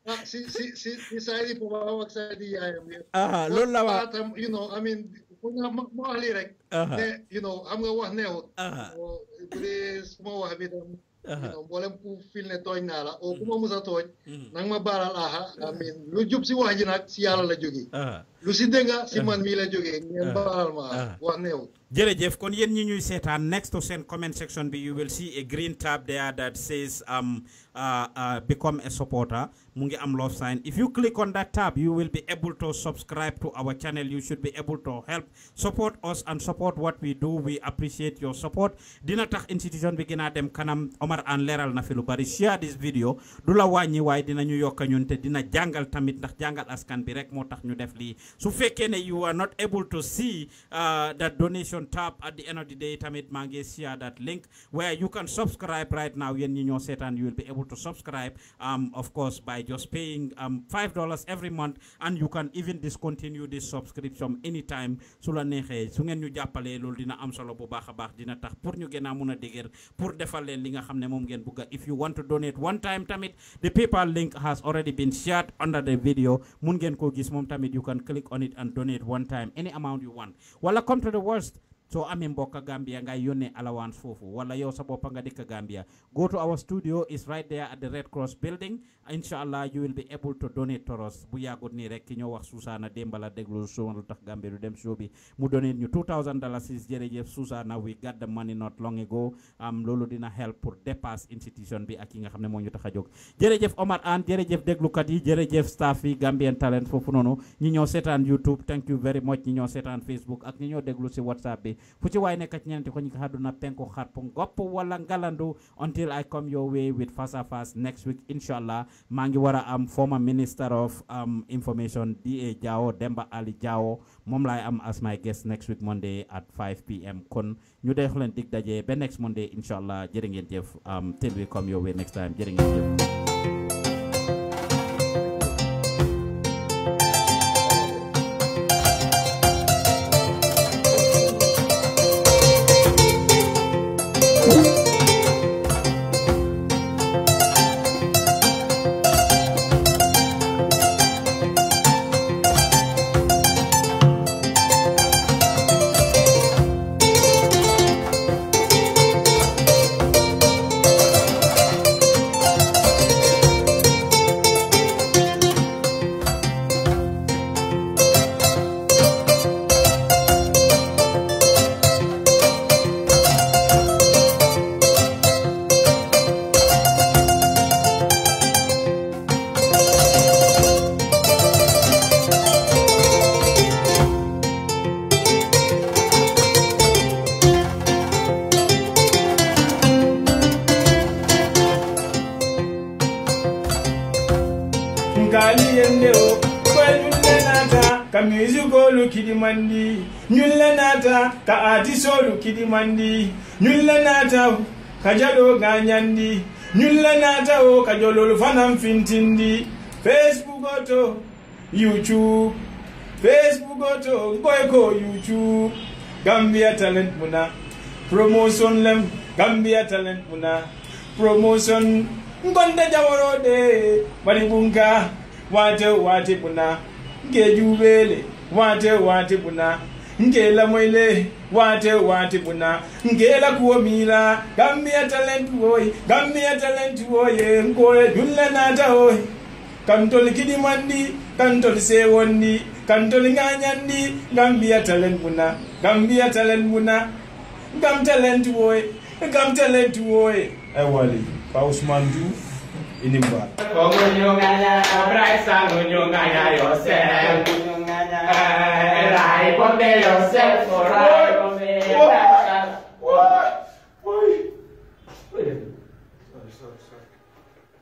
uh, si, si, si, si Sally pumawag sa idea. Aha, lola lawa. But, um, you know, I mean, kung na magmahalirik, uh -huh. you know, ang gawa neo. Aha. So, please, kumawa, bitang, uh-huh. you know, walang pufil na toy nala, o kumamo mm. sa toy, mm-hmm. nang mabaral aha, I mean, lujub si wajinak, siyala lajugi. Aha. Uh-huh. lu si dégg man mii la jógee ngeen ah. baal ma ah. wax néew jërëjëf kon yéen ñi ñuy seetaan next to seen comment section bi you will see a green tab there that says um, uh, uh, become a supporter mu ngi am love sign if you click on that tab you will be able to subscribe to our channel you should be able to help support us and support what we do we appreciate your support dina tax institution bi gën dem kanam Omar An Leral na fi lu bari share this video du la wàññi waaye dina ñu yokk ñun te dina jangal tamit ndax jangal askan bi rek moo ñu def lii So, fekkee ne you are not able to see uh, that donation tab at the end of the day tamit maa ngi share that link where you can subscribe right now yéen ñi set, and you will be able to subscribe um, of course by just paying um, five dollars every month and you can even discontinue this subscription anytime So, la neexee su ngeen ñu jàppalee loolu dina am solo bu baax a baax dina tax pour ñu gën a mun a dëgër pour defal leen li nga xam ne moom if you want to donate one time tamit the PayPal link has already been shared under the video mun ngeen koo gis moom tamit you can click click on it and donate one time, any amount you want. Well, come to the worst, soo amee mbokk Gambia nga yónnee allowance foofu wala yow sa bopp nga dëkk Gambia go to our studio is right there at the Red Cross building inshallah you will be able to donate to bu yàggut nii rek ki ñoo wax Susana Dembala déglu soo lu tax Gambia du dem show bi mu donate ñu 2000 dollars jërëjëf Susana we got the money not long ago am loolu dina help pour dépasse institution bi ak yi nga xam ne moo ñu tax a jóg jërëjëf Omar Ann jërëjëf déglukat yi jërëjëf staff yi Gambian Talent foofu noonu ñi ñoo seetaan YouTube thank you very much ñi ñoo seetaan Facebook ak ñi ñoo déglu si WhatsApp futhi wayne kacinyanti konyika haduna penko harpo goppo walla ngalandu until i come your way with fasa fast next week inshallah mangi wara am former minister of um, information da jao demba ali jao moom laay am as my guest next week monday at 5 pm kon ñu dee xool leen dig daje ba next monday inshallah jërë ngeen jëf um, till come your next time jërë ngeen jëf ma ndi nyulle naataw ka jaɗo ga ñandi ñulle naataw ka jolol fanan fintindi facebook o to youtube facebook o to goy ko youtube gambia talent muna promotion lem gambia talent muna promotion gonde jaworoɗe mari ɓunka wate wate muna ngejuɓele wate wate muna ngela moile wate wate buna ngela kuomila gambia talent woy gambia talent woye ngoye dulle nata woy kantoli kidimandi kantoli sewondi kantoli nganyandi gambia talent buna gambia talent buna gam talent woy gam talent woy ay wali pa usman diouf inimba omunyonganya obraisa nunyonganya yosef Rai, ponme los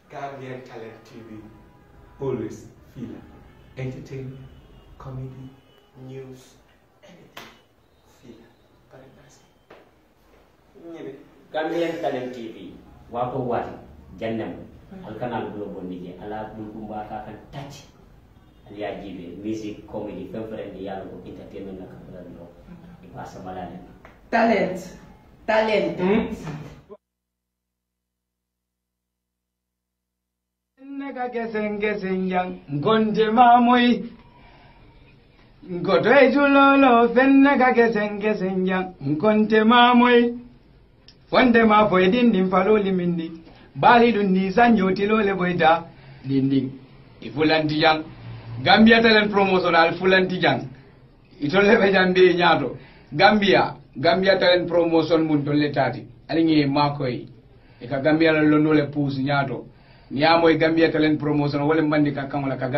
Gambian Talent TV, always filler. Entertainment, comedy, news, anything. Filler. Parenthesis. Nyebe. Gambian Talent TV. Wako wati, jannam. Alkanal bulo bondije, ala bulkumba akan touch. liyajiɓe musique comédie fen fere entertainment na kamɓelan ɗo e basamalane talent talent ¿Mm? nega gesen gesen yan gonde mamoy ngoto e julolo fennega gesen gesen yan gonte mamoy fonde ma boye faloli min ɗi ɗum ni san yowtilole boyda ɗin ɗin gambia talen promotional al fulanti jang itolle be jambe nyaato gambia gambia talent promotion mun tolle tati alingi makoy e ka gambia la londole pousse nyaato niyamo gambia talent promotion wala mandi ka kamola ka